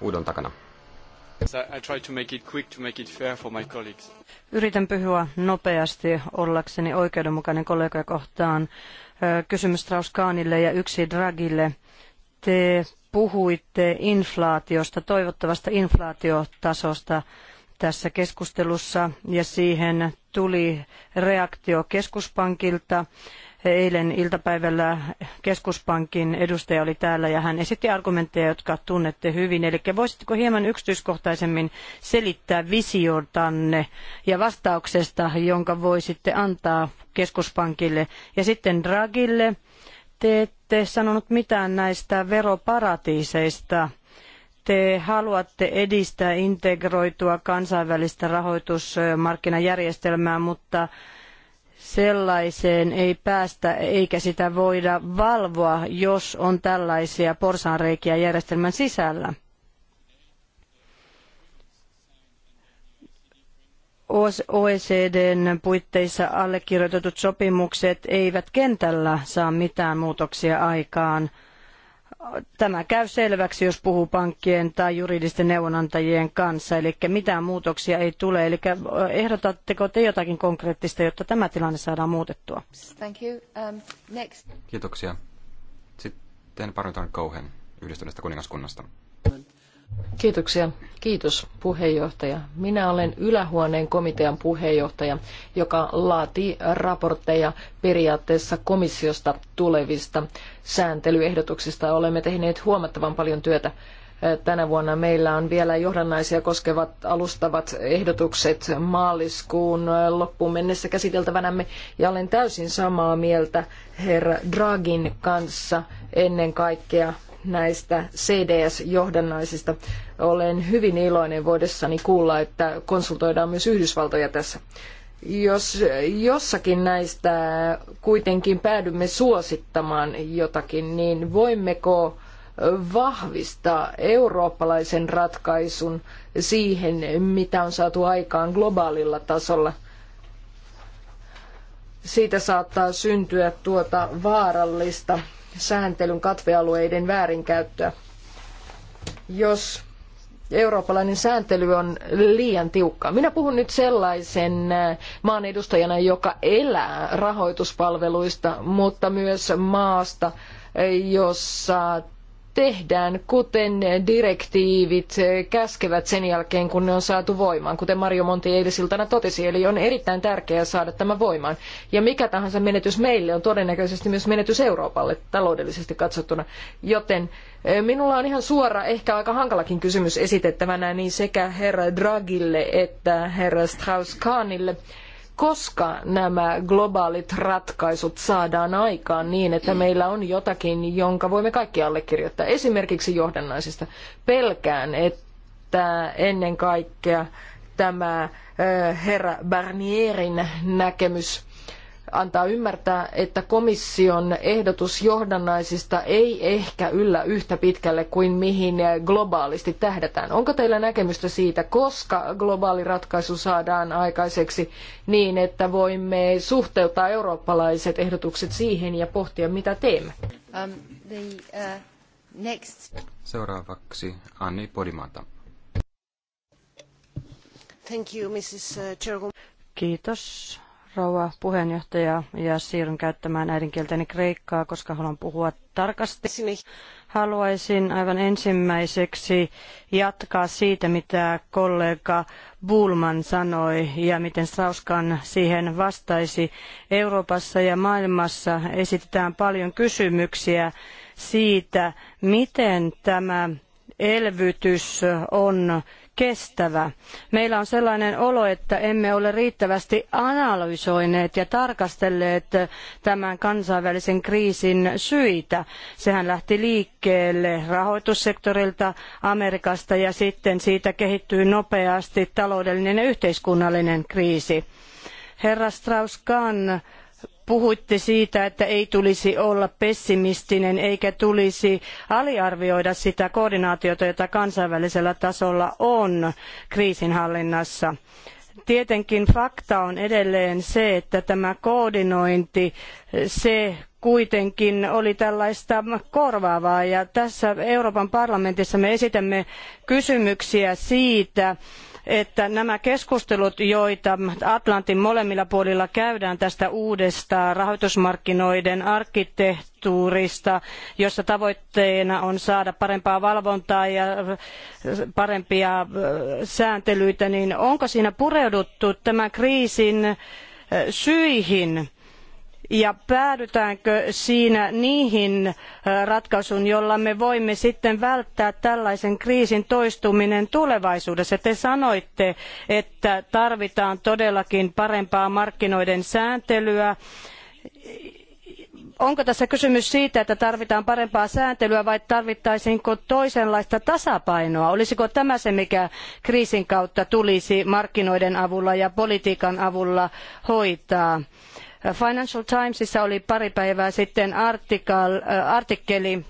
S2: Uudon takana.
S4: Yritän pyhyä nopeasti ollakseni oikeudenmukainen kollega kohtaan. Kysymys strauss kaanille ja yksi Dragille. Te puhuitte inflaatiosta, toivottavasta inflaatiotasosta tässä keskustelussa ja siihen tuli reaktio keskuspankilta. Eilen iltapäivällä keskuspankin edustaja oli täällä ja hän esitti argumentteja, jotka tunnette hyvin. Eli voisitteko hieman yksityiskohtaisemmin selittää visiotanne ja vastauksesta, jonka voisitte antaa keskuspankille ja sitten Dragille? Te ette sanonut mitään näistä veroparatiiseista. Te haluatte edistää integroitua kansainvälistä rahoitusmarkkinajärjestelmää, mutta sellaiseen ei päästä eikä sitä voida valvoa, jos on tällaisia porsaanreikiä järjestelmän sisällä OECDn puitteissa allekirjoitetut sopimukset eivät kentällä saa mitään muutoksia aikaan. Tämä käy selväksi, jos puhuu pankkien tai juridisten neuvonantajien kanssa, eli mitään muutoksia ei tule. Eli ehdotatteko te jotakin konkreettista, jotta tämä tilanne saadaan muutettua?
S1: Thank you. Um, next.
S2: Kiitoksia. Sitten Parinton Kouhen yhdistyneestä kuningaskunnasta.
S1: Kiitoksia. Kiitos puheenjohtaja. Minä olen ylähuoneen komitean puheenjohtaja, joka laatii raportteja periaatteessa komissiosta tulevista sääntelyehdotuksista. Olemme tehneet huomattavan paljon työtä tänä vuonna. Meillä on vielä johdannaisia koskevat alustavat ehdotukset maaliskuun loppuun mennessä käsiteltävänämme. Ja olen täysin samaa mieltä herra Dragin kanssa ennen kaikkea näistä CDS-johdannaisista. Olen hyvin iloinen voidessani kuulla, että konsultoidaan myös Yhdysvaltoja tässä. Jos jossakin näistä kuitenkin päädymme suosittamaan jotakin, niin voimmeko vahvistaa eurooppalaisen ratkaisun siihen, mitä on saatu aikaan globaalilla tasolla – siitä saattaa syntyä tuota vaarallista sääntelyn katvealueiden väärinkäyttöä. Jos eurooppalainen sääntely on liian tiukkaa. Minä puhun nyt sellaisen äh, maan edustajana, joka elää rahoituspalveluista, mutta myös maasta, äh, jossa tehdään, kuten direktiivit käskevät sen jälkeen, kun ne on saatu voimaan, kuten Mario Monti eilisiltana totesi. Eli on erittäin tärkeää saada tämä voimaan. Ja mikä tahansa menetys meille on todennäköisesti myös menetys Euroopalle taloudellisesti katsottuna. Joten e, minulla on ihan suora, ehkä aika hankalakin kysymys esitettävänä niin sekä herra Dragille että herra Strauss-Kahnille koska nämä globaalit ratkaisut saadaan aikaan niin, että meillä on jotakin, jonka voimme kaikki allekirjoittaa. Esimerkiksi johdannaisista. Pelkään, että ennen kaikkea tämä herra Barnierin näkemys antaa ymmärtää, että komission ehdotus johdannaisista ei ehkä yllä yhtä pitkälle kuin mihin globaalisti tähdätään. Onko teillä näkemystä siitä, koska globaali ratkaisu saadaan aikaiseksi niin, että voimme suhteuttaa eurooppalaiset ehdotukset siihen ja pohtia, mitä teemme? Um, the, uh,
S2: Seuraavaksi Anni Podimata.
S1: Thank you, Mrs. Uh,
S4: Kiitos, rouva puheenjohtaja, ja siirryn käyttämään äidinkieltäni kreikkaa, koska haluan puhua tarkasti. Haluaisin aivan ensimmäiseksi jatkaa siitä, mitä kollega Bulman sanoi ja miten Strauskan siihen vastaisi. Euroopassa ja maailmassa esitetään paljon kysymyksiä siitä, miten tämä elvytys on kestävä. Meillä on sellainen olo, että emme ole riittävästi analysoineet ja tarkastelleet tämän kansainvälisen kriisin syitä. Sehän lähti liikkeelle rahoitussektorilta Amerikasta ja sitten siitä kehittyi nopeasti taloudellinen ja yhteiskunnallinen kriisi. Herra Strauss-Kahn puhuitte siitä, että ei tulisi olla pessimistinen eikä tulisi aliarvioida sitä koordinaatiota, jota kansainvälisellä tasolla on kriisinhallinnassa. Tietenkin fakta on edelleen se, että tämä koordinointi, se kuitenkin oli tällaista korvaavaa ja tässä Euroopan parlamentissa me esitämme kysymyksiä siitä, että nämä keskustelut, joita Atlantin molemmilla puolilla käydään tästä uudesta rahoitusmarkkinoiden arkkitehtuurista, jossa tavoitteena on saada parempaa valvontaa ja parempia äh, sääntelyitä, niin onko siinä pureuduttu tämän kriisin äh, syihin? ja päädytäänkö siinä niihin ratkaisuihin, joilla me voimme sitten välttää tällaisen kriisin toistuminen tulevaisuudessa. Te sanoitte, että tarvitaan todellakin parempaa markkinoiden sääntelyä onko tässä kysymys siitä että tarvitaan parempaa sääntelyä vai tarvittaisiinko toisenlaista tasapainoa olisiko tämä se mikä kriisin kautta tulisi markkinoiden avulla ja politiikan avulla hoitaa? Financial Timesissa oli pari päivää sitten artikkeli,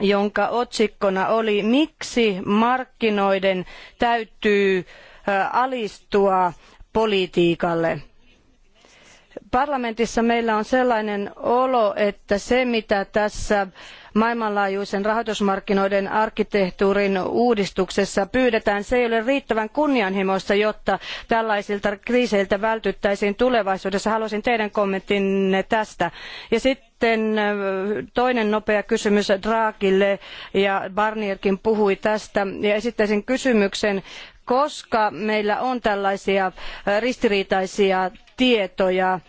S4: jonka otsikkona oli Miksi markkinoiden täytyy alistua politiikalle? Parlamentissa meillä on sellainen olo, että se mitä tässä maailmanlaajuisen rahoitusmarkkinoiden arkkitehtuurin uudistuksessa pyydetään, se ei ole riittävän kunnianhimoista, jotta tällaisilta kriiseiltä vältyttäisiin tulevaisuudessa. Haluaisin teidän kommenttinne tästä. Ja sitten toinen nopea kysymys Draakille ja Barnierkin puhui tästä ja esittäisin kysymyksen, koska meillä on tällaisia ristiriitaisia tietoja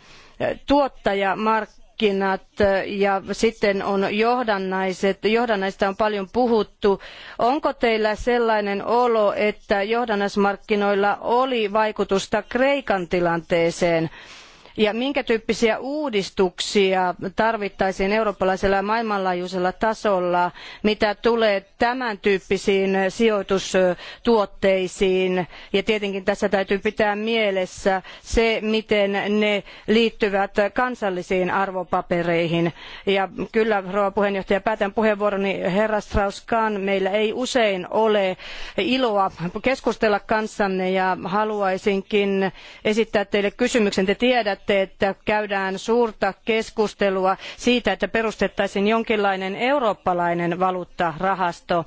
S4: tuottajamarkkinoilla markkinat ja sitten on johdannaiset. Johdannaista on paljon puhuttu. Onko teillä sellainen olo, että johdannaismarkkinoilla oli vaikutusta Kreikan tilanteeseen? ja minkä tyyppisiä uudistuksia tarvittaisiin eurooppalaisella ja maailmanlaajuisella tasolla, mitä tulee tämän tyyppisiin sijoitustuotteisiin. Ja tietenkin tässä täytyy pitää mielessä se, miten ne liittyvät kansallisiin arvopapereihin. Ja kyllä, rouva puheenjohtaja, päätän puheenvuoroni herra Strauss-Kahn. Meillä ei usein ole iloa keskustella kanssanne ja haluaisinkin esittää teille kysymyksen. Te tiedätte, tiedätte, että käydään suurta keskustelua siitä, että perustettaisiin jonkinlainen eurooppalainen valuuttarahasto.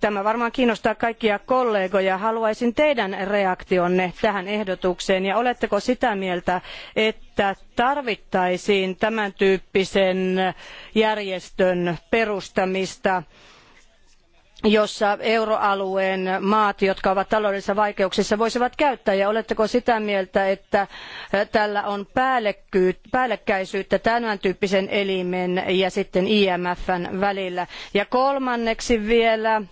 S4: Tämä varmaan kiinnostaa kaikkia kollegoja. Haluaisin teidän reaktionne tähän ehdotukseen ja oletteko sitä mieltä, että tarvittaisiin tämän tyyppisen järjestön perustamista? jossa euroalueen maat, jotka ovat taloudellisissa vaikeuksissa, voisivat käyttää? Ja oletteko sitä mieltä, että tällä on päällekkäisyyttä tämän tyyppisen elimen ja sitten IMFn välillä? Ja kolmanneksi vielä,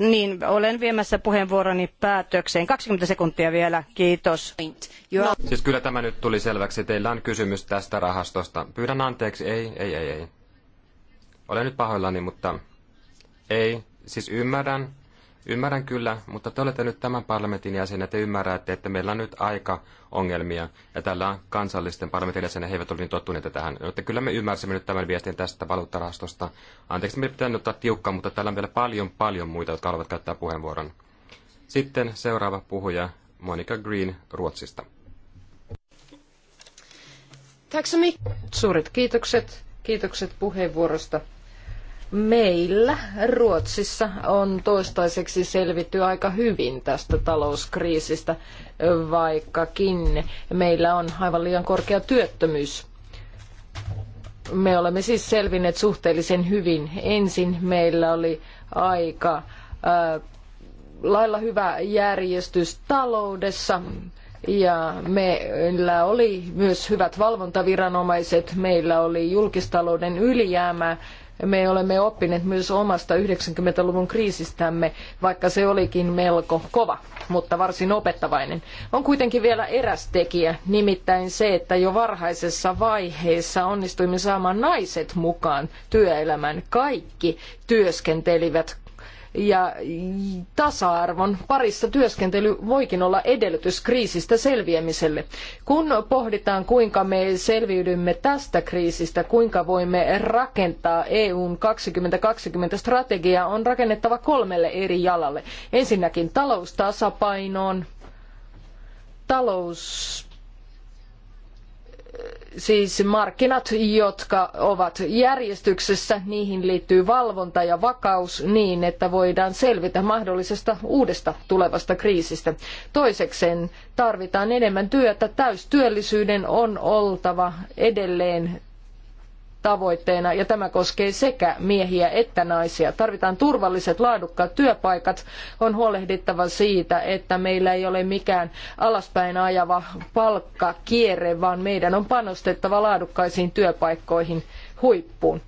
S4: niin olen viemässä puheenvuoroni päätökseen. 20 sekuntia vielä, kiitos.
S2: Siis kyllä tämä nyt tuli selväksi. Teillä on kysymys tästä rahastosta. Pyydän anteeksi, ei, ei, ei, ei. Olen nyt pahoillani, mutta ei, siis ymmärrän, ymmärrän kyllä, mutta te olette nyt tämän parlamentin jäsenet ja ymmärrätte, että meillä on nyt aika ongelmia ja tällä kansallisten parlamentin jäsenet he eivät ole niin tottuneita tähän. Mutta kyllä me ymmärsimme nyt tämän viestin tästä valuuttarahastosta. Anteeksi, me pitää ottaa tiukka, mutta täällä on vielä paljon, paljon muita, jotka haluavat käyttää puheenvuoron. Sitten seuraava puhuja, Monika Green Ruotsista.
S1: Suuret kiitokset. Kiitokset puheenvuorosta. Meillä Ruotsissa on toistaiseksi selvitty aika hyvin tästä talouskriisistä, vaikkakin meillä on aivan liian korkea työttömyys. Me olemme siis selvinneet suhteellisen hyvin. Ensin meillä oli aika lailla hyvä järjestys taloudessa ja meillä oli myös hyvät valvontaviranomaiset, meillä oli julkistalouden ylijäämää me olemme oppineet myös omasta 90-luvun kriisistämme, vaikka se olikin melko kova, mutta varsin opettavainen. On kuitenkin vielä eräs tekijä, nimittäin se, että jo varhaisessa vaiheessa onnistuimme saamaan naiset mukaan työelämään. Kaikki työskentelivät ja tasa-arvon parissa työskentely voikin olla edellytys kriisistä selviämiselle. Kun pohditaan, kuinka me selviydymme tästä kriisistä, kuinka voimme rakentaa EUn 2020-strategiaa, on rakennettava kolmelle eri jalalle. Ensinnäkin taloustasapainoon, talous siis markkinat, jotka ovat järjestyksessä, niihin liittyy valvonta ja vakaus niin, että voidaan selvitä mahdollisesta uudesta tulevasta kriisistä. Toisekseen tarvitaan enemmän työtä. Täystyöllisyyden on oltava edelleen tavoitteena ja tämä koskee sekä miehiä että naisia. Tarvitaan turvalliset, laadukkaat työpaikat. On huolehdittava siitä, että meillä ei ole mikään alaspäin ajava palkkakierre, vaan meidän on panostettava laadukkaisiin työpaikkoihin huippuun.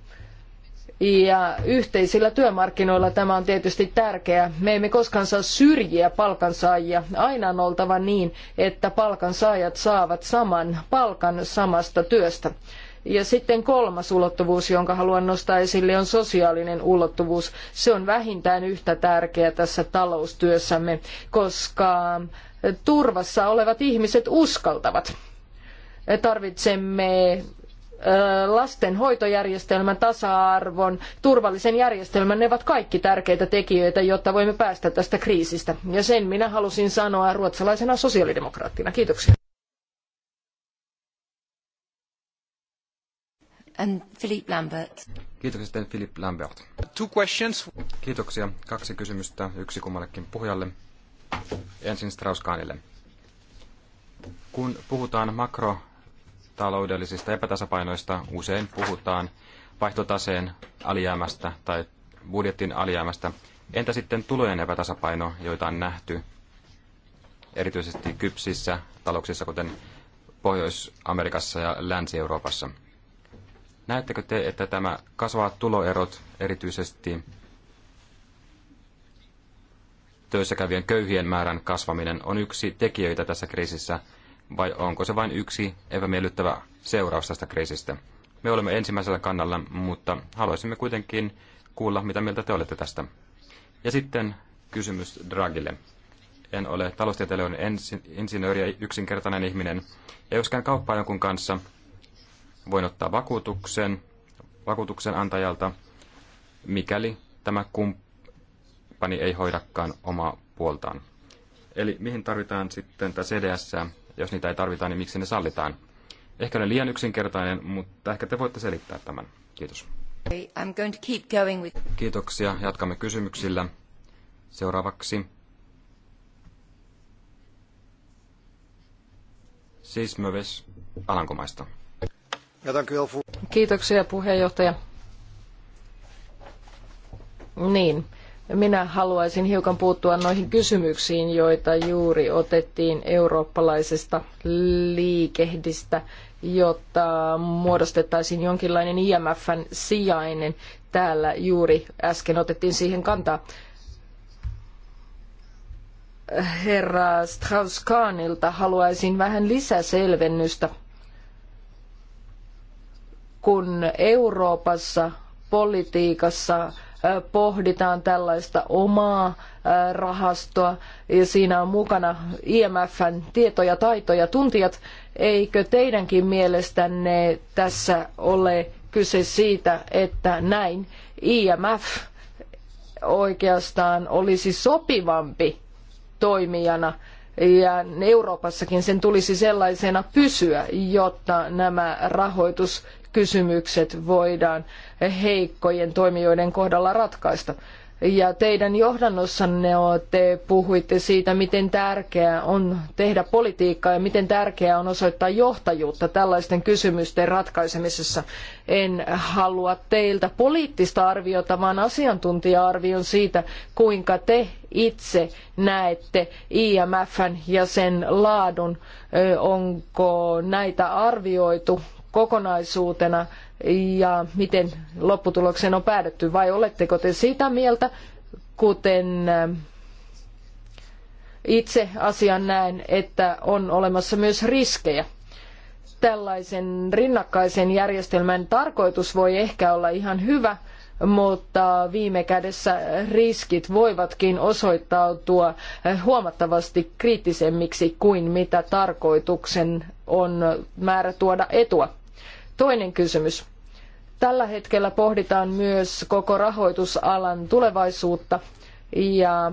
S1: Ja yhteisillä työmarkkinoilla tämä on tietysti tärkeää. Me emme koskaan saa syrjiä palkansaajia. Aina on oltava niin, että palkansaajat saavat saman palkan samasta työstä. Ja sitten kolmas ulottuvuus, jonka haluan nostaa esille, on sosiaalinen ulottuvuus. Se on vähintään yhtä tärkeä tässä taloustyössämme, koska turvassa olevat ihmiset uskaltavat. Tarvitsemme lasten hoitojärjestelmän, tasa-arvon, turvallisen järjestelmän, ne ovat kaikki tärkeitä tekijöitä, jotta voimme päästä tästä kriisistä. Ja sen minä halusin sanoa ruotsalaisena sosiaalidemokraattina. Kiitoksia.
S2: Kiitoksia Philip Lambert. Two questions. Kiitoksia. Kaksi kysymystä, yksi kummallekin puhujalle. Ensin Strauss-Kahnille. Kun puhutaan makrotaloudellisista epätasapainoista, usein puhutaan vaihtotaseen alijäämästä tai budjetin alijäämästä. Entä sitten tulojen epätasapaino, joita on nähty erityisesti kypsissä talouksissa, kuten Pohjois-Amerikassa ja Länsi-Euroopassa? Näettekö te, että tämä kasvavat tuloerot erityisesti töissä kävien köyhien määrän kasvaminen on yksi tekijöitä tässä kriisissä, vai onko se vain yksi epämiellyttävä seuraus tästä kriisistä? Me olemme ensimmäisellä kannalla, mutta haluaisimme kuitenkin kuulla, mitä mieltä te olette tästä. Ja sitten kysymys Dragille. En ole taloustieteilijöiden insinööri ja yksinkertainen ihminen, ja jos käyn jonkun kanssa, voin ottaa vakuutuksen, vakuutuksen antajalta, mikäli tämä kumppani ei hoidakaan omaa puoltaan. Eli mihin tarvitaan sitten tämä CDS, e jos niitä ei tarvita, niin miksi ne sallitaan? Ehkä on liian yksinkertainen, mutta ehkä te voitte selittää tämän. Kiitos.
S1: I'm going to keep going
S2: with... Kiitoksia. Jatkamme kysymyksillä. Seuraavaksi. Sismöves Alankomaista.
S1: Kiitoksia puheenjohtaja. Niin, minä haluaisin hiukan puuttua noihin kysymyksiin, joita juuri otettiin eurooppalaisesta liikehdistä, jotta muodostettaisiin jonkinlainen IMFn sijainen. Täällä juuri äsken otettiin siihen kantaa herra Strauss-Kahnilta haluaisin vähän lisäselvennystä kun Euroopassa politiikassa pohditaan tällaista omaa rahastoa ja siinä on mukana IMFn tietoja, taitoja, tuntijat. Eikö teidänkin mielestänne tässä ole kyse siitä, että näin IMF oikeastaan olisi sopivampi toimijana ja Euroopassakin sen tulisi sellaisena pysyä, jotta nämä rahoitus- kysymykset voidaan heikkojen toimijoiden kohdalla ratkaista. Ja teidän johdannossanne te puhuitte siitä, miten tärkeää on tehdä politiikkaa ja miten tärkeää on osoittaa johtajuutta tällaisten kysymysten ratkaisemisessa. En halua teiltä poliittista arviota, vaan asiantuntija-arvion siitä, kuinka te itse näette IMFn ja sen laadun. Onko näitä arvioitu kokonaisuutena ja miten lopputulokseen on päädytty? Vai oletteko te sitä mieltä, kuten äh, itse asian näen, että on olemassa myös riskejä? Tällaisen rinnakkaisen järjestelmän tarkoitus voi ehkä olla ihan hyvä, mutta viime kädessä riskit voivatkin osoittautua äh, huomattavasti kriittisemmiksi kuin mitä tarkoituksen on määrä tuoda etua. Toinen kysymys. Tällä hetkellä pohditaan myös koko rahoitusalan tulevaisuutta ja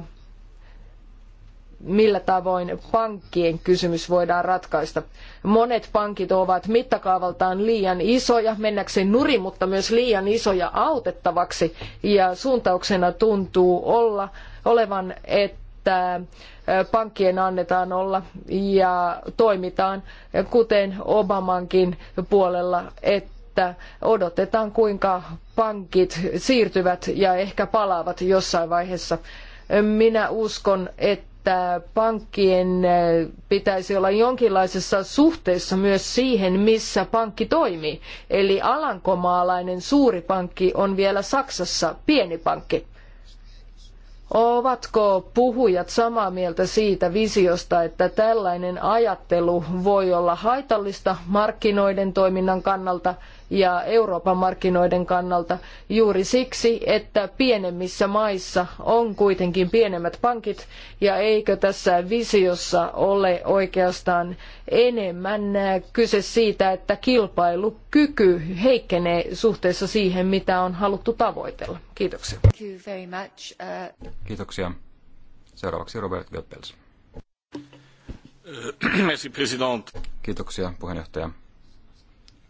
S1: millä tavoin pankkien kysymys voidaan ratkaista. Monet pankit ovat mittakaavaltaan liian isoja mennäkseen nurin, mutta myös liian isoja autettavaksi. Ja suuntauksena tuntuu olla olevan, että että pankkien annetaan olla ja toimitaan, kuten Obamankin puolella, että odotetaan kuinka pankit siirtyvät ja ehkä palaavat jossain vaiheessa. Minä uskon, että että pankkien pitäisi olla jonkinlaisessa suhteessa myös siihen, missä pankki toimii. Eli alankomaalainen suuri pankki on vielä Saksassa pieni pankki. Ovatko puhujat samaa mieltä siitä visiosta, että tällainen ajattelu voi olla haitallista markkinoiden toiminnan kannalta – ja Euroopan markkinoiden kannalta juuri siksi, että pienemmissä maissa on kuitenkin pienemmät pankit ja eikö tässä visiossa ole oikeastaan enemmän äh, kyse siitä, että kilpailukyky heikkenee suhteessa siihen, mitä on haluttu tavoitella. Kiitoksia. Uh,
S2: Kiitoksia. Seuraavaksi Robert Goebbels. Kiitoksia puheenjohtaja.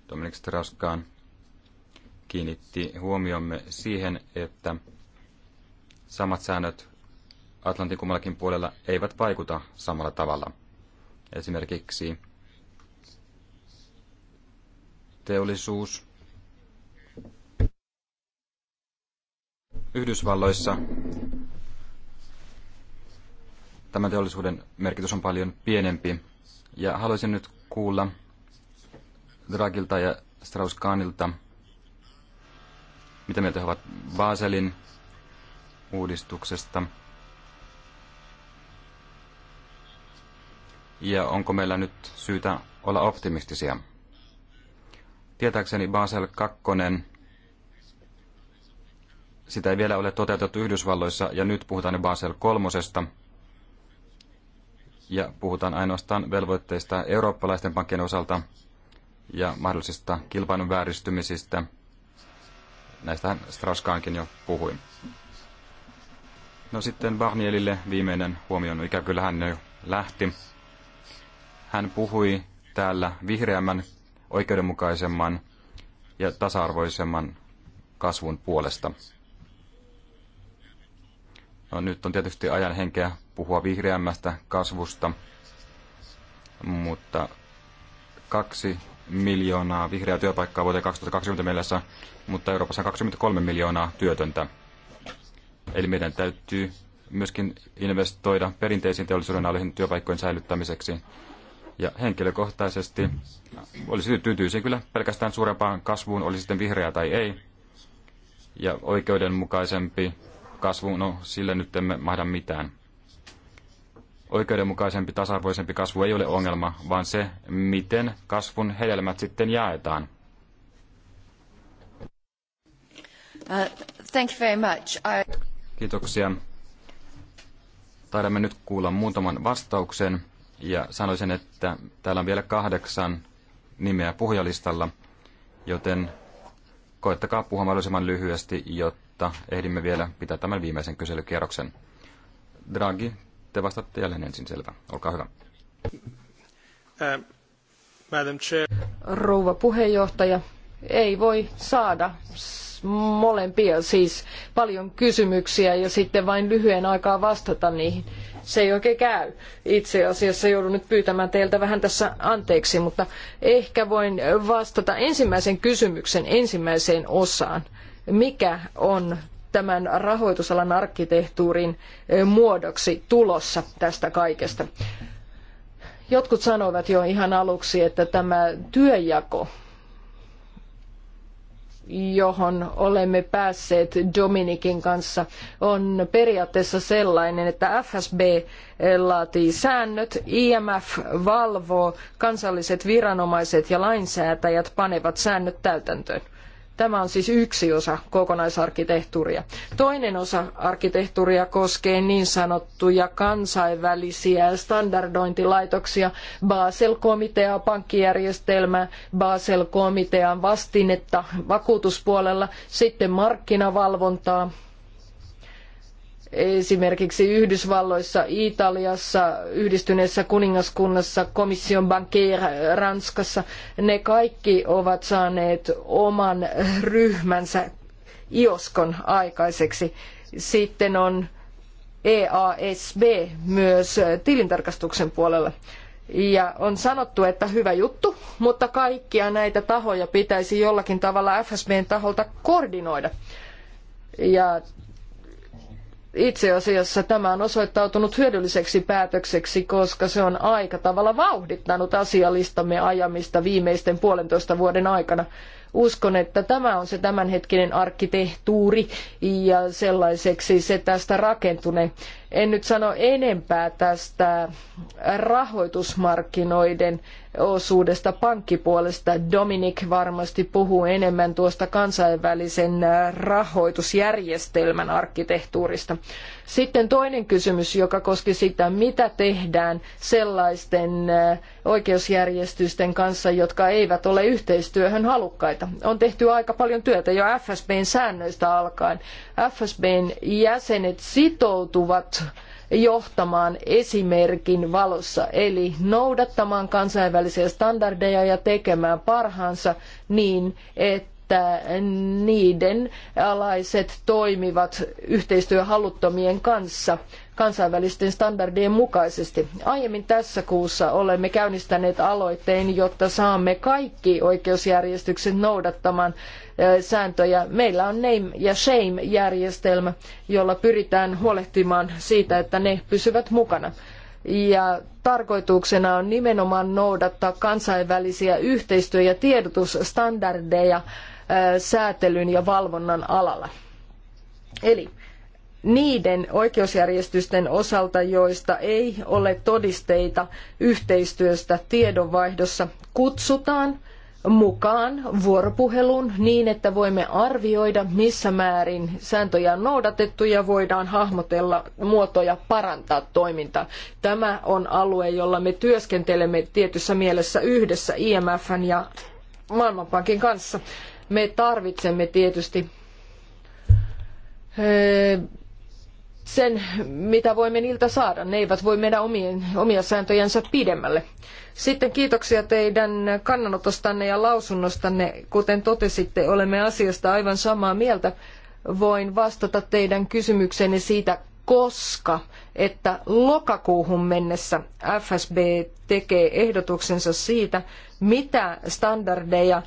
S2: Dominik Straskaan kiinnitti huomiomme siihen, että samat säännöt Atlantin kummallakin puolella eivät vaikuta samalla tavalla. Esimerkiksi teollisuus Yhdysvalloissa tämän teollisuuden merkitys on paljon pienempi. Ja haluaisin nyt kuulla Dragilta ja Strauss-Kahnilta, mitä mieltä he ovat Baselin uudistuksesta. Ja onko meillä nyt syytä olla optimistisia? Tietääkseni Basel 2, sitä ei vielä ole toteutettu Yhdysvalloissa, ja nyt puhutaan Basel 3. Ja puhutaan ainoastaan velvoitteista eurooppalaisten pankkien osalta, ja mahdollisista kilpailun vääristymisistä. Näistähän Straskaankin jo puhui. No sitten Barnielille viimeinen huomio, ikä kyllä hän jo lähti. Hän puhui täällä vihreämmän, oikeudenmukaisemman ja tasa-arvoisemman kasvun puolesta. No, nyt on tietysti ajan henkeä puhua vihreämmästä kasvusta, mutta kaksi miljoonaa vihreää työpaikkaa vuoteen 2020 mielessä, mutta Euroopassa on 23 miljoonaa työtöntä. Eli meidän täytyy myöskin investoida perinteisiin teollisuuden aloihin työpaikkojen säilyttämiseksi. Ja henkilökohtaisesti olisi tyytyisin kyllä pelkästään suurempaan kasvuun, oli sitten vihreää tai ei. Ja oikeudenmukaisempi kasvu, no sille nyt emme mahda mitään oikeudenmukaisempi, tasa-arvoisempi kasvu ei ole ongelma, vaan se, miten kasvun hedelmät sitten jaetaan.
S1: Uh, thank you very much. I...
S2: Kiitoksia. Taidamme nyt kuulla muutaman vastauksen ja sanoisin, että täällä on vielä kahdeksan nimeä puhujalistalla, joten koettakaa puhua mahdollisimman lyhyesti, jotta ehdimme vielä pitää tämän viimeisen kyselykierroksen. Draghi, sitten vastaatte jälleen ensin selvä. Olkaa hyvä.
S3: Madam Chair. Rouva
S1: puheenjohtaja, ei voi saada molempia, siis paljon kysymyksiä ja sitten vain lyhyen aikaa vastata niihin. Se ei oikein käy. Itse asiassa joudun nyt pyytämään teiltä vähän tässä anteeksi, mutta ehkä voin vastata ensimmäisen kysymyksen ensimmäiseen osaan. Mikä on tämän rahoitusalan arkkitehtuurin eh, muodoksi tulossa tästä kaikesta. Jotkut sanoivat jo ihan aluksi, että tämä työjako, johon olemme päässeet Dominikin kanssa, on periaatteessa sellainen, että FSB eh, laatii säännöt, IMF valvoo, kansalliset viranomaiset ja lainsäätäjät panevat säännöt täytäntöön. Tämä on siis yksi osa kokonaisarkkitehtuuria. Toinen osa arkkitehtuuria koskee niin sanottuja kansainvälisiä standardointilaitoksia, Basel-komitea, pankkijärjestelmä, Basel-komitean vastinetta vakuutuspuolella, sitten markkinavalvontaa, esimerkiksi Yhdysvalloissa, Italiassa, Yhdistyneessä kuningaskunnassa, komission bankier Ranskassa, ne kaikki ovat saaneet oman ryhmänsä ioskon aikaiseksi. Sitten on EASB myös tilintarkastuksen puolella. Ja on sanottu, että hyvä juttu, mutta kaikkia näitä tahoja pitäisi jollakin tavalla FSBn taholta koordinoida. Ja itse asiassa tämä on osoittautunut hyödylliseksi päätökseksi, koska se on aika tavalla vauhdittanut asialistamme ajamista viimeisten puolentoista vuoden aikana. Uskon, että tämä on se tämänhetkinen arkkitehtuuri ja sellaiseksi se tästä rakentuneen en nyt sano enempää tästä rahoitusmarkkinoiden osuudesta pankkipuolesta. Dominic varmasti puhuu enemmän tuosta kansainvälisen äh, rahoitusjärjestelmän arkkitehtuurista. Sitten toinen kysymys, joka koski sitä, mitä tehdään sellaisten äh, oikeusjärjestysten kanssa, jotka eivät ole yhteistyöhön halukkaita. On tehty aika paljon työtä jo FSBn säännöistä alkaen. FSBn jäsenet sitoutuvat johtamaan esimerkin valossa, eli noudattamaan kansainvälisiä standardeja ja tekemään parhaansa niin, että niiden alaiset toimivat yhteistyöhaluttomien kanssa kansainvälisten standardien mukaisesti. Aiemmin tässä kuussa olemme käynnistäneet aloitteen, jotta saamme kaikki oikeusjärjestykset noudattamaan sääntöjä. Meillä on name ja shame järjestelmä, jolla pyritään huolehtimaan siitä, että ne pysyvät mukana ja tarkoituksena on nimenomaan noudattaa kansainvälisiä yhteistyö- ja tiedotusstandardeja säätelyn ja valvonnan alalla. Eli niiden oikeusjärjestysten osalta, joista ei ole todisteita yhteistyöstä tiedonvaihdossa, kutsutaan – mukaan vuoropuheluun niin, että voimme arvioida, missä määrin sääntöjä on noudatettu ja voidaan hahmotella muotoja parantaa toimintaa. Tämä on alue, jolla me työskentelemme tietyssä mielessä yhdessä IMFn ja Maailmanpankin kanssa. Me tarvitsemme tietysti eh, sen, mitä voimme niiltä saada. Ne eivät voi mennä omien, omia sääntöjänsä pidemmälle. Sitten kiitoksia teidän kannanotostanne ja lausunnostanne. Kuten totesitte, olemme asiasta aivan samaa mieltä. Voin vastata teidän kysymyksenne siitä, koska, että lokakuuhun mennessä FSB tekee ehdotuksensa siitä, mitä standardeja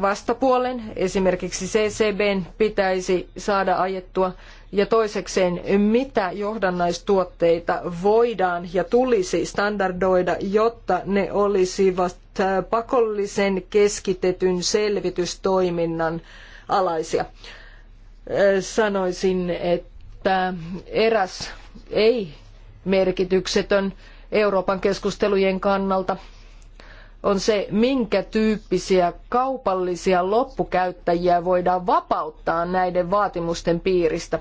S1: vastapuolen, esimerkiksi CCBn, pitäisi saada ajettua ja toisekseen, mitä johdannaistuotteita voidaan ja tulisi standardoida, jotta ne olisivat äh, pakollisen keskitetyn selvitystoiminnan alaisia. Äh, sanoisin, että eräs ei merkityksetön Euroopan keskustelujen kannalta on se, minkä tyyppisiä kaupallisia loppukäyttäjiä voidaan vapauttaa näiden vaatimusten piiristä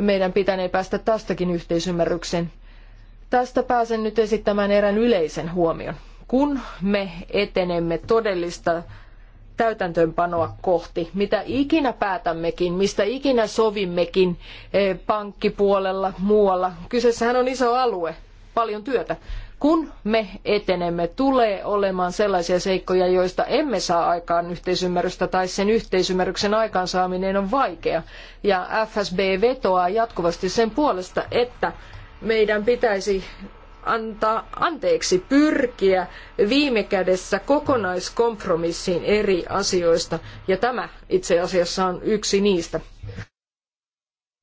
S1: meidän pitänee päästä tästäkin yhteisymmärrykseen. Tästä pääsen nyt esittämään erään yleisen huomion. Kun me etenemme todellista täytäntöönpanoa kohti, mitä ikinä päätämmekin, mistä ikinä sovimmekin eh, pankkipuolella, muualla, kyseessähän on iso alue, paljon työtä. Kun me etenemme, tulee olemaan sellaisia seikkoja, joista emme saa aikaan yhteisymmärrystä tai sen yhteisymmärryksen aikaansaaminen on vaikea. Ja FSB vetoaa jatkuvasti sen puolesta, että meidän pitäisi antaa anteeksi, pyrkiä viime kädessä kokonaiskompromissiin eri asioista, ja tämä itse asiassa on yksi niistä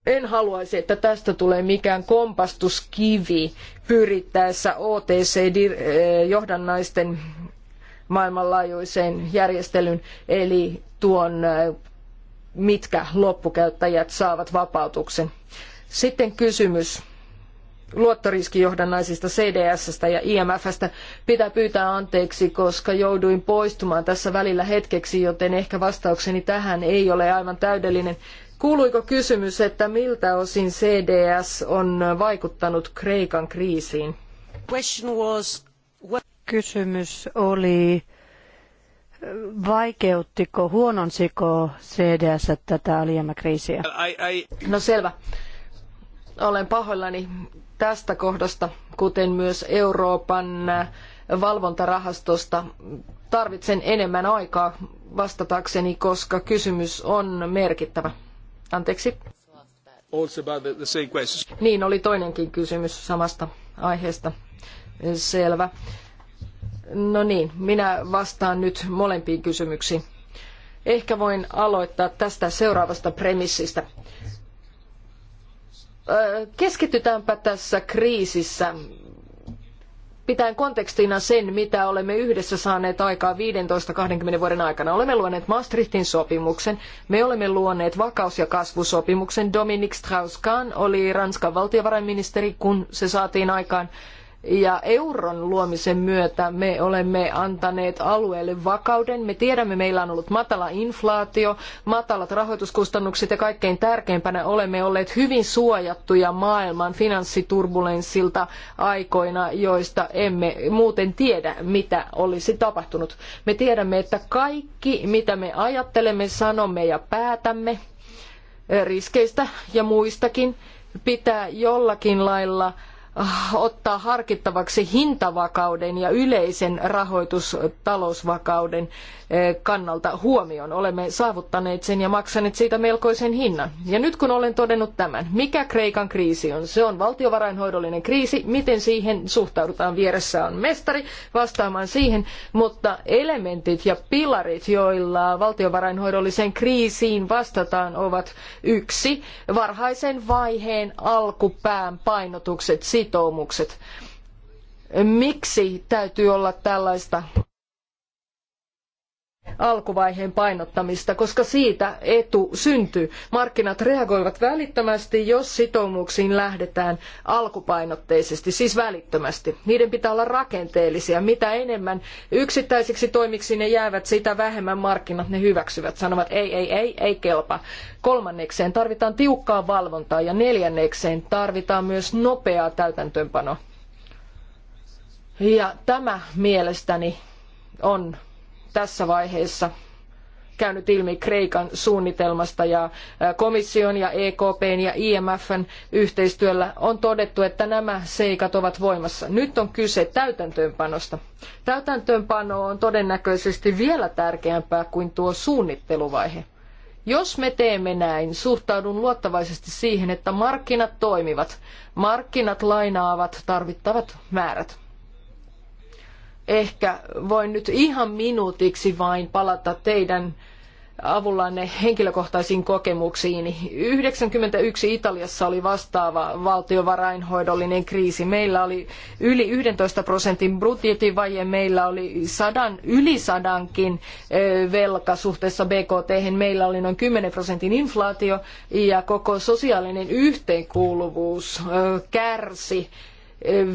S1: en haluaisi, että tästä tulee mikään kompastuskivi pyrittäessä OTC-johdannaisten eh, maailmanlaajuiseen järjestelyyn, eli tuon eh, mitkä loppukäyttäjät saavat vapautuksen. Sitten kysymys luottoriskijohdannaisista CDS-stä ja IMFstä pitää pyytää anteeksi, koska jouduin poistumaan tässä välillä hetkeksi, joten ehkä vastaukseni tähän ei ole aivan täydellinen. Kuuluiko kysymys, että miltä osin CDS on vaikuttanut Kreikan kriisiin?
S4: Kysymys oli, vaikeuttiko, huononsiko CDS tätä alijäämäkriisiä?
S1: No selvä. Olen pahoillani tästä kohdasta, kuten myös Euroopan valvontarahastosta. Tarvitsen enemmän aikaa vastatakseni, koska kysymys on merkittävä. Anteeksi. Niin, oli toinenkin kysymys samasta aiheesta. Selvä. No niin, minä vastaan nyt molempiin kysymyksiin. Ehkä voin aloittaa tästä seuraavasta premissistä. Keskitytäänpä tässä kriisissä pitäen kontekstina sen, mitä olemme yhdessä saaneet aikaa 15-20 vuoden aikana. Olemme luoneet Maastrichtin sopimuksen, me olemme luoneet vakaus- ja kasvusopimuksen. Dominique Strauss-Kahn oli Ranskan valtiovarainministeri, kun se saatiin aikaan ja euron luomisen myötä me olemme antaneet alueelle vakauden. Me tiedämme, meillä on ollut matala inflaatio, matalat rahoituskustannukset ja kaikkein tärkeimpänä olemme olleet hyvin suojattuja maailman finanssiturbulenssilta aikoina, joista emme muuten tiedä, mitä olisi tapahtunut. Me tiedämme, että kaikki, mitä me ajattelemme, sanomme ja päätämme riskeistä ja muistakin, pitää jollakin lailla Ah, ottaa harkittavaksi hintavakauden ja yleisen rahoitustalousvakauden kannalta huomioon. Olemme saavuttaneet sen ja maksaneet siitä melkoisen hinnan. Ja nyt kun olen todennut tämän, mikä Kreikan kriisi on? Se on valtiovarainhoidollinen kriisi. Miten siihen suhtaudutaan? Vieressä on mestari vastaamaan siihen, mutta elementit ja pilarit, joilla valtiovarainhoidolliseen kriisiin vastataan, ovat yksi varhaisen vaiheen alkupään painotukset, sitoumukset. Miksi täytyy olla tällaista alkuvaiheen painottamista, koska siitä etu syntyy. Markkinat reagoivat välittömästi, jos sitoumuksiin lähdetään alkupainotteisesti, siis välittömästi. Niiden pitää olla rakenteellisia. Mitä enemmän yksittäisiksi toimiksi ne jäävät, sitä vähemmän markkinat ne hyväksyvät. Sanovat ei, ei, ei, ei kelpa. Kolmannekseen tarvitaan tiukkaa valvontaa ja neljännekseen tarvitaan myös nopeaa täytäntöönpanoa. Ja tämä mielestäni on tässä vaiheessa käynyt ilmi Kreikan suunnitelmasta ja komission ja EKPn ja IMFn yhteistyöllä on todettu, että nämä seikat ovat voimassa. Nyt on kyse täytäntöönpanosta. Täytäntöönpano on todennäköisesti vielä tärkeämpää kuin tuo suunnitteluvaihe. Jos me teemme näin, suhtaudun luottavaisesti siihen, että markkinat toimivat. Markkinat lainaavat tarvittavat määrät ehkä voin nyt ihan minuutiksi vain palata teidän avullanne henkilökohtaisiin kokemuksiin. 91 Italiassa oli vastaava valtiovarainhoidollinen kriisi. Meillä oli yli 11 prosentin budjetivaje, meillä oli sadan, yli sadankin velka suhteessa BKT, meillä oli noin 10 prosentin inflaatio ja koko sosiaalinen yhteenkuuluvuus kärsi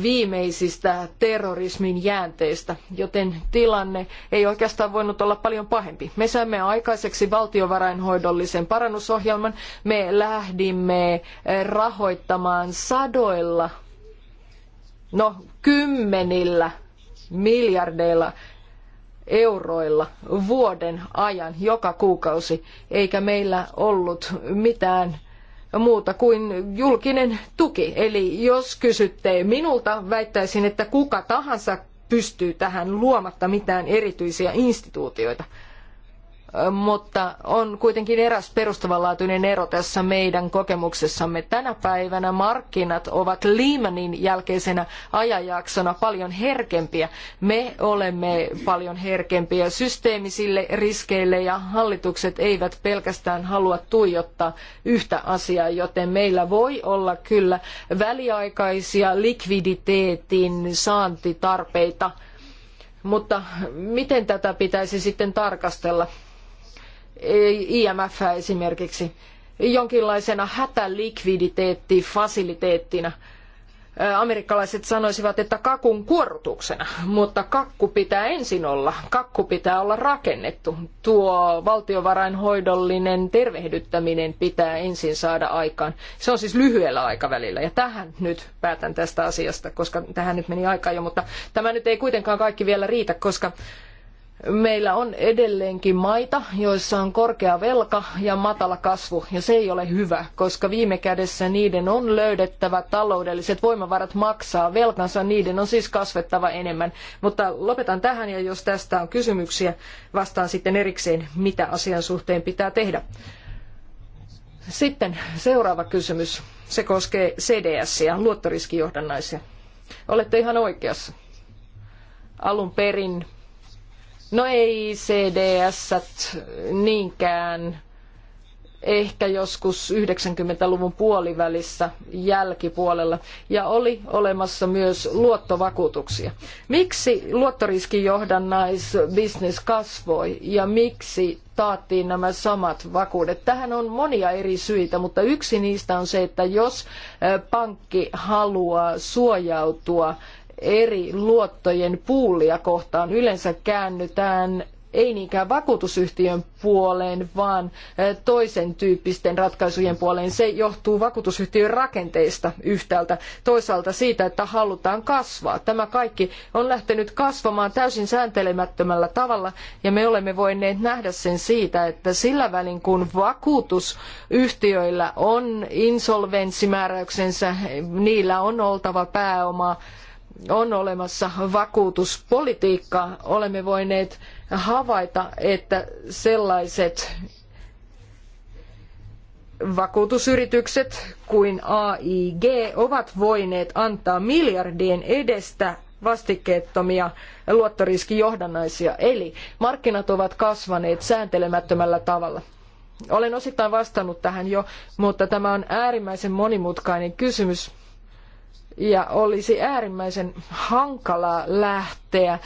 S1: viimeisistä terrorismin jäänteistä, joten tilanne ei oikeastaan voinut olla paljon pahempi. Me saimme aikaiseksi valtiovarainhoidollisen parannusohjelman. Me lähdimme rahoittamaan sadoilla, no kymmenillä miljardeilla euroilla vuoden ajan joka kuukausi, eikä meillä ollut mitään muuta kuin julkinen tuki. Eli jos kysytte minulta, väittäisin, että kuka tahansa pystyy tähän luomatta mitään erityisiä instituutioita mutta on kuitenkin eräs perustavanlaatuinen ero tässä meidän kokemuksessamme. Tänä päivänä markkinat ovat Lehmanin jälkeisenä ajanjaksona paljon herkempiä. Me olemme paljon herkempiä systeemisille riskeille ja hallitukset eivät pelkästään halua tuijottaa yhtä asiaa, joten meillä voi olla kyllä väliaikaisia likviditeetin saantitarpeita. Mutta miten tätä pitäisi sitten tarkastella? IMF esimerkiksi, jonkinlaisena hätälikviditeettifasiliteettina. Amerikkalaiset sanoisivat, että kakun kuorrutuksena, mutta kakku pitää ensin olla, kakku pitää olla rakennettu. Tuo valtiovarainhoidollinen tervehdyttäminen pitää ensin saada aikaan. Se on siis lyhyellä aikavälillä ja tähän nyt päätän tästä asiasta, koska tähän nyt meni aikaa jo, mutta tämä nyt ei kuitenkaan kaikki vielä riitä, koska Meillä on edelleenkin maita, joissa on korkea velka ja matala kasvu, ja se ei ole hyvä, koska viime kädessä niiden on löydettävä taloudelliset voimavarat maksaa velkansa, niiden on siis kasvettava enemmän. Mutta lopetan tähän, ja jos tästä on kysymyksiä, vastaan sitten erikseen, mitä asian suhteen pitää tehdä. Sitten seuraava kysymys. Se koskee CDS-iä, luottoriskijohdannaisia. Olette ihan oikeassa. Alun perin No ei CDS niinkään ehkä joskus 90-luvun puolivälissä jälkipuolella ja oli olemassa myös luottovakuutuksia. Miksi luottoriskijohdannaisbisnes kasvoi ja miksi taattiin nämä samat vakuudet? Tähän on monia eri syitä, mutta yksi niistä on se, että jos eh, pankki haluaa suojautua eri luottojen puulia kohtaan. Yleensä käännytään ei niinkään vakuutusyhtiön puoleen, vaan eh, toisen tyyppisten ratkaisujen puoleen. Se johtuu vakuutusyhtiön rakenteista yhtäältä, toisaalta siitä, että halutaan kasvaa. Tämä kaikki on lähtenyt kasvamaan täysin sääntelemättömällä tavalla, ja me olemme voineet nähdä sen siitä, että sillä välin kun vakuutusyhtiöillä on insolvenssimääräyksensä, niillä on oltava pääomaa, on olemassa vakuutuspolitiikka, olemme voineet havaita, että sellaiset vakuutusyritykset kuin AIG ovat voineet antaa miljardien edestä vastikkeettomia luottoriskijohdannaisia, eli markkinat ovat kasvaneet sääntelemättömällä tavalla. Olen osittain vastannut tähän jo, mutta tämä on äärimmäisen monimutkainen kysymys ja olisi äärimmäisen hankalaa lähteä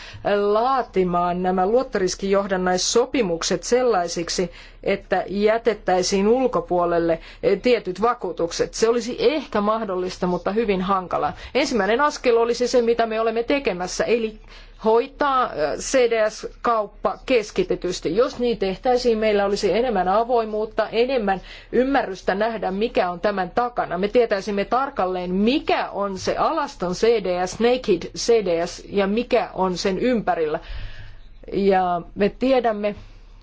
S1: laatimaan nämä luottoriskijohdannaissopimukset sellaisiksi, että jätettäisiin ulkopuolelle tietyt vakuutukset. Se olisi ehkä mahdollista, mutta hyvin hankalaa. Ensimmäinen askel olisi se, mitä me olemme tekemässä, eli hoitaa CDS-kauppa keskitetysti. Jos niin tehtäisiin, meillä olisi enemmän avoimuutta, enemmän ymmärrystä nähdä, mikä on tämän takana. Me tietäisimme tarkalleen, mikä on se alaston CDS, naked CDS ja mikä on sen ympärillä. Ja me tiedämme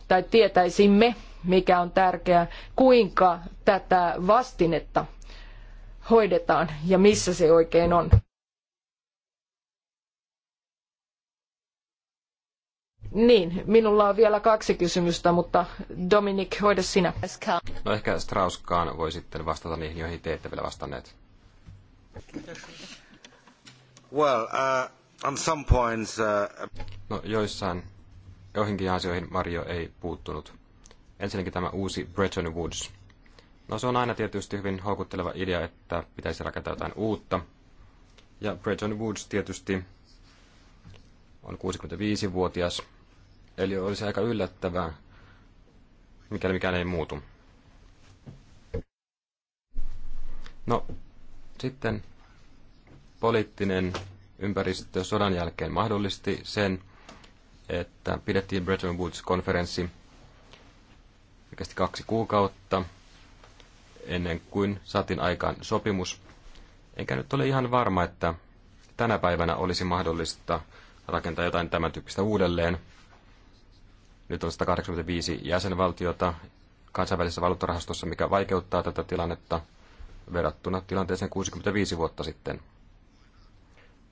S1: tai tietäisimme, mikä on tärkeää, kuinka tätä vastinetta hoidetaan ja missä se oikein on. Niin, minulla on vielä kaksi kysymystä, mutta Dominik, hoida sinä.
S2: No ehkä Strauskaan voi sitten vastata niihin, joihin te ette vielä vastanneet. Well, uh, on some points, uh... No joissain, joihinkin asioihin Mario ei puuttunut. Ensinnäkin tämä uusi Bretton Woods. No se on aina tietysti hyvin houkutteleva idea, että pitäisi rakentaa jotain uutta. Ja Bretton Woods tietysti on 65-vuotias Eli olisi aika yllättävää, mikäli mikään ei muutu. No, sitten poliittinen ympäristö sodan jälkeen mahdollisti sen, että pidettiin Bretton Woods-konferenssi kesti kaksi kuukautta ennen kuin saatiin aikaan sopimus. Enkä nyt ole ihan varma, että tänä päivänä olisi mahdollista rakentaa jotain tämän tyyppistä uudelleen, nyt on 185 jäsenvaltiota kansainvälisessä valuuttarahastossa, mikä vaikeuttaa tätä tilannetta verrattuna tilanteeseen 65 vuotta sitten.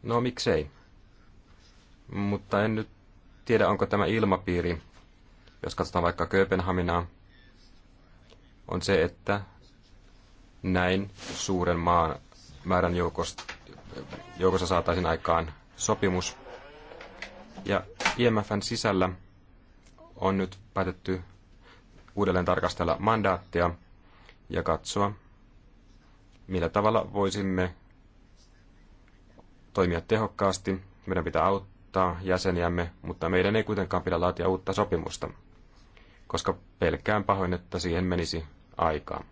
S2: No miksei? Mutta en nyt tiedä, onko tämä ilmapiiri, jos katsotaan vaikka Kööpenhaminaa, on se, että näin suuren maan määrän joukosta, joukossa saataisiin aikaan sopimus. Ja IMFn sisällä on nyt päätetty uudelleen tarkastella mandaattia ja katsoa, millä tavalla voisimme toimia tehokkaasti. Meidän pitää auttaa jäseniämme, mutta meidän ei kuitenkaan pidä laatia uutta sopimusta, koska pelkään pahoin, että siihen menisi aikaa.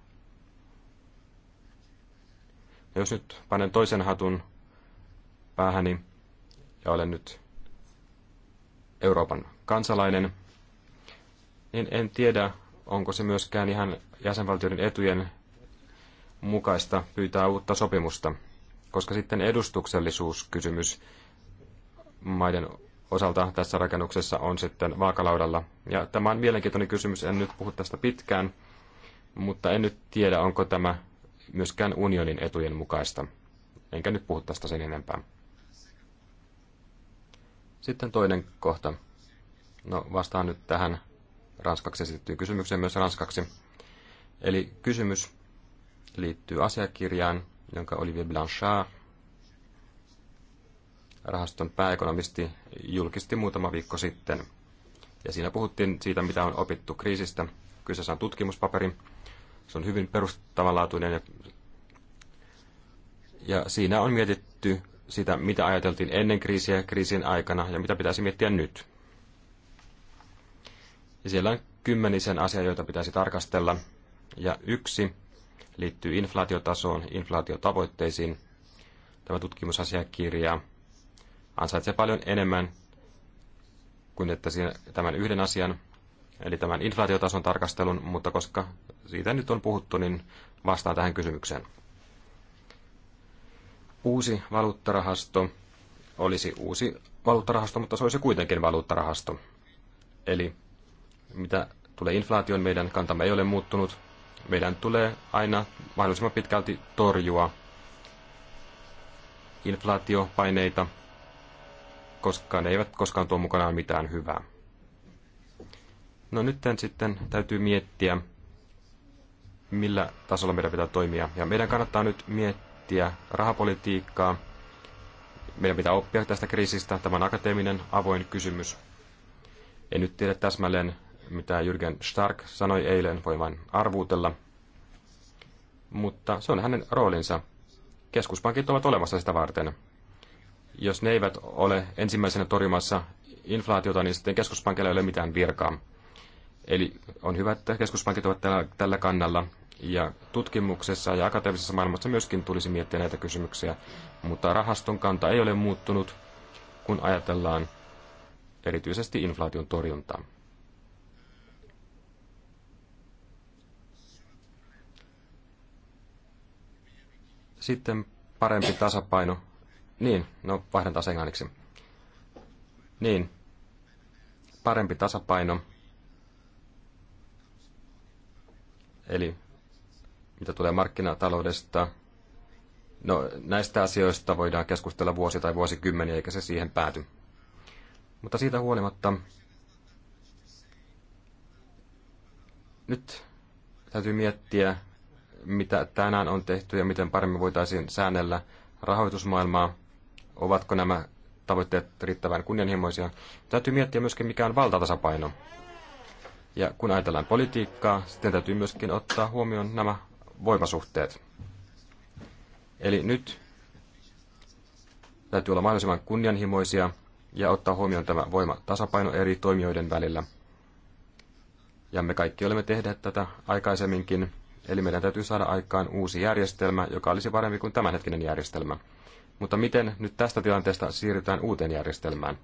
S2: Jos nyt panen toisen hatun päähäni ja olen nyt Euroopan kansalainen, niin en tiedä, onko se myöskään ihan jäsenvaltioiden etujen mukaista pyytää uutta sopimusta, koska sitten edustuksellisuuskysymys maiden osalta tässä rakennuksessa on sitten vaakalaudalla. Ja tämä on mielenkiintoinen kysymys, en nyt puhu tästä pitkään, mutta en nyt tiedä, onko tämä myöskään unionin etujen mukaista. Enkä nyt puhu tästä sen enempää. Sitten toinen kohta. No vastaan nyt tähän ranskaksi esitettyyn kysymykseen myös ranskaksi. Eli kysymys liittyy asiakirjaan, jonka Olivier Blanchard, rahaston pääekonomisti, julkisti muutama viikko sitten. Ja siinä puhuttiin siitä, mitä on opittu kriisistä. Kyseessä on tutkimuspaperi. Se on hyvin perustavanlaatuinen ja, siinä on mietitty sitä, mitä ajateltiin ennen kriisiä, kriisin aikana ja mitä pitäisi miettiä nyt. Ja siellä on kymmenisen asiaa, joita pitäisi tarkastella. Ja yksi liittyy inflaatiotasoon, inflaatiotavoitteisiin. Tämä tutkimusasiakirja ansaitsee paljon enemmän kuin että tämän yhden asian, eli tämän inflaatiotason tarkastelun, mutta koska siitä nyt on puhuttu, niin vastaan tähän kysymykseen. Uusi valuuttarahasto olisi uusi valuuttarahasto, mutta se olisi kuitenkin valuuttarahasto. Eli mitä tulee inflaation, meidän kantamme ei ole muuttunut. Meidän tulee aina mahdollisimman pitkälti torjua inflaatiopaineita, koska ne eivät koskaan tuo mukanaan mitään hyvää. No nyt sitten täytyy miettiä, millä tasolla meidän pitää toimia. Ja meidän kannattaa nyt miettiä rahapolitiikkaa. Meidän pitää oppia tästä kriisistä. Tämä on akateeminen, avoin kysymys. En nyt tiedä täsmälleen, mitä Jürgen Stark sanoi eilen, voi vain arvuutella. Mutta se on hänen roolinsa. Keskuspankit ovat olemassa sitä varten. Jos ne eivät ole ensimmäisenä torjumassa inflaatiota, niin sitten keskuspankilla ei ole mitään virkaa. Eli on hyvä, että keskuspankit ovat tällä, tällä kannalla. Ja tutkimuksessa ja akateemisessa maailmassa myöskin tulisi miettiä näitä kysymyksiä. Mutta rahaston kanta ei ole muuttunut, kun ajatellaan erityisesti inflaation torjuntaa. Sitten parempi tasapaino. Niin, no vaihdan taas englanniksi. Niin, parempi tasapaino. Eli mitä tulee markkinataloudesta, no näistä asioista voidaan keskustella vuosi tai vuosikymmeniä, eikä se siihen pääty. Mutta siitä huolimatta nyt täytyy miettiä, mitä tänään on tehty ja miten paremmin voitaisiin säännellä rahoitusmaailmaa, ovatko nämä tavoitteet riittävän kunnianhimoisia. Täytyy miettiä myöskin, mikä on valtatasapaino. Ja kun ajatellaan politiikkaa, sitten täytyy myöskin ottaa huomioon nämä voimasuhteet. Eli nyt täytyy olla mahdollisimman kunnianhimoisia ja ottaa huomioon tämä voimatasapaino eri toimijoiden välillä. Ja me kaikki olemme tehneet tätä aikaisemminkin Eli meidän täytyy saada aikaan uusi järjestelmä, joka olisi parempi kuin tämänhetkinen järjestelmä. Mutta miten nyt tästä tilanteesta siirrytään uuteen järjestelmään?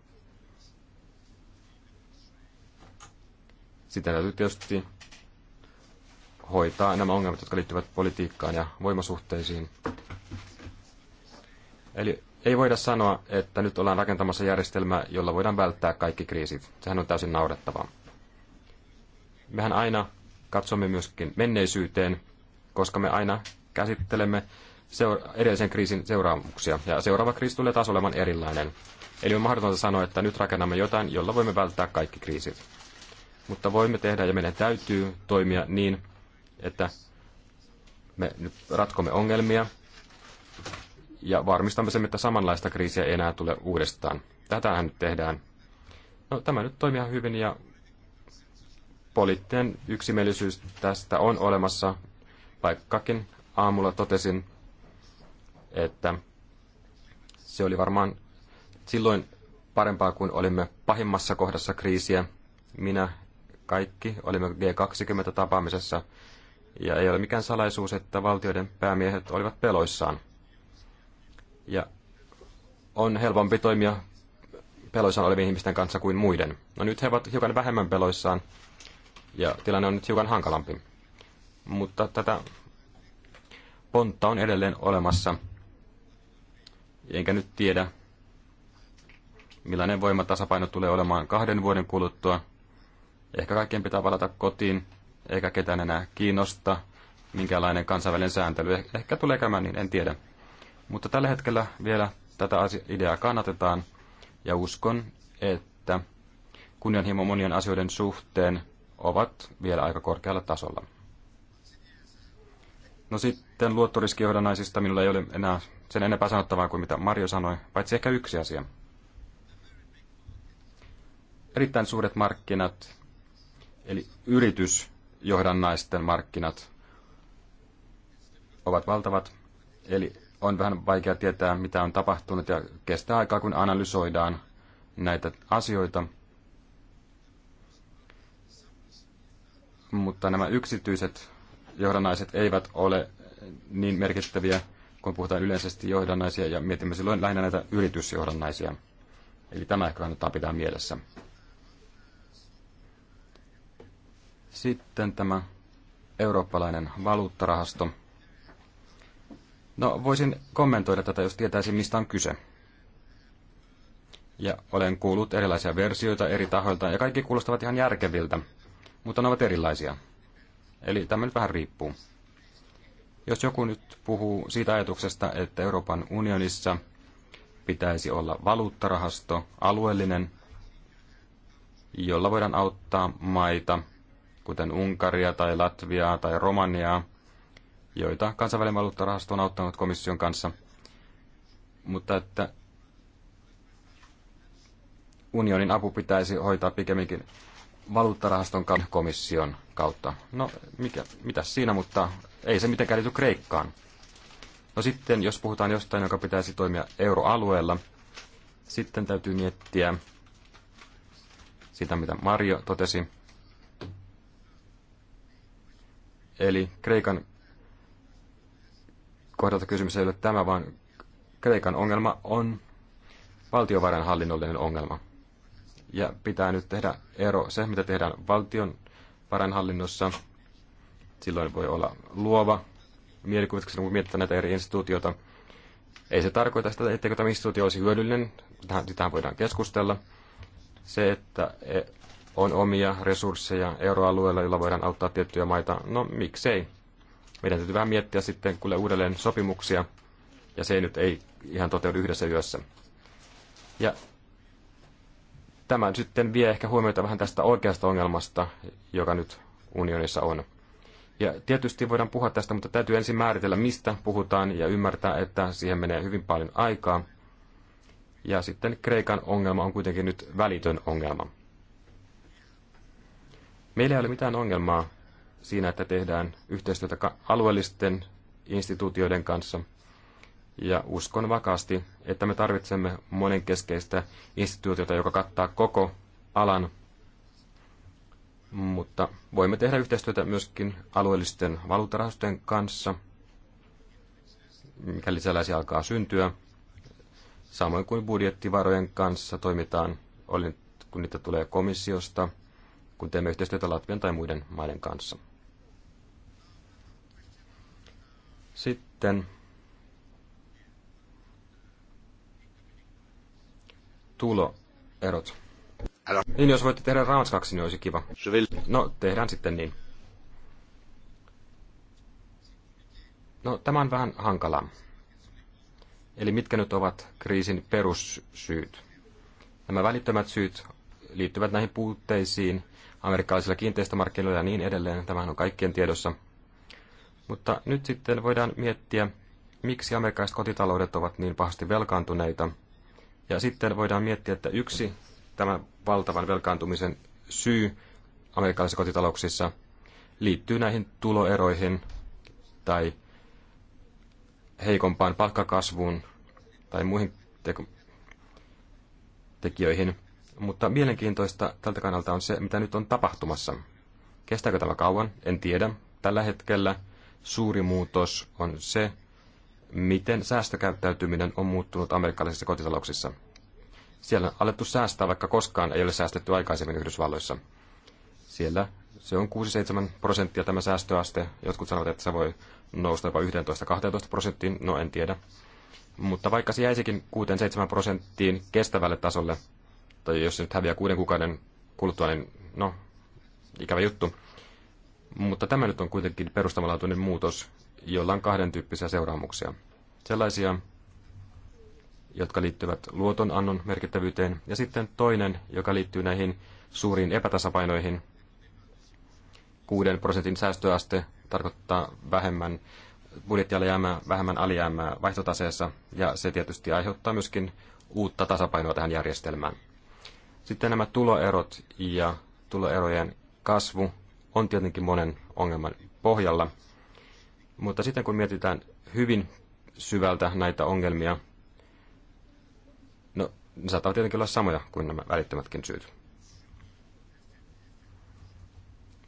S2: Sitä täytyy tietysti hoitaa nämä ongelmat, jotka liittyvät politiikkaan ja voimasuhteisiin. Eli ei voida sanoa, että nyt ollaan rakentamassa järjestelmää, jolla voidaan välttää kaikki kriisit. Sehän on täysin naurettavaa. Mehän aina katsomme myöskin menneisyyteen, koska me aina käsittelemme edellisen kriisin seuraamuksia. Ja seuraava kriisi tulee taas olemaan erilainen. Eli on mahdotonta sanoa, että nyt rakennamme jotain, jolla voimme välttää kaikki kriisit. Mutta voimme tehdä ja meidän täytyy toimia niin, että me nyt ratkomme ongelmia ja varmistamme sen, että samanlaista kriisiä ei enää tule uudestaan. Tätähän nyt tehdään. No tämä nyt toimii hyvin ja poliittinen yksimielisyys tästä on olemassa, vaikkakin aamulla totesin, että se oli varmaan silloin parempaa kuin olimme pahimmassa kohdassa kriisiä. Minä kaikki olimme G20-tapaamisessa ja ei ole mikään salaisuus, että valtioiden päämiehet olivat peloissaan. Ja on helpompi toimia peloissaan olevien ihmisten kanssa kuin muiden. No nyt he ovat hiukan vähemmän peloissaan, ja tilanne on nyt hiukan hankalampi. Mutta tätä pontta on edelleen olemassa, enkä nyt tiedä, millainen voimatasapaino tulee olemaan kahden vuoden kuluttua. Ehkä kaikkien pitää palata kotiin, eikä ketään enää kiinnosta, minkälainen kansainvälinen sääntely. Eh- ehkä tulee käymään, niin en tiedä. Mutta tällä hetkellä vielä tätä ideaa kannatetaan, ja uskon, että kunnianhimo monien asioiden suhteen – ovat vielä aika korkealla tasolla. No sitten luottoriskijohdannaisista minulla ei ole enää sen enempää sanottavaa kuin mitä Mario sanoi, paitsi ehkä yksi asia. Erittäin suuret markkinat, eli yritysjohdannaisten markkinat, ovat valtavat. Eli on vähän vaikea tietää, mitä on tapahtunut ja kestää aikaa, kun analysoidaan näitä asioita. mutta nämä yksityiset johdannaiset eivät ole niin merkittäviä, kun puhutaan yleisesti johdannaisia, ja mietimme silloin lähinnä näitä yritysjohdannaisia. Eli tämä ehkä kannattaa pitää mielessä. Sitten tämä eurooppalainen valuuttarahasto. No, voisin kommentoida tätä, jos tietäisin, mistä on kyse. Ja olen kuullut erilaisia versioita eri tahoilta, ja kaikki kuulostavat ihan järkeviltä mutta ne ovat erilaisia. Eli tämä nyt vähän riippuu. Jos joku nyt puhuu siitä ajatuksesta, että Euroopan unionissa pitäisi olla valuuttarahasto, alueellinen, jolla voidaan auttaa maita, kuten Unkaria tai Latviaa tai Romaniaa, joita kansainvälinen valuuttarahasto on auttanut komission kanssa, mutta että unionin apu pitäisi hoitaa pikemminkin valuuttarahaston komission kautta. No, mikä, mitä siinä, mutta ei se mitenkään liity Kreikkaan. No sitten, jos puhutaan jostain, joka pitäisi toimia euroalueella, sitten täytyy miettiä sitä, mitä Mario totesi. Eli Kreikan kohdalta kysymys ei ole tämä, vaan Kreikan ongelma on valtiovarainhallinnollinen ongelma ja pitää nyt tehdä ero se, mitä tehdään valtion varainhallinnossa. Silloin voi olla luova mielikuvitus, kun mietitään näitä eri instituutioita. Ei se tarkoita sitä, etteikö tämä instituutio olisi hyödyllinen. tähän voidaan keskustella. Se, että e- on omia resursseja euroalueella, joilla voidaan auttaa tiettyjä maita, no miksei. Meidän täytyy vähän miettiä sitten kuule uudelleen sopimuksia, ja se ei nyt ei ihan toteudu yhdessä yössä. Ja tämä sitten vie ehkä huomiota vähän tästä oikeasta ongelmasta, joka nyt unionissa on. Ja tietysti voidaan puhua tästä, mutta täytyy ensin määritellä, mistä puhutaan ja ymmärtää, että siihen menee hyvin paljon aikaa. Ja sitten Kreikan ongelma on kuitenkin nyt välitön ongelma. Meillä ei ole mitään ongelmaa siinä, että tehdään yhteistyötä alueellisten instituutioiden kanssa – ja uskon vakaasti, että me tarvitsemme monenkeskeistä instituutiota, joka kattaa koko alan, mutta voimme tehdä yhteistyötä myöskin alueellisten valuuttarahastojen kanssa, mikäli sellaisia alkaa syntyä. Samoin kuin budjettivarojen kanssa toimitaan, kun niitä tulee komissiosta, kun teemme yhteistyötä Latvian tai muiden maiden kanssa. Sitten tuloerot. Niin, jos voitte tehdä ranskaksi, niin olisi kiva. No, tehdään sitten niin. No, tämä on vähän hankala. Eli mitkä nyt ovat kriisin perussyyt? Nämä välittömät syyt liittyvät näihin puutteisiin amerikkalaisilla kiinteistömarkkinoilla ja niin edelleen. Tämähän on kaikkien tiedossa. Mutta nyt sitten voidaan miettiä, miksi amerikkalaiset kotitaloudet ovat niin pahasti velkaantuneita – ja sitten voidaan miettiä, että yksi tämän valtavan velkaantumisen syy amerikkalaisissa kotitalouksissa liittyy näihin tuloeroihin tai heikompaan palkkakasvuun tai muihin tekijöihin. Mutta mielenkiintoista tältä kannalta on se, mitä nyt on tapahtumassa. Kestääkö tämä kauan? En tiedä. Tällä hetkellä suuri muutos on se, miten säästökäyttäytyminen on muuttunut amerikkalaisissa kotitalouksissa. Siellä on alettu säästää, vaikka koskaan ei ole säästetty aikaisemmin Yhdysvalloissa. Siellä se on 6-7 prosenttia tämä säästöaste. Jotkut sanovat, että se voi nousta jopa 11-12 prosenttiin, no en tiedä. Mutta vaikka se jäisikin 6-7 prosenttiin kestävälle tasolle, tai jos se nyt häviää kuuden kuukauden kuluttua, niin no, ikävä juttu. Mutta tämä nyt on kuitenkin perustavanlaatuinen muutos joilla on kahden tyyppisiä seuraamuksia. Sellaisia, jotka liittyvät luotonannon merkittävyyteen, ja sitten toinen, joka liittyy näihin suuriin epätasapainoihin. 6 prosentin säästöaste tarkoittaa vähemmän budjettialijäämää, vähemmän alijäämää vaihtotaseessa, ja se tietysti aiheuttaa myöskin uutta tasapainoa tähän järjestelmään. Sitten nämä tuloerot ja tuloerojen kasvu on tietenkin monen ongelman pohjalla, mutta sitten kun mietitään hyvin syvältä näitä ongelmia, no ne saattavat tietenkin olla samoja kuin nämä välittömätkin syyt.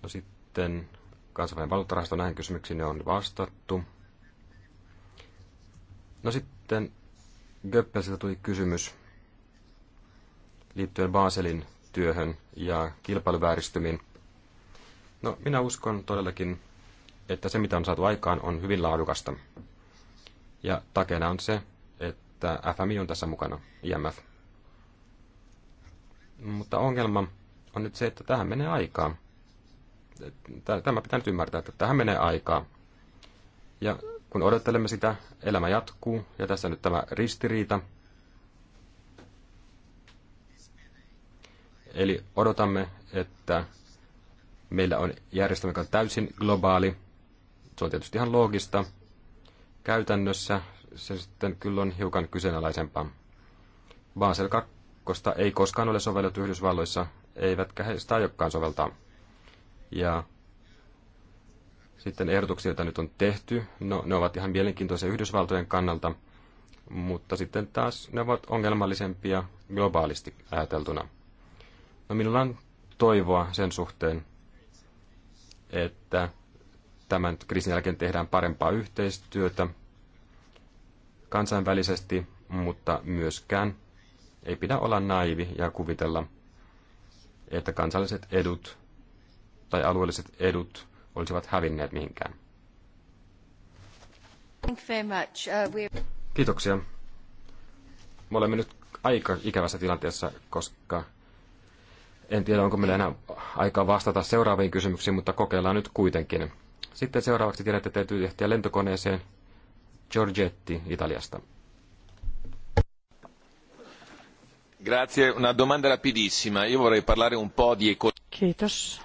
S2: No sitten kansainvälinen valuuttarahasto näihin kysymyksiin on vastattu. No sitten Göppelsiltä tuli kysymys liittyen Baselin työhön ja kilpailuvääristymiin. No minä uskon todellakin, että se mitä on saatu aikaan on hyvin laadukasta. Ja takena on se, että FMI on tässä mukana, IMF. Mutta ongelma on nyt se, että tähän menee aikaa. Tämä pitää nyt ymmärtää, että tähän menee aikaa. Ja kun odottelemme sitä, elämä jatkuu, ja tässä nyt tämä ristiriita. Eli odotamme, että meillä on järjestelmä, joka on täysin globaali, se on tietysti ihan loogista. Käytännössä se sitten kyllä on hiukan kyseenalaisempaa. Basel 2 ei koskaan ole sovellettu Yhdysvalloissa, eivätkä he sitä aiokkaan soveltaa. Ja sitten ehdotuksia, joita nyt on tehty, no, ne ovat ihan mielenkiintoisia Yhdysvaltojen kannalta, mutta sitten taas ne ovat ongelmallisempia globaalisti ajateltuna. No minulla on toivoa sen suhteen, että tämän kriisin jälkeen tehdään parempaa yhteistyötä kansainvälisesti, mutta myöskään ei pidä olla naivi ja kuvitella, että kansalliset edut tai alueelliset edut olisivat hävinneet mihinkään. Uh, Kiitoksia. Me olemme nyt aika ikävässä tilanteessa, koska en tiedä, onko meillä enää aikaa vastata seuraaviin kysymyksiin, mutta kokeillaan nyt kuitenkin. Sitten seuraavaksi tiedätte, että täytyy ehtiä lentokoneeseen Giorgetti Italiasta.
S1: Grazie, una domanda rapidissima. Io vorrei parlare un po' di eco...
S2: Kiitos.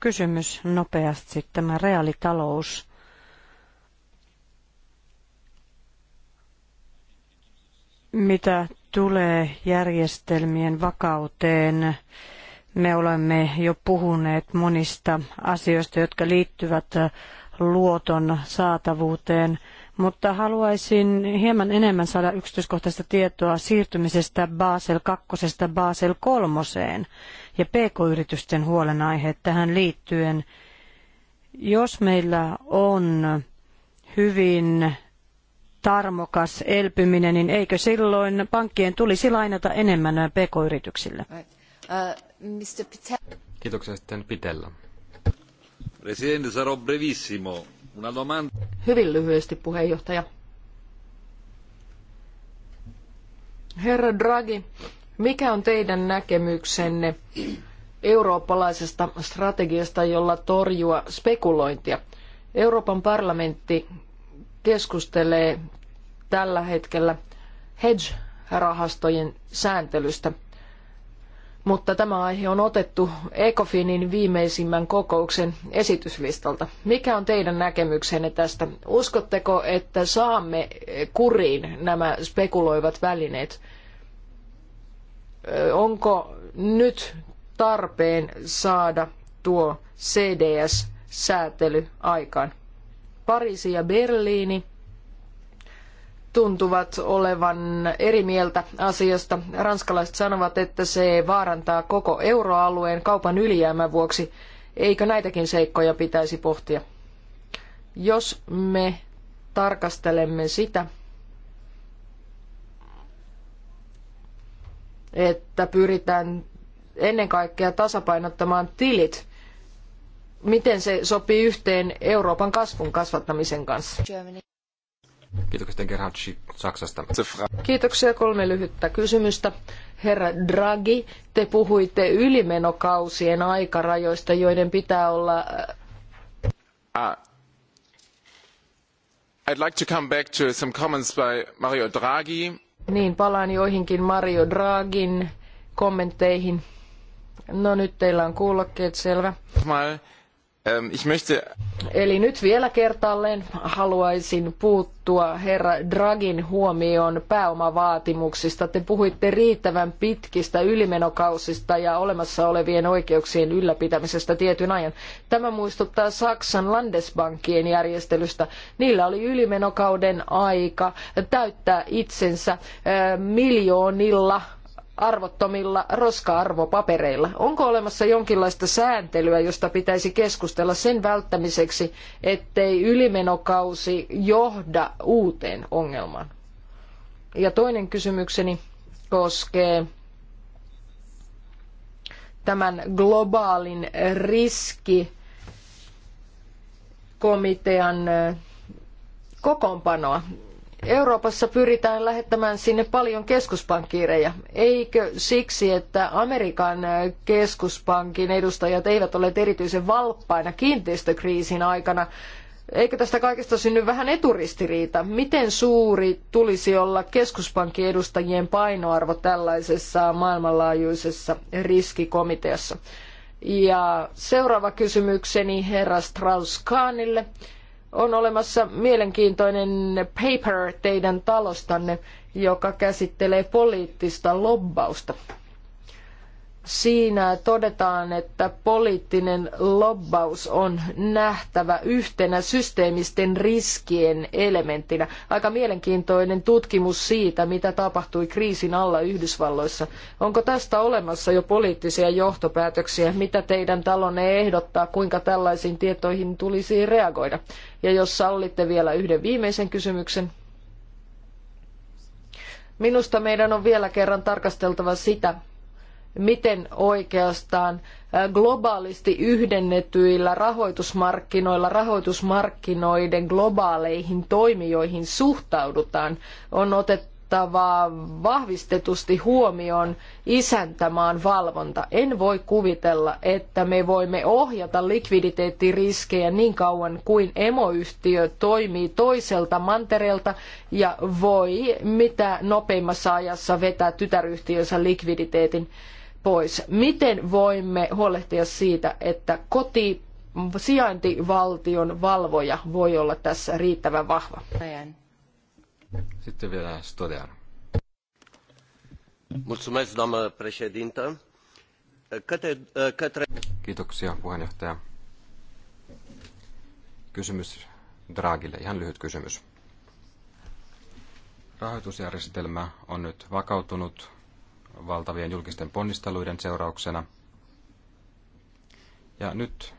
S4: Kysymys nopeasti. Tämä reaalitalous. Mitä tulee järjestelmien vakauteen, me olemme jo puhuneet monista asioista, jotka liittyvät äh, luoton saatavuuteen, mutta haluaisin hieman enemmän saada yksityiskohtaista tietoa siirtymisestä Basel 2. Basel 3. ja pk-yritysten huolenaiheet tähän liittyen. Jos meillä on hyvin tarmokas elpyminen, niin eikö silloin pankkien tulisi lainata enemmän pk-yrityksille?
S2: Uh Kiitoksia sitten Pitella. Presidente, sarò brevissimo. Una domanda.
S1: Hyvin lyhyesti puheenjohtaja. Herra Draghi, mikä on teidän näkemyksenne eurooppalaisesta strategiasta, jolla torjua spekulointia? Euroopan parlamentti keskustelee tällä hetkellä hedge-rahastojen sääntelystä mutta tämä aihe on otettu Ecofinin viimeisimmän kokouksen esityslistalta. Mikä on teidän näkemyksenne tästä? Uskotteko, että saamme kuriin nämä spekuloivat välineet? Onko nyt tarpeen saada tuo CDS-säätely aikaan? Pariisi ja Berliini tuntuvat olevan eri mieltä asiasta. Ranskalaiset sanovat, että se vaarantaa koko euroalueen kaupan ylijäämän vuoksi. Eikö näitäkin seikkoja pitäisi pohtia? Jos me tarkastelemme sitä, että pyritään ennen kaikkea tasapainottamaan tilit, miten se sopii yhteen Euroopan kasvun kasvattamisen kanssa. Germany.
S2: Kiitoksia Gerhard Schick Saksasta.
S1: Kiitoksia kolme lyhyttä kysymystä. Herra Draghi, te puhuitte ylimenokausien aikarajoista, joiden pitää olla... Äh,
S3: ah. I'd like to come back to some comments by Mario Draghi.
S1: Niin, palaan joihinkin Mario Draghin kommentteihin. No nyt teillä on kuulokkeet selvä. Mal Ähm, Eli nyt vielä kertaalleen haluaisin puuttua herra Dragin huomioon pääomavaatimuksista. Te puhuitte riittävän pitkistä ylimenokausista ja olemassa olevien oikeuksien ylläpitämisestä tietyn ajan. Tämä muistuttaa Saksan Landesbankien järjestelystä. Niillä oli ylimenokauden aika täyttää itsensä äh, miljoonilla arvottomilla roska-arvopapereilla? Onko olemassa jonkinlaista sääntelyä, josta pitäisi keskustella sen välttämiseksi, ettei ylimenokausi johda uuteen ongelmaan? Ja toinen kysymykseni koskee tämän globaalin riskikomitean kokoonpanoa. Euroopassa pyritään lähettämään sinne paljon keskuspankkiireja. Eikö siksi, että Amerikan keskuspankin edustajat eivät ole erityisen valppaina kiinteistökriisin aikana, Eikö tästä kaikesta synny vähän eturistiriita? Miten suuri tulisi olla keskuspankin edustajien painoarvo tällaisessa maailmanlaajuisessa riskikomiteassa? Ja seuraava kysymykseni herra Strauss-Kahnille on olemassa mielenkiintoinen paper teidän talostanne, joka käsittelee poliittista lobbausta. Siinä todetaan, että poliittinen lobbaus on nähtävä yhtenä systeemisten riskien elementtinä. Aika mielenkiintoinen tutkimus siitä, mitä tapahtui kriisin alla Yhdysvalloissa. Onko tästä olemassa jo poliittisia johtopäätöksiä? Mitä teidän talonne ehdottaa, kuinka tällaisiin tietoihin tulisi reagoida? Ja jos sallitte vielä yhden viimeisen kysymyksen. Minusta meidän on vielä kerran tarkasteltava sitä, miten oikeastaan globaalisti yhdennetyillä rahoitusmarkkinoilla rahoitusmarkkinoiden globaaleihin toimijoihin suhtaudutaan. On otettava vahvistetusti huomioon isäntämaan valvonta. En voi kuvitella, että me voimme ohjata likviditeettiriskejä niin kauan kuin emoyhtiö toimii toiselta mantereelta ja voi mitä nopeimmassa ajassa vetää tytäryhtiönsä likviditeetin pois. Miten voimme huolehtia siitä, että koti sijaintivaltion valvoja voi olla tässä riittävän vahva?
S2: Sitten vielä Stodean.
S3: Mulțumesc, doamnă președintă. Către, către...
S2: Kiitoksia, puheenjohtaja. Kysymys Draagille, ihan lyhyt kysymys. Rahoitusjärjestelmä on nyt vakautunut valtavien julkisten ponnisteluiden seurauksena. Ja nyt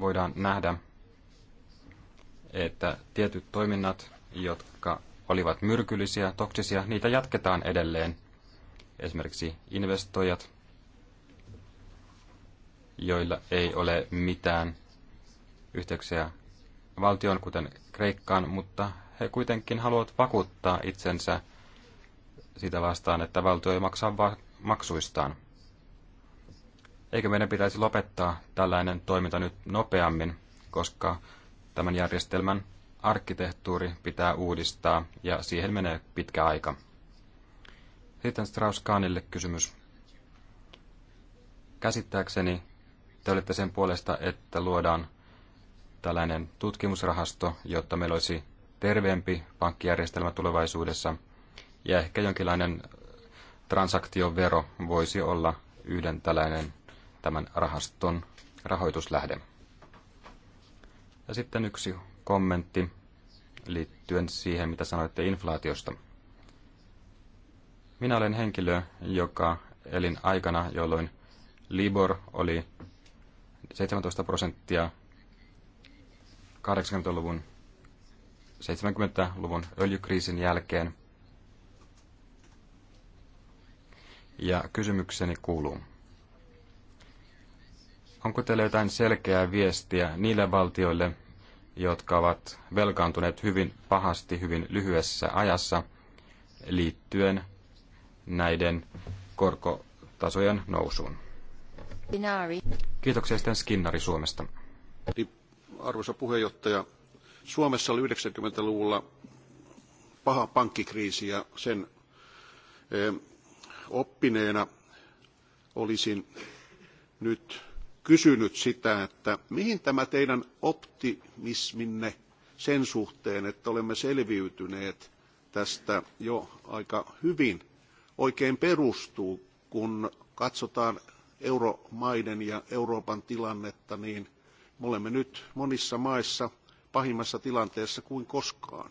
S2: voidaan nähdä, että tietyt toiminnat, jotka olivat myrkyllisiä, toksisia, niitä jatketaan edelleen. Esimerkiksi investoijat, joilla ei ole mitään yhteyksiä valtion, kuten Kreikkaan, mutta he kuitenkin haluavat vakuuttaa itsensä sitä vastaan, että valtio ei maksaa va- maksuistaan. Eikö meidän pitäisi lopettaa tällainen toiminta nyt nopeammin, koska tämän järjestelmän arkkitehtuuri pitää uudistaa ja siihen menee pitkä aika. Sitten Strauss-Kahnille kysymys. Käsittääkseni te olette sen puolesta, että luodaan tällainen tutkimusrahasto, jotta meillä olisi terveempi pankkijärjestelmä tulevaisuudessa – ja ehkä jonkinlainen transaktiovero voisi olla yhden tällainen tämän rahaston rahoituslähde. Ja sitten yksi kommentti liittyen siihen, mitä sanoitte inflaatiosta. Minä olen henkilö, joka elin aikana, jolloin Libor oli 17 prosenttia 80-luvun 70-luvun öljykriisin jälkeen. Ja kysymykseni kuuluu, onko teillä jotain selkeää viestiä niille valtioille, jotka ovat velkaantuneet hyvin pahasti hyvin lyhyessä ajassa liittyen näiden korkotasojen nousuun? Skinnari. Kiitoksia sitten Skinnari Suomesta.
S3: Arvoisa puheenjohtaja, Suomessa oli 90-luvulla paha pankkikriisi ja sen eh, oppineena olisin nyt kysynyt sitä, että mihin tämä teidän optimisminne sen suhteen, että olemme selviytyneet tästä jo aika hyvin oikein perustuu, kun katsotaan euromaiden ja Euroopan tilannetta, niin me olemme nyt monissa maissa pahimmassa tilanteessa kuin koskaan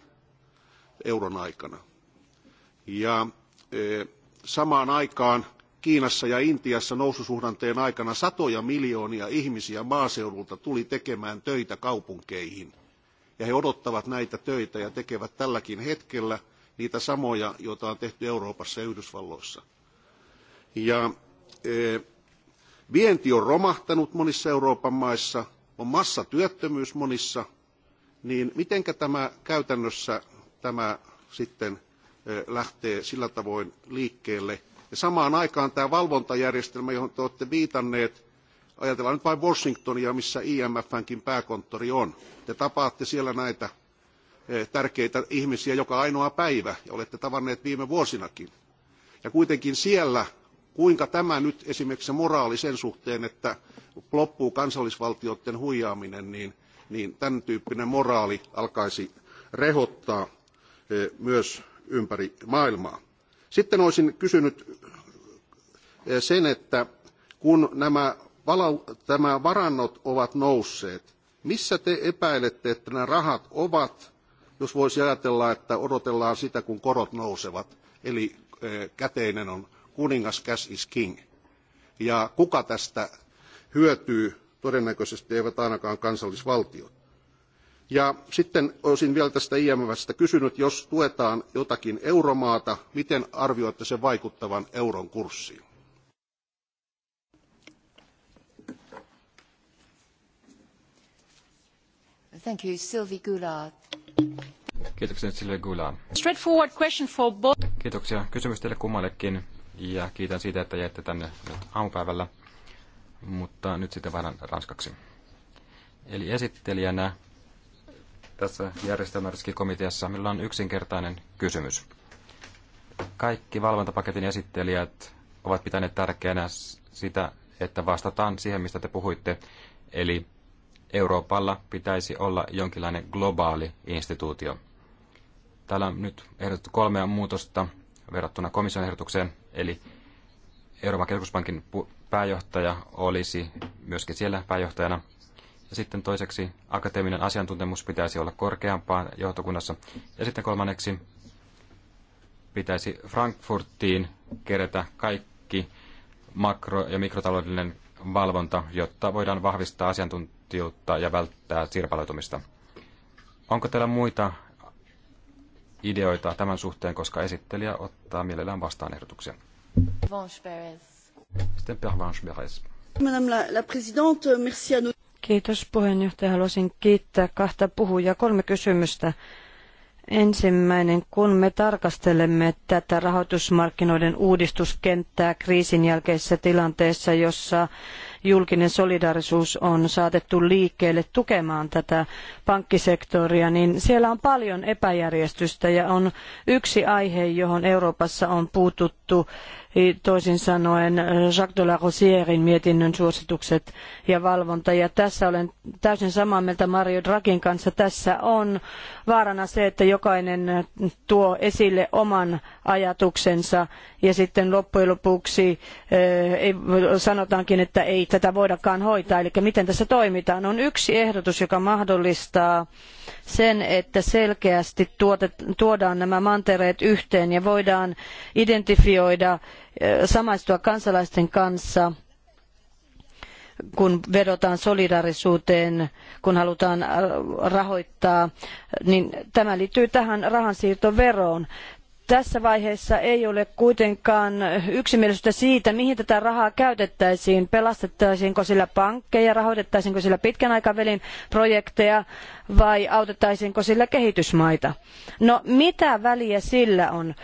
S3: euron aikana. Ja e, samaan aikaan Kiinassa ja Intiassa noususuhdanteen aikana satoja miljoonia ihmisiä maaseudulta tuli tekemään töitä kaupunkeihin. Ja he odottavat näitä töitä ja tekevät tälläkin hetkellä niitä samoja, joita on tehty Euroopassa ja Yhdysvalloissa. Ja e, vienti on romahtanut monissa Euroopan maissa, on massatyöttömyys monissa, niin mitenkä tämä käytännössä tämä sitten lähtee sillä tavoin liikkeelle. Ja samaan aikaan tämä valvontajärjestelmä, johon te olette viitanneet, ajatellaan nyt vain Washingtonia, missä IMFnkin pääkonttori on. Te tapaatte siellä näitä tärkeitä ihmisiä joka ainoa päivä ja olette tavanneet viime vuosinakin. Ja kuitenkin siellä, kuinka tämä nyt esimerkiksi se moraali sen suhteen, että loppuu kansallisvaltioiden huijaaminen, niin, niin tämän tyyppinen moraali alkaisi rehottaa myös ympäri maailmaa. Sitten olisin kysynyt eh, sen, että kun nämä, nämä varannot ovat nousseet, missä te epäilette, että nämä rahat ovat, jos voisi ajatella, että odotellaan sitä, kun korot nousevat, eli eh, käteinen on kuningas cash is king. Ja kuka tästä hyötyy, todennäköisesti eivät ainakaan kansallisvaltiot ja sitten olisin vielä tästä IMFstä kysynyt, jos tuetaan jotakin euromaata, miten arvioitte sen vaikuttavan euron kurssiin?
S1: Thank you, Sylvie Goulard.
S3: Kiitoksia
S2: Sylvie Goulard.
S1: Straightforward question for both.
S2: Kiitoksia. Kysymys teille kummallekin ja kiitän siitä, että jäitte tänne nyt aamupäivällä, mutta nyt sitten vaihdan ranskaksi. Eli esittelijänä tässä järjestelmäriskikomiteassa. Meillä on yksinkertainen kysymys. Kaikki valvontapaketin esittelijät ovat pitäneet tärkeänä sitä, että vastataan siihen, mistä te puhuitte. Eli Euroopalla pitäisi olla jonkinlainen globaali instituutio. Täällä on nyt ehdotettu kolmea muutosta verrattuna komission ehdotukseen, eli Euroopan keskuspankin pääjohtaja olisi myöskin siellä pääjohtajana. Ja sitten toiseksi akateeminen asiantuntemus pitäisi olla korkeampaa johtokunnassa. Ja sitten kolmanneksi pitäisi Frankfurtiin kerätä kaikki makro- ja mikrotaloudellinen valvonta, jotta voidaan vahvistaa asiantuntijuutta ja välttää sirpaloitumista. Onko teillä muita ideoita tämän suhteen, koska esittelijä ottaa mielellään vastaan ehdotuksia? Sitten Pervanche Beres.
S4: Madame la, la présidente, merci à nous. Kiitos puheenjohtaja. Haluaisin kiittää kahta puhujaa. Kolme kysymystä. Ensimmäinen, kun me tarkastelemme tätä rahoitusmarkkinoiden uudistuskenttää kriisin jälkeisessä tilanteessa, jossa julkinen solidaarisuus on saatettu liikkeelle tukemaan tätä pankkisektoria, niin siellä on paljon epäjärjestystä ja on yksi aihe, johon Euroopassa on puututtu toisin sanoen äh, Jacques de la Rosierin mietinnön suositukset ja valvonta. Ja tässä olen täysin samaa mieltä Mario Drakin kanssa. Tässä on vaarana se, että jokainen äh, tuo esille oman ajatuksensa ja sitten loppujen lopuksi äh, ei, sanotaankin, että ei tätä voidakaan hoitaa. Eli miten tässä toimitaan? On yksi ehdotus, joka mahdollistaa sen, että selkeästi tuodaan nämä mantereet yhteen ja voidaan identifioida samaistua kansalaisten kanssa, kun vedotaan solidaarisuuteen, kun halutaan rahoittaa, niin tämä liittyy tähän rahansiirtoveroon tässä vaiheessa ei ole kuitenkaan yksimielisyyttä siitä, mihin tätä rahaa käytettäisiin, pelastettaisiinko sillä pankkeja, rahoitettaisiinko sillä pitkän aikavälin projekteja vai autettaisiinko sillä kehitysmaita. No mitä väliä sillä on?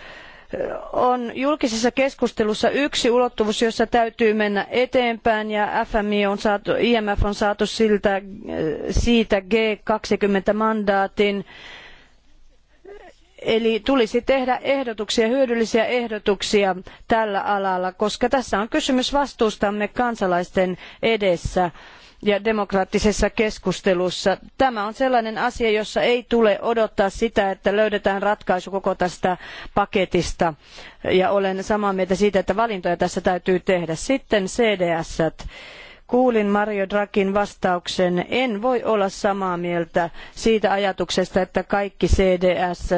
S4: on julkisessa keskustelussa yksi ulottuvuus, jossa täytyy mennä eteenpäin ja FMI on saatu, IMF on saatu siltä, äh, siitä G20-mandaatin. Eli tulisi tehdä ehdotuksia, hyödyllisiä ehdotuksia tällä alalla, koska tässä on kysymys vastuustamme kansalaisten edessä ja demokraattisessa keskustelussa. Tämä on sellainen asia, jossa ei tule odottaa sitä, että löydetään ratkaisu koko tästä paketista. Ja olen samaa mieltä siitä, että valintoja tässä täytyy tehdä. Sitten CDS. -t kuulin Mario Drakin vastauksen, en voi olla samaa mieltä siitä ajatuksesta, että kaikki CDS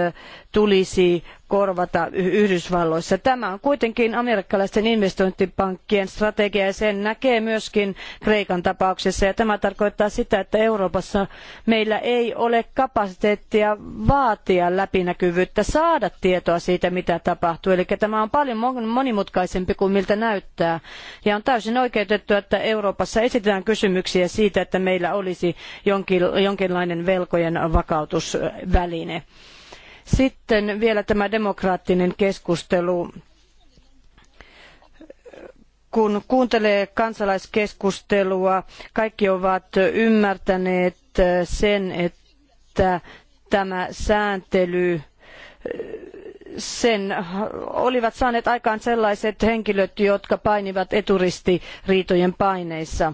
S4: tulisi korvata Yhdysvalloissa. Tämä on kuitenkin amerikkalaisten investointipankkien strategia ja sen näkee myöskin Kreikan tapauksessa. Ja tämä tarkoittaa sitä, että Euroopassa meillä ei ole kapasiteettia vaatia läpinäkyvyyttä, saada tietoa siitä, mitä tapahtuu. Eli tämä on paljon monimutkaisempi kuin miltä näyttää. Ja on täysin oikeutettu, että Euroopassa esitetään kysymyksiä siitä, että meillä olisi jonkinlainen velkojen vakautusväline. Sitten vielä tämä demokraattinen keskustelu kun kuuntelee kansalaiskeskustelua, kaikki ovat ymmärtäneet sen, että tämä sääntely sen olivat saaneet aikaan sellaiset henkilöt, jotka painivat eturistiriitojen paineissa.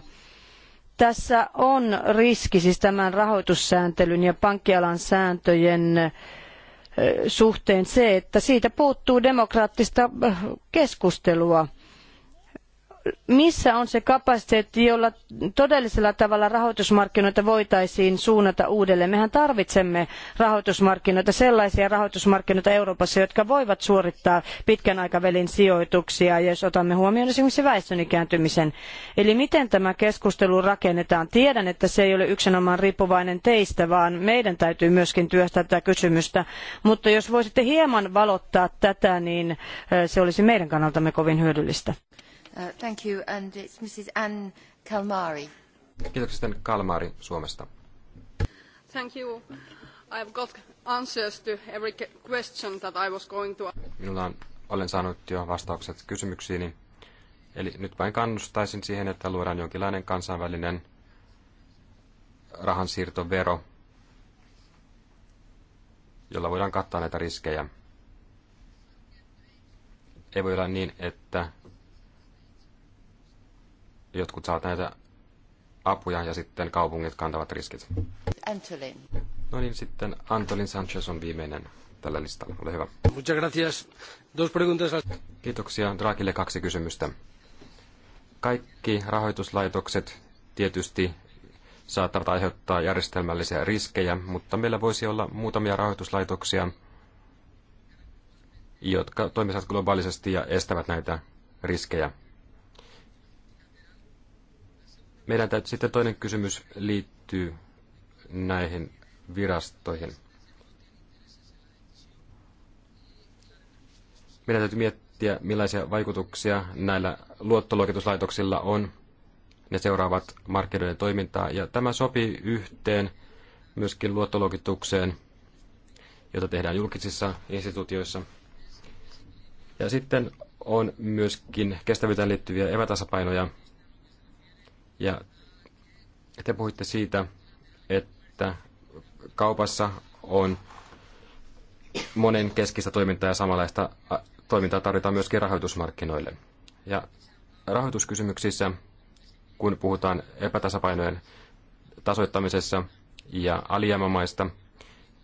S4: Tässä on riski siis tämän rahoitussääntelyn ja pankkialan sääntöjen äh, suhteen se, että siitä puuttuu demokraattista keskustelua missä on se kapasiteetti, jolla todellisella tavalla rahoitusmarkkinoita voitaisiin suunnata uudelleen? Mehän tarvitsemme rahoitusmarkkinoita, sellaisia rahoitusmarkkinoita Euroopassa, jotka voivat suorittaa pitkän aikavälin sijoituksia, jos otamme huomioon esimerkiksi väestön ikääntymisen. Eli miten tämä keskustelu rakennetaan? Tiedän, että se ei ole yksinomaan riippuvainen teistä, vaan meidän täytyy myöskin työstää tätä kysymystä. Mutta jos voisitte hieman valottaa tätä, niin se olisi meidän kannaltamme kovin hyödyllistä.
S1: Uh, thank you, and it's Mrs. Anne Kalmari.
S2: Kiitoksia sitten Kalmari Suomesta.
S1: Thank you. I've got answers to every question that I was going to...
S2: Minulla on, olen saanut jo vastaukset kysymyksiini. Eli nyt vain kannustaisin siihen, että luodaan jonkinlainen kansainvälinen rahansiirtovero, jolla voidaan kattaa näitä riskejä. Ei voi olla niin, että jotkut saavat näitä apuja ja sitten kaupungit kantavat riskit. Antolin. No niin, sitten Antolin Sanchez on viimeinen tällä listalla. Ole hyvä. Muchas gracias. Dos preguntas. Kiitoksia. Draakille kaksi kysymystä. Kaikki rahoituslaitokset tietysti saattavat aiheuttaa järjestelmällisiä riskejä, mutta meillä voisi olla muutamia rahoituslaitoksia, jotka toimisivat globaalisesti ja estävät näitä riskejä. Meidän täytyy, sitten toinen kysymys liittyy näihin virastoihin. Meidän täytyy miettiä, millaisia vaikutuksia näillä luottoluokituslaitoksilla on. Ne seuraavat markkinoiden toimintaa ja tämä sopii yhteen myöskin luottoluokitukseen, jota tehdään julkisissa instituutioissa. Ja sitten on myöskin kestävyyteen liittyviä epätasapainoja, ja te puhuitte siitä, että kaupassa on monen keskistä toimintaa ja samanlaista äh, toimintaa tarvitaan myöskin rahoitusmarkkinoille. Ja rahoituskysymyksissä, kun puhutaan epätasapainojen tasoittamisessa ja alijäämämaista,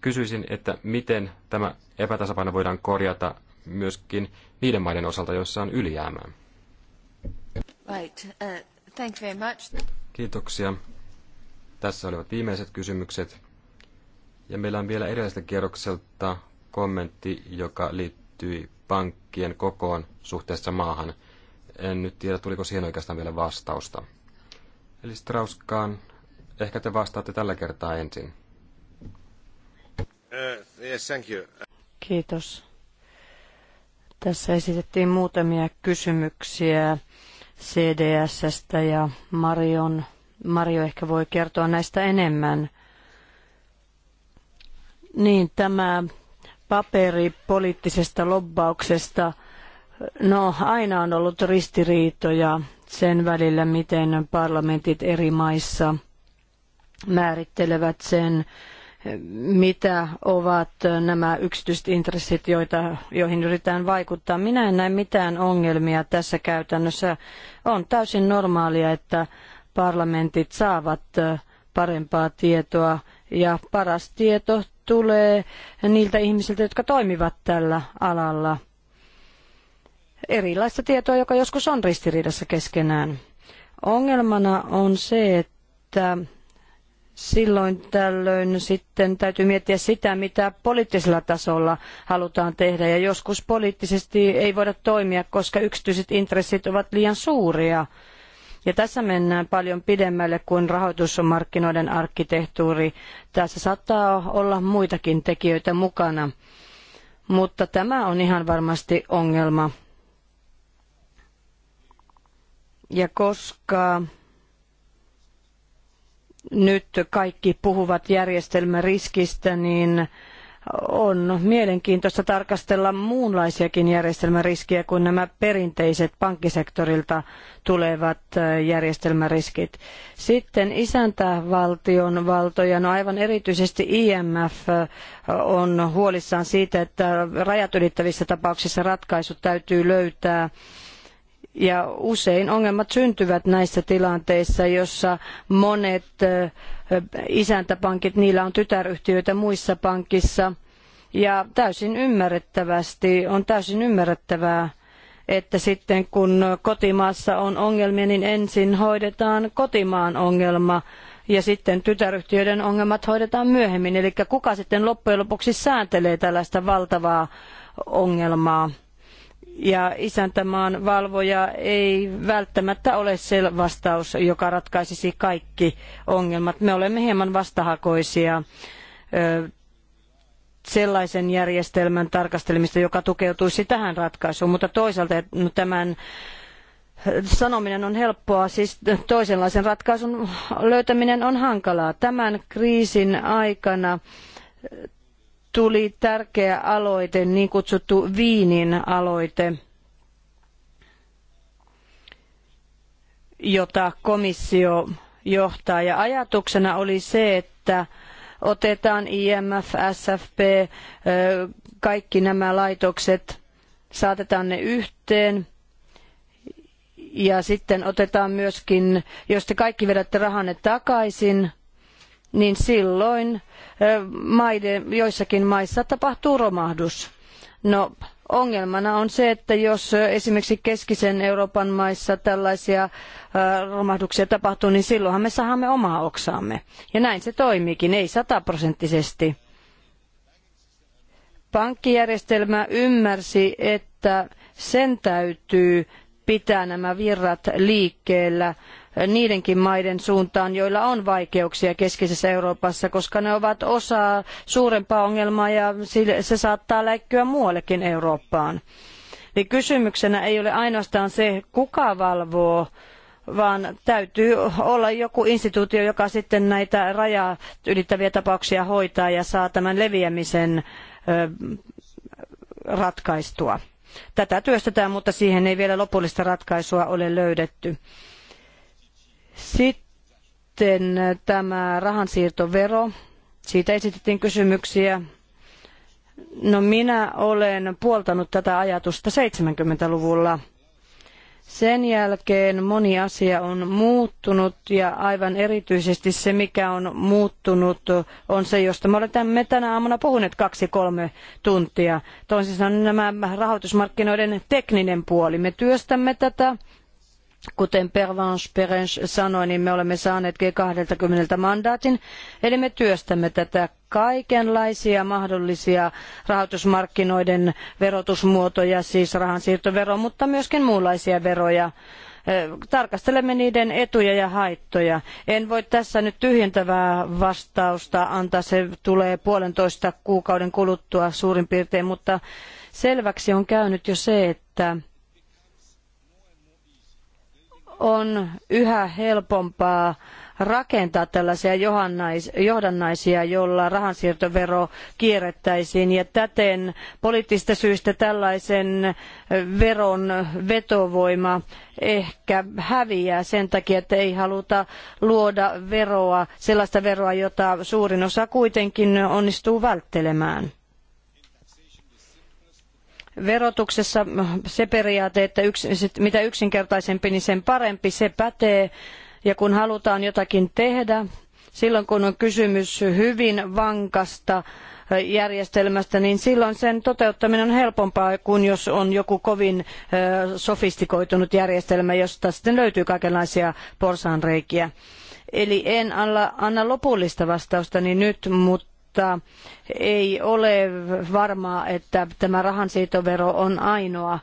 S2: kysyisin, että miten tämä epätasapaino voidaan korjata myöskin niiden maiden osalta, joissa on ylijäämää.
S1: Right. Uh, Thank you very much.
S2: Kiitoksia. Tässä olivat viimeiset kysymykset. Ja meillä on vielä edelliseltä kierrokselta kommentti, joka liittyy pankkien kokoon suhteessa maahan. En nyt tiedä, tuliko siihen oikeastaan vielä vastausta. Eli Strauskaan, ehkä te vastaatte tällä kertaa ensin. Uh, yes, thank you.
S4: Kiitos. Tässä esitettiin muutamia kysymyksiä CDSstä ja Marion, Mario ehkä voi kertoa näistä enemmän. Niin, tämä paperi poliittisesta lobbauksesta, no aina on ollut ristiriitoja sen välillä, miten parlamentit eri maissa määrittelevät sen, mitä ovat nämä yksityiset intressit, joita, joihin yritetään vaikuttaa. Minä en näe mitään ongelmia tässä käytännössä. On täysin normaalia, että parlamentit saavat parempaa tietoa ja paras tieto tulee niiltä ihmisiltä, jotka toimivat tällä alalla. Erilaista tietoa, joka joskus on ristiriidassa keskenään. Ongelmana on se, että silloin tällöin sitten täytyy miettiä sitä, mitä poliittisella tasolla halutaan tehdä. Ja joskus poliittisesti ei voida toimia, koska yksityiset intressit ovat liian suuria. Ja tässä mennään paljon pidemmälle kuin rahoitusmarkkinoiden arkkitehtuuri. Tässä saattaa olla muitakin tekijöitä mukana. Mutta tämä on ihan varmasti ongelma. Ja koska nyt kaikki puhuvat järjestelmän riskistä, niin on mielenkiintoista tarkastella muunlaisiakin järjestelmäriskiä kuin nämä perinteiset pankkisektorilta tulevat äh, järjestelmäriskit. Sitten isäntävaltion valtoja, no aivan erityisesti IMF äh, on huolissaan siitä, että rajat ylittävissä tapauksissa ratkaisut täytyy löytää ja usein ongelmat syntyvät näissä tilanteissa, jossa monet isäntäpankit, niillä on tytäryhtiöitä muissa pankissa. Ja täysin ymmärrettävästi, on täysin ymmärrettävää, että sitten kun kotimaassa on ongelmia, niin ensin hoidetaan kotimaan ongelma ja sitten tytäryhtiöiden ongelmat hoidetaan myöhemmin. Eli kuka sitten loppujen lopuksi sääntelee tällaista valtavaa ongelmaa? ja isäntämaan valvoja ei välttämättä ole se vastaus, joka ratkaisisi kaikki ongelmat. Me olemme hieman vastahakoisia sellaisen järjestelmän tarkastelemista, joka tukeutuisi tähän ratkaisuun, mutta toisaalta no, tämän sanominen on helppoa, siis toisenlaisen ratkaisun löytäminen on hankalaa. Tämän kriisin aikana tuli tärkeä aloite, niin kutsuttu Viinin aloite, jota komissio johtaa. Ja ajatuksena oli se, että otetaan IMF, SFP, kaikki nämä laitokset, saatetaan ne yhteen – ja sitten otetaan myöskin, jos te kaikki vedätte rahanne takaisin, niin silloin maiden, joissakin maissa tapahtuu romahdus. No, ongelmana on se, että jos esimerkiksi keskisen Euroopan maissa tällaisia romahduksia tapahtuu, niin silloinhan me saamme omaa oksaamme. Ja näin se toimiikin, ei sataprosenttisesti. Pankkijärjestelmä ymmärsi, että sen täytyy pitää nämä virrat liikkeellä niidenkin maiden suuntaan, joilla on vaikeuksia keskisessä Euroopassa, koska ne ovat osa suurempaa ongelmaa ja se saattaa läikkyä muuallekin Eurooppaan. Eli niin kysymyksenä ei ole ainoastaan se, kuka valvoo, vaan täytyy olla joku instituutio, joka sitten näitä rajaa ylittäviä tapauksia hoitaa ja saa tämän leviämisen ratkaistua. Tätä työstetään, mutta siihen ei vielä lopullista ratkaisua ole löydetty. Sitten äh, tämä rahansiirtovero. Siitä esitettiin kysymyksiä. No minä olen puoltanut tätä ajatusta 70-luvulla. Sen jälkeen moni asia on muuttunut ja aivan erityisesti se, mikä on muuttunut, on se, josta me olemme tänä aamuna puhuneet kaksi-kolme tuntia. Toisin sanoen nämä rahoitusmarkkinoiden tekninen puoli. Me työstämme tätä Kuten Pervanche Perens sanoi, niin me olemme saaneet G20 mandaatin, eli me työstämme tätä kaikenlaisia mahdollisia rahoitusmarkkinoiden verotusmuotoja, siis rahansiirtovero, mutta myöskin muunlaisia veroja tarkastelemme niiden etuja ja haittoja. En voi tässä nyt tyhjentävää vastausta antaa, se tulee puolentoista kuukauden kuluttua suurin piirtein, mutta selväksi on käynyt jo se, että on yhä helpompaa rakentaa tällaisia johdannaisia, joilla rahansiirtovero kierrettäisiin ja täten poliittisista syistä tällaisen veron vetovoima ehkä häviää sen takia, että ei haluta luoda veroa, sellaista veroa, jota suurin osa kuitenkin onnistuu välttelemään. Verotuksessa se periaate, että yks, mitä yksinkertaisempi, niin sen parempi, se pätee. Ja kun halutaan jotakin tehdä, silloin kun on kysymys hyvin vankasta järjestelmästä, niin silloin sen toteuttaminen on helpompaa kuin jos on joku kovin sofistikoitunut järjestelmä, josta sitten löytyy kaikenlaisia porsaanreikiä. Eli en anna, anna lopullista vastaustani niin nyt, mutta mutta ei ole varmaa, että tämä rahansiitovero on ainoa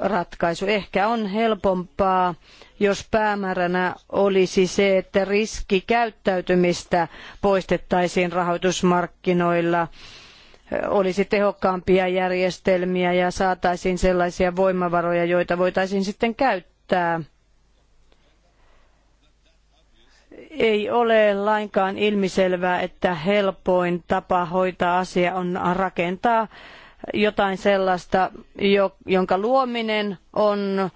S4: ratkaisu. Ehkä on helpompaa, jos päämääränä olisi se, että riski käyttäytymistä poistettaisiin rahoitusmarkkinoilla, olisi tehokkaampia järjestelmiä ja saataisiin sellaisia voimavaroja, joita voitaisiin sitten käyttää ei ole lainkaan ilmiselvää, että helpoin tapa hoitaa asia on rakentaa jotain sellaista, jonka luominen on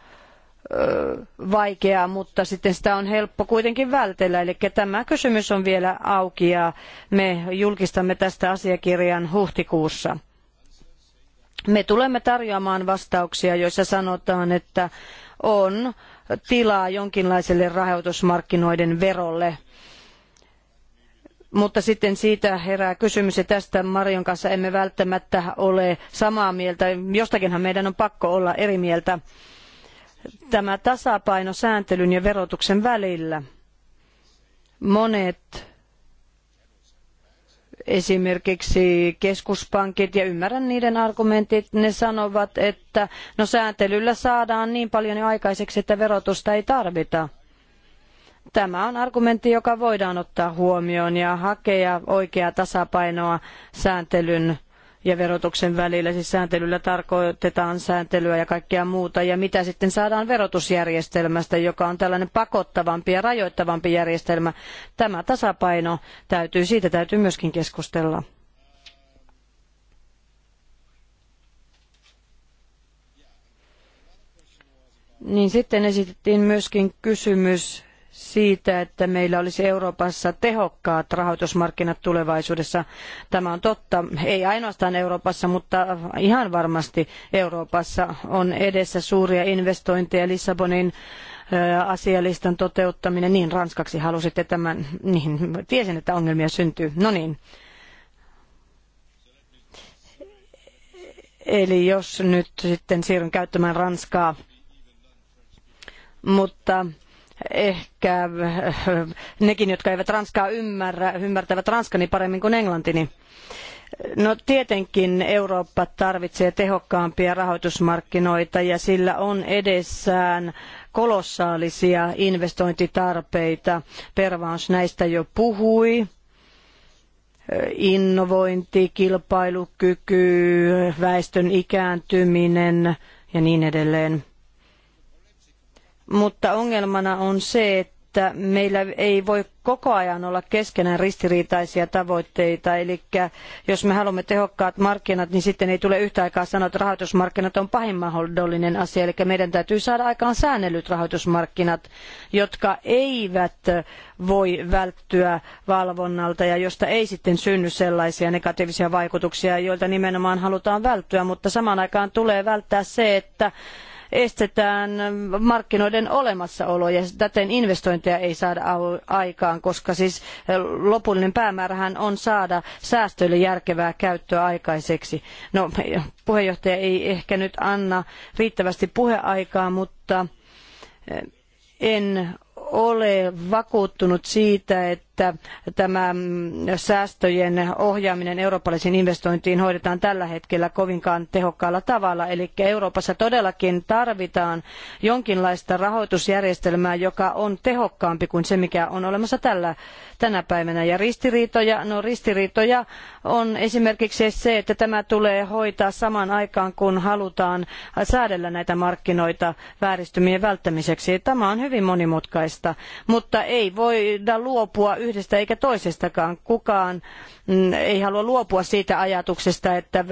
S4: vaikeaa, mutta sitten sitä on helppo kuitenkin vältellä. Eli tämä kysymys on vielä auki ja me julkistamme tästä asiakirjan huhtikuussa. Me tulemme tarjoamaan vastauksia, joissa sanotaan, että on tilaa jonkinlaiselle rahoitusmarkkinoiden verolle. Mutta sitten siitä herää kysymys, ja tästä Marion kanssa emme välttämättä ole samaa mieltä. Jostakinhan meidän on pakko olla eri mieltä. Tämä tasapaino sääntelyn ja verotuksen välillä. Monet esimerkiksi keskuspankit ja ymmärrän niiden argumentit. Ne sanovat, että no sääntelyllä saadaan niin paljon jo aikaiseksi, että verotusta ei tarvita. Tämä on argumentti, joka voidaan ottaa huomioon ja hakea oikeaa tasapainoa sääntelyn ja verotuksen välillä. Siis sääntelyllä tarkoitetaan sääntelyä ja kaikkea muuta. Ja mitä sitten saadaan verotusjärjestelmästä, joka on tällainen pakottavampi ja rajoittavampi järjestelmä. Tämä tasapaino täytyy, siitä täytyy myöskin keskustella. Niin sitten esitettiin myöskin kysymys siitä, että meillä olisi Euroopassa tehokkaat rahoitusmarkkinat tulevaisuudessa. Tämä on totta, ei ainoastaan Euroopassa, mutta ihan varmasti Euroopassa on edessä suuria investointeja Lissabonin asialistan toteuttaminen, niin ranskaksi halusitte tämän, niin tiesin, että ongelmia syntyy. No niin. Eli jos nyt sitten siirryn käyttämään ranskaa, mutta ehkä eh, nekin, jotka eivät ranskaa ymmärrä, ymmärtävät ranskani paremmin kuin englantini. No tietenkin Eurooppa tarvitsee tehokkaampia rahoitusmarkkinoita ja sillä on edessään kolossaalisia investointitarpeita. Pervaus näistä jo puhui eh, innovointi, kilpailukyky, väestön ikääntyminen ja niin edelleen mutta ongelmana on se, että meillä ei voi koko ajan olla keskenään ristiriitaisia tavoitteita. Eli jos me haluamme tehokkaat markkinat, niin sitten ei tule yhtä aikaa sanoa, että rahoitusmarkkinat on pahin mahdollinen asia. Eli meidän täytyy saada aikaan säännellyt rahoitusmarkkinat, jotka eivät voi välttyä valvonnalta ja josta ei sitten synny sellaisia negatiivisia vaikutuksia, joilta nimenomaan halutaan välttyä. Mutta samaan aikaan tulee välttää se, että estetään markkinoiden olemassaolo ja täten investointeja ei saada aikaan, koska siis eh, lopullinen päämäärähän on saada säästöille järkevää käyttöä aikaiseksi. No, puheenjohtaja ei ehkä nyt anna riittävästi puheaikaa, mutta eh, en ole vakuuttunut siitä, että että tämä säästöjen ohjaaminen eurooppalaisiin investointiin hoidetaan tällä hetkellä kovinkaan tehokkaalla tavalla. Eli Euroopassa todellakin tarvitaan jonkinlaista rahoitusjärjestelmää, joka on tehokkaampi kuin se, mikä on olemassa tällä, tänä päivänä. Ja ristiriitoja, no ristiriitoja on esimerkiksi se, että tämä tulee hoitaa samaan aikaan, kun halutaan säädellä näitä markkinoita vääristymien välttämiseksi. Tämä on hyvin monimutkaista, mutta ei voida luopua yhdestä eikä toisestakaan. Kukaan mm, ei halua luopua siitä ajatuksesta, että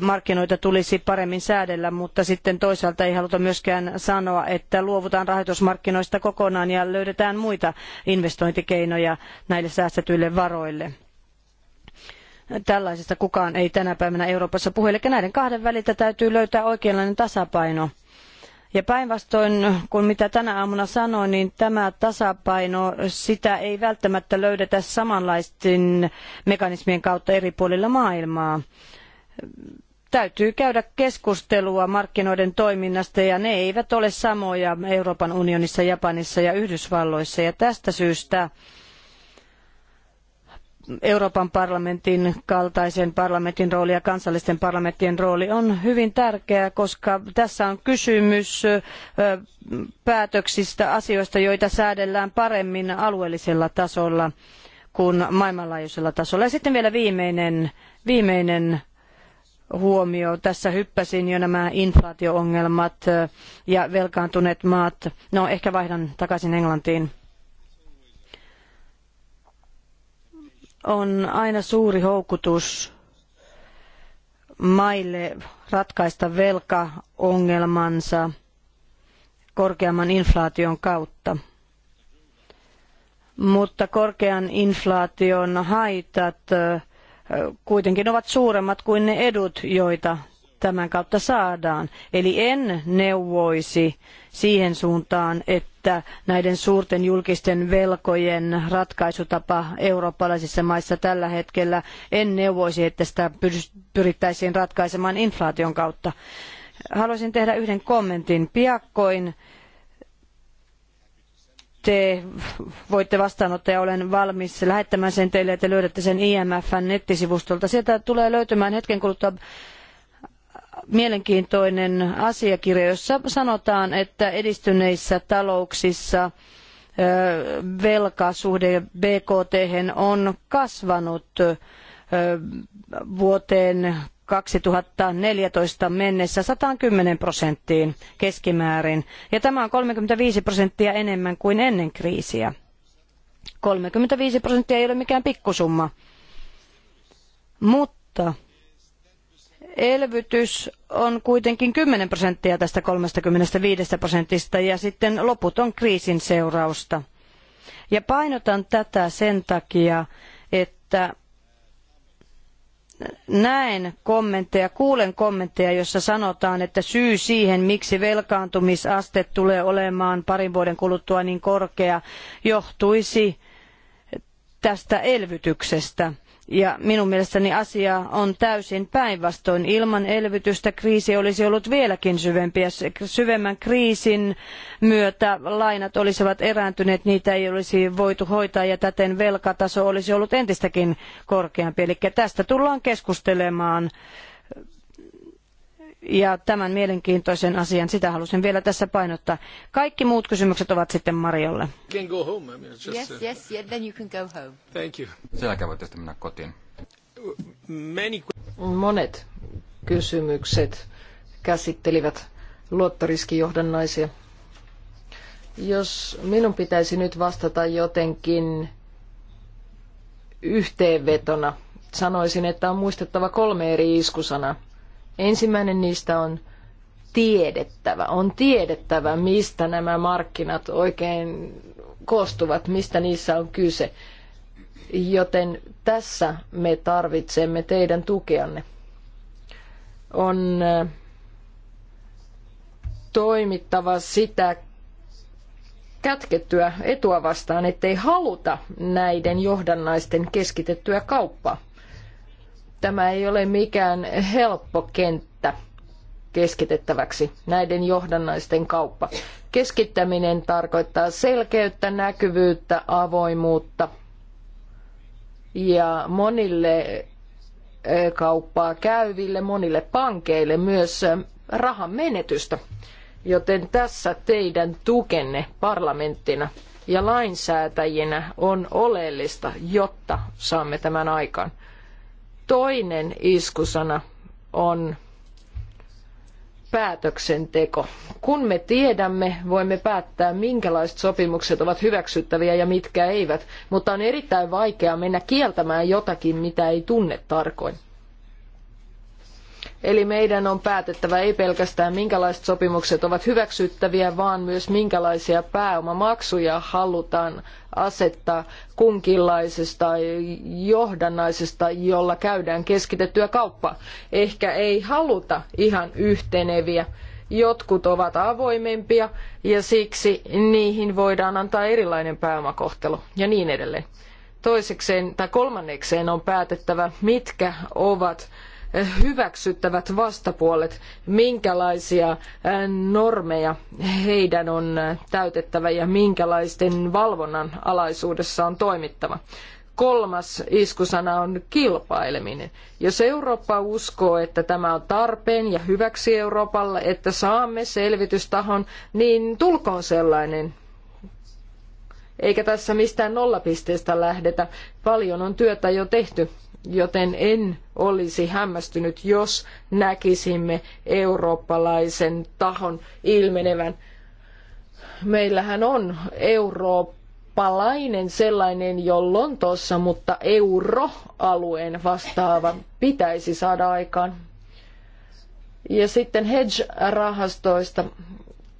S4: markkinoita tulisi paremmin säädellä, mutta sitten toisaalta ei haluta myöskään sanoa, että luovutaan rahoitusmarkkinoista kokonaan ja löydetään muita investointikeinoja näille säästetyille varoille tällaisesta kukaan ei tänä päivänä Euroopassa puhu. Eli näiden kahden väliltä täytyy löytää oikeanlainen tasapaino. Ja päinvastoin kuin mitä tänä aamuna sanoin, niin tämä tasapaino, sitä ei välttämättä löydetä samanlaisten mekanismien kautta eri puolilla maailmaa. Täytyy käydä keskustelua markkinoiden toiminnasta ja ne eivät ole samoja Euroopan unionissa, Japanissa ja Yhdysvalloissa. Ja tästä syystä Euroopan parlamentin kaltaisen parlamentin rooli ja kansallisten parlamenttien rooli on hyvin tärkeä, koska tässä on kysymys päätöksistä, asioista, joita säädellään paremmin alueellisella tasolla kuin maailmanlaajuisella tasolla. Ja sitten vielä viimeinen, viimeinen huomio. Tässä hyppäsin jo nämä inflaatioongelmat ja velkaantuneet maat. No, ehkä vaihdan takaisin Englantiin. on aina suuri houkutus maille ratkaista velkaongelmansa korkeamman inflaation kautta. Mutta korkean inflaation haitat kuitenkin ovat suuremmat kuin ne edut, joita tämän kautta saadaan. Eli en neuvoisi siihen suuntaan, että että näiden suurten julkisten velkojen ratkaisutapa eurooppalaisissa maissa tällä hetkellä en neuvoisi, että sitä pyrittäisiin ratkaisemaan inflaation kautta. Haluaisin tehdä yhden kommentin. Piakkoin te voitte vastaanottaa ja olen valmis lähettämään sen teille ja te löydätte sen IMFn nettisivustolta. Sieltä tulee löytymään hetken kuluttua mielenkiintoinen asiakirja, jossa sanotaan, että edistyneissä talouksissa velkasuhde BKT on kasvanut vuoteen 2014 mennessä 110 prosenttiin keskimäärin. Ja tämä on 35 prosenttia enemmän kuin ennen kriisiä. 35 prosenttia ei ole mikään pikkusumma. Mutta elvytys on kuitenkin 10 prosenttia tästä 35 prosentista ja sitten loput on kriisin seurausta. Ja painotan tätä sen takia, että näen kommentteja, kuulen kommentteja, jossa sanotaan, että syy siihen, miksi velkaantumisaste tulee olemaan parin vuoden kuluttua niin korkea, johtuisi tästä elvytyksestä. Ja minun mielestäni asia on täysin päinvastoin. Ilman elvytystä kriisi olisi ollut vieläkin syvempi ja syvemmän kriisin myötä lainat olisivat erääntyneet, niitä ei olisi voitu hoitaa ja täten velkataso olisi ollut entistäkin korkeampi. Eli tästä tullaan keskustelemaan ja tämän mielenkiintoisen asian, sitä halusin vielä tässä painottaa. Kaikki muut kysymykset ovat sitten Marjolle.
S1: Yes, uh, yes, then you can go home.
S2: Thank you. mennä kotiin.
S1: Monet kysymykset käsittelivät luottoriskijohdannaisia. Jos minun pitäisi nyt vastata jotenkin yhteenvetona, sanoisin, että on muistettava kolme eri iskusanaa. Ensimmäinen niistä on tiedettävä. On tiedettävä, mistä nämä markkinat oikein koostuvat, mistä niissä on kyse. Joten tässä me tarvitsemme teidän tukeanne. On toimittava sitä kätkettyä etua vastaan, ettei haluta näiden johdannaisten keskitettyä kauppaa. Tämä ei ole mikään helppo kenttä keskitettäväksi, näiden johdannaisten kauppa. Keskittäminen tarkoittaa selkeyttä, näkyvyyttä, avoimuutta. Ja monille kauppaa käyville, monille pankeille myös rahan menetystä. Joten tässä teidän tukenne parlamenttina ja lainsäätäjinä on oleellista, jotta saamme tämän aikaan. Toinen iskusana on päätöksenteko. Kun me tiedämme, voimme päättää, minkälaiset sopimukset ovat hyväksyttäviä ja mitkä eivät, mutta on erittäin vaikea mennä kieltämään jotakin, mitä ei tunne tarkoin. Eli meidän on päätettävä ei pelkästään minkälaiset sopimukset ovat hyväksyttäviä, vaan myös minkälaisia pääomamaksuja halutaan asettaa kunkinlaisesta johdannaisesta, jolla käydään keskitettyä kauppaa. Ehkä ei haluta ihan yhteneviä. Jotkut ovat avoimempia ja siksi niihin voidaan antaa erilainen pääomakohtelu ja niin edelleen. Toisekseen tai kolmannekseen on päätettävä, mitkä ovat hyväksyttävät vastapuolet, minkälaisia normeja heidän on täytettävä ja minkälaisten valvonnan alaisuudessa on toimittava. Kolmas iskusana on kilpaileminen. Jos Eurooppa uskoo, että tämä on tarpeen ja hyväksi Euroopalle, että saamme selvitystahon, niin tulkoon sellainen eikä tässä mistään nollapisteestä lähdetä. Paljon on työtä jo tehty joten en olisi hämmästynyt, jos näkisimme eurooppalaisen tahon ilmenevän. Meillähän on eurooppalainen sellainen jo Lontoossa, mutta euroalueen vastaava pitäisi saada aikaan. Ja sitten hedge-rahastoista.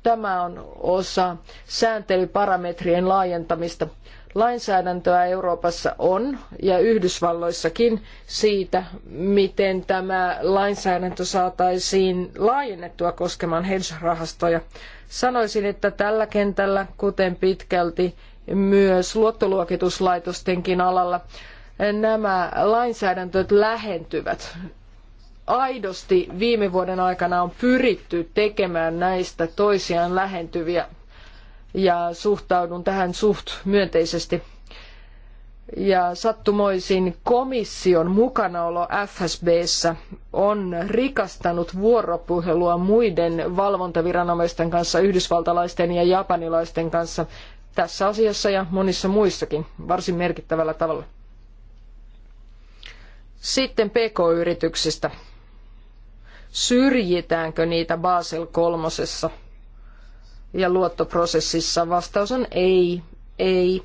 S1: Tämä on osa sääntelyparametrien laajentamista. Lainsäädäntöä Euroopassa on ja Yhdysvalloissakin siitä, miten tämä lainsäädäntö saataisiin laajennettua koskemaan hedge-rahastoja. Sanoisin, että tällä kentällä, kuten pitkälti myös luottoluokituslaitostenkin alalla, nämä lainsäädäntöt lähentyvät aidosti viime vuoden aikana on pyritty tekemään näistä toisiaan lähentyviä ja suhtaudun tähän suht myönteisesti. Ja sattumoisin komission mukanaolo FSBssä on rikastanut vuoropuhelua muiden valvontaviranomaisten kanssa, yhdysvaltalaisten ja japanilaisten kanssa tässä asiassa ja monissa muissakin varsin merkittävällä tavalla. Sitten PK-yrityksistä. Syrjitäänkö niitä Basel kolmosessa? ja luottoprosessissa vastaus on ei, ei.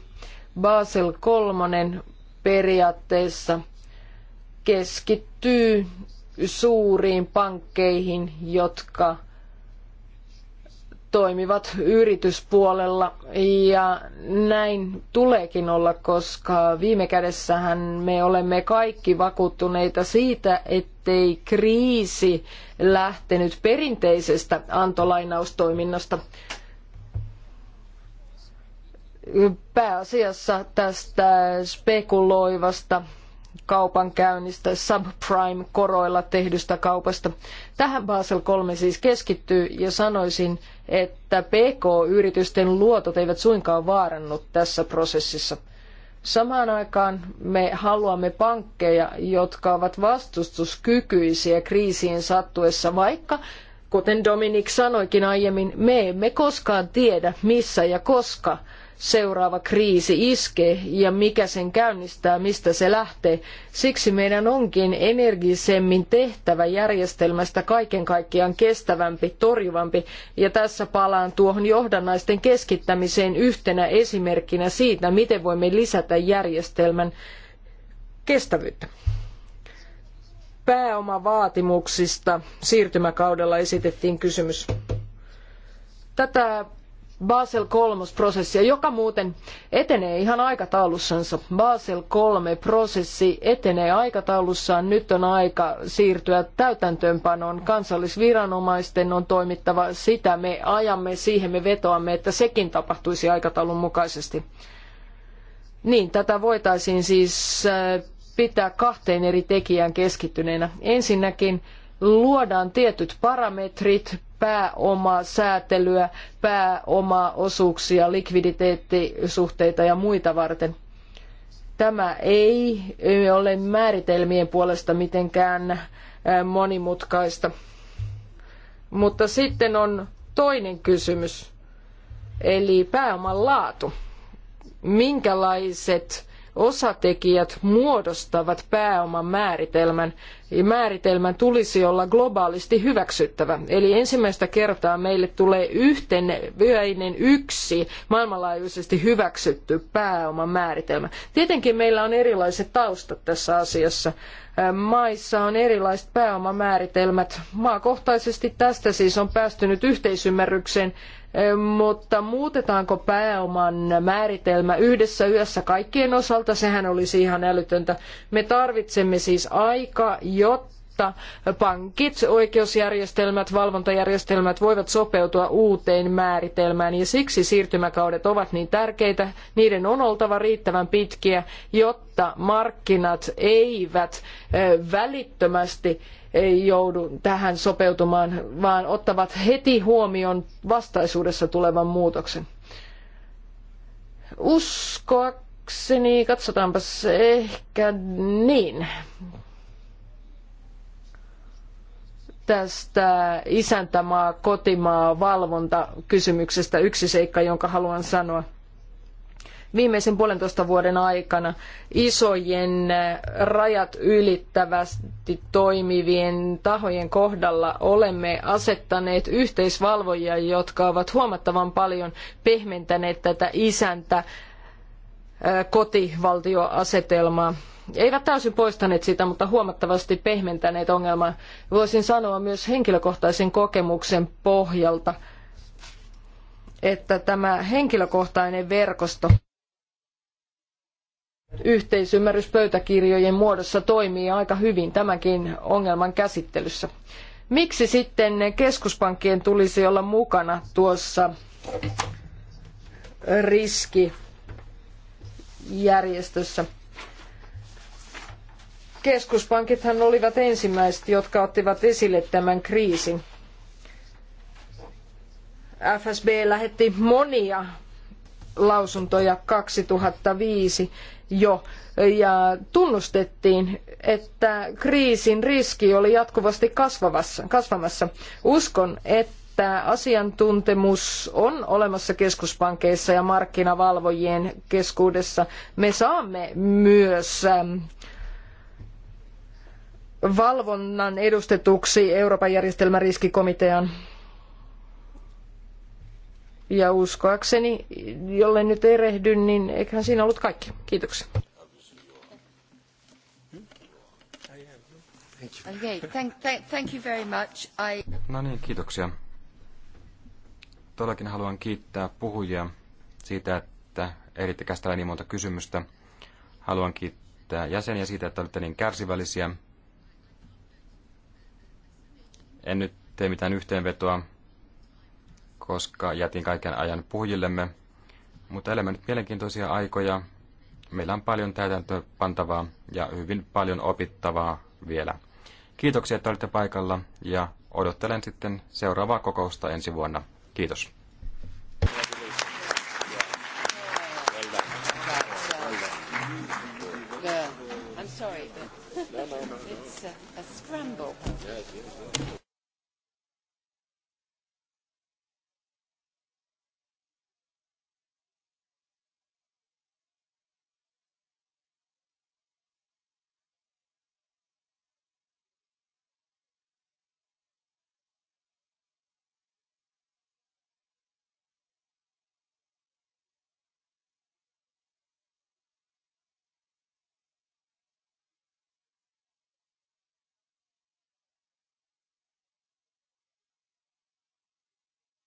S1: Basel kolmonen periaatteessa keskittyy suuriin pankkeihin, jotka toimivat yrityspuolella ja näin tuleekin olla, koska viime kädessähän me olemme kaikki vakuuttuneita siitä, ettei kriisi lähtenyt perinteisestä antolainaustoiminnasta. Pääasiassa tästä spekuloivasta kaupankäynnistä, subprime-koroilla tehdystä kaupasta. Tähän Basel 3 siis keskittyy ja sanoisin, että PK-yritysten luotot eivät suinkaan vaarannut tässä prosessissa. Samaan aikaan me haluamme pankkeja, jotka ovat vastustuskykyisiä kriisien sattuessa, vaikka kuten Dominik sanoikin aiemmin, me emme koskaan tiedä missä ja koska seuraava kriisi iskee ja mikä sen käynnistää, mistä se lähtee. Siksi meidän onkin energisemmin tehtävä järjestelmästä kaiken kaikkiaan kestävämpi, torjuvampi. Ja tässä palaan tuohon johdannaisten keskittämiseen yhtenä esimerkkinä siitä, miten voimme lisätä järjestelmän kestävyyttä pääomavaatimuksista siirtymäkaudella esitettiin kysymys. Tätä Basel 3-prosessia, joka muuten etenee ihan aikataulussansa. Basel 3-prosessi etenee aikataulussaan. Nyt on aika siirtyä täytäntöönpanoon. Kansallisviranomaisten on toimittava sitä. Me ajamme siihen, me vetoamme, että sekin tapahtuisi aikataulun mukaisesti. Niin, tätä voitaisiin siis äh, pitää kahteen eri tekijään keskittyneenä. Ensinnäkin luodaan tietyt parametrit, pääomaa, säätelyä, pääomaosuuksia, likviditeettisuhteita ja muita varten. Tämä ei ole määritelmien puolesta mitenkään äh, monimutkaista. Mutta sitten on toinen kysymys, eli pääoman laatu. Minkälaiset osatekijät muodostavat pääoman määritelmän. Määritelmän tulisi olla globaalisti hyväksyttävä. Eli ensimmäistä kertaa meille tulee yhteinen yksi maailmanlaajuisesti hyväksytty pääoman määritelmä. Tietenkin meillä on erilaiset taustat tässä asiassa. Maissa on erilaiset pääomamääritelmät. Maakohtaisesti tästä siis on päästynyt yhteisymmärrykseen mutta muutetaanko pääoman määritelmä yhdessä yössä kaikkien osalta, sehän olisi ihan älytöntä. Me tarvitsemme siis aikaa, jotta pankit, oikeusjärjestelmät, valvontajärjestelmät voivat sopeutua uuteen määritelmään ja siksi siirtymäkaudet ovat niin tärkeitä. Niiden on oltava riittävän pitkiä, jotta markkinat eivät välittömästi ei joudu tähän sopeutumaan, vaan ottavat heti huomioon vastaisuudessa tulevan muutoksen. Uskoakseni, katsotaanpas ehkä niin. Tästä isäntämaa, kotimaa, valvonta kysymyksestä yksi seikka, jonka haluan sanoa – viimeisen puolentoista vuoden aikana isojen äh, rajat ylittävästi toimivien tahojen kohdalla olemme asettaneet yhteisvalvojia, jotka ovat huomattavan paljon pehmentäneet tätä isäntä äh, kotivaltioasetelmaa eivät täysin poistaneet sitä, mutta huomattavasti pehmentäneet ongelmaa. Voisin sanoa myös henkilökohtaisen kokemuksen pohjalta, että tämä henkilökohtainen verkosto yhteisymmärrys pöytäkirjojen muodossa toimii aika hyvin tämänkin ongelman käsittelyssä. Miksi sitten keskuspankkien tulisi olla mukana tuossa riskijärjestössä? Keskuspankithan olivat ensimmäiset, jotka ottivat esille tämän kriisin. FSB lähetti monia lausuntoja 2005 jo ja tunnustettiin, että kriisin riski oli jatkuvasti kasvavassa, kasvamassa. Uskon, että asiantuntemus on olemassa keskuspankeissa ja markkinavalvojien keskuudessa. Me saamme myös ähm, valvonnan edustetuksi Euroopan järjestelmäriskikomitean ja uskoakseni, jolle nyt erehdy, niin eiköhän siinä ollut kaikki. Kiitoksia. Okay, thank, thank, thank you very much. I...
S2: No niin, kiitoksia. Todellakin haluan kiittää puhujia siitä, että eritte käsitellä niin monta kysymystä. Haluan kiittää jäseniä siitä, että olette niin kärsivällisiä. En nyt tee mitään yhteenvetoa koska jätin kaiken ajan puhujillemme. Mutta elämme nyt mielenkiintoisia aikoja. Meillä on paljon täytäntöä pantavaa ja hyvin paljon opittavaa vielä. Kiitoksia, että olitte paikalla ja odottelen sitten seuraavaa kokousta ensi vuonna. Kiitos.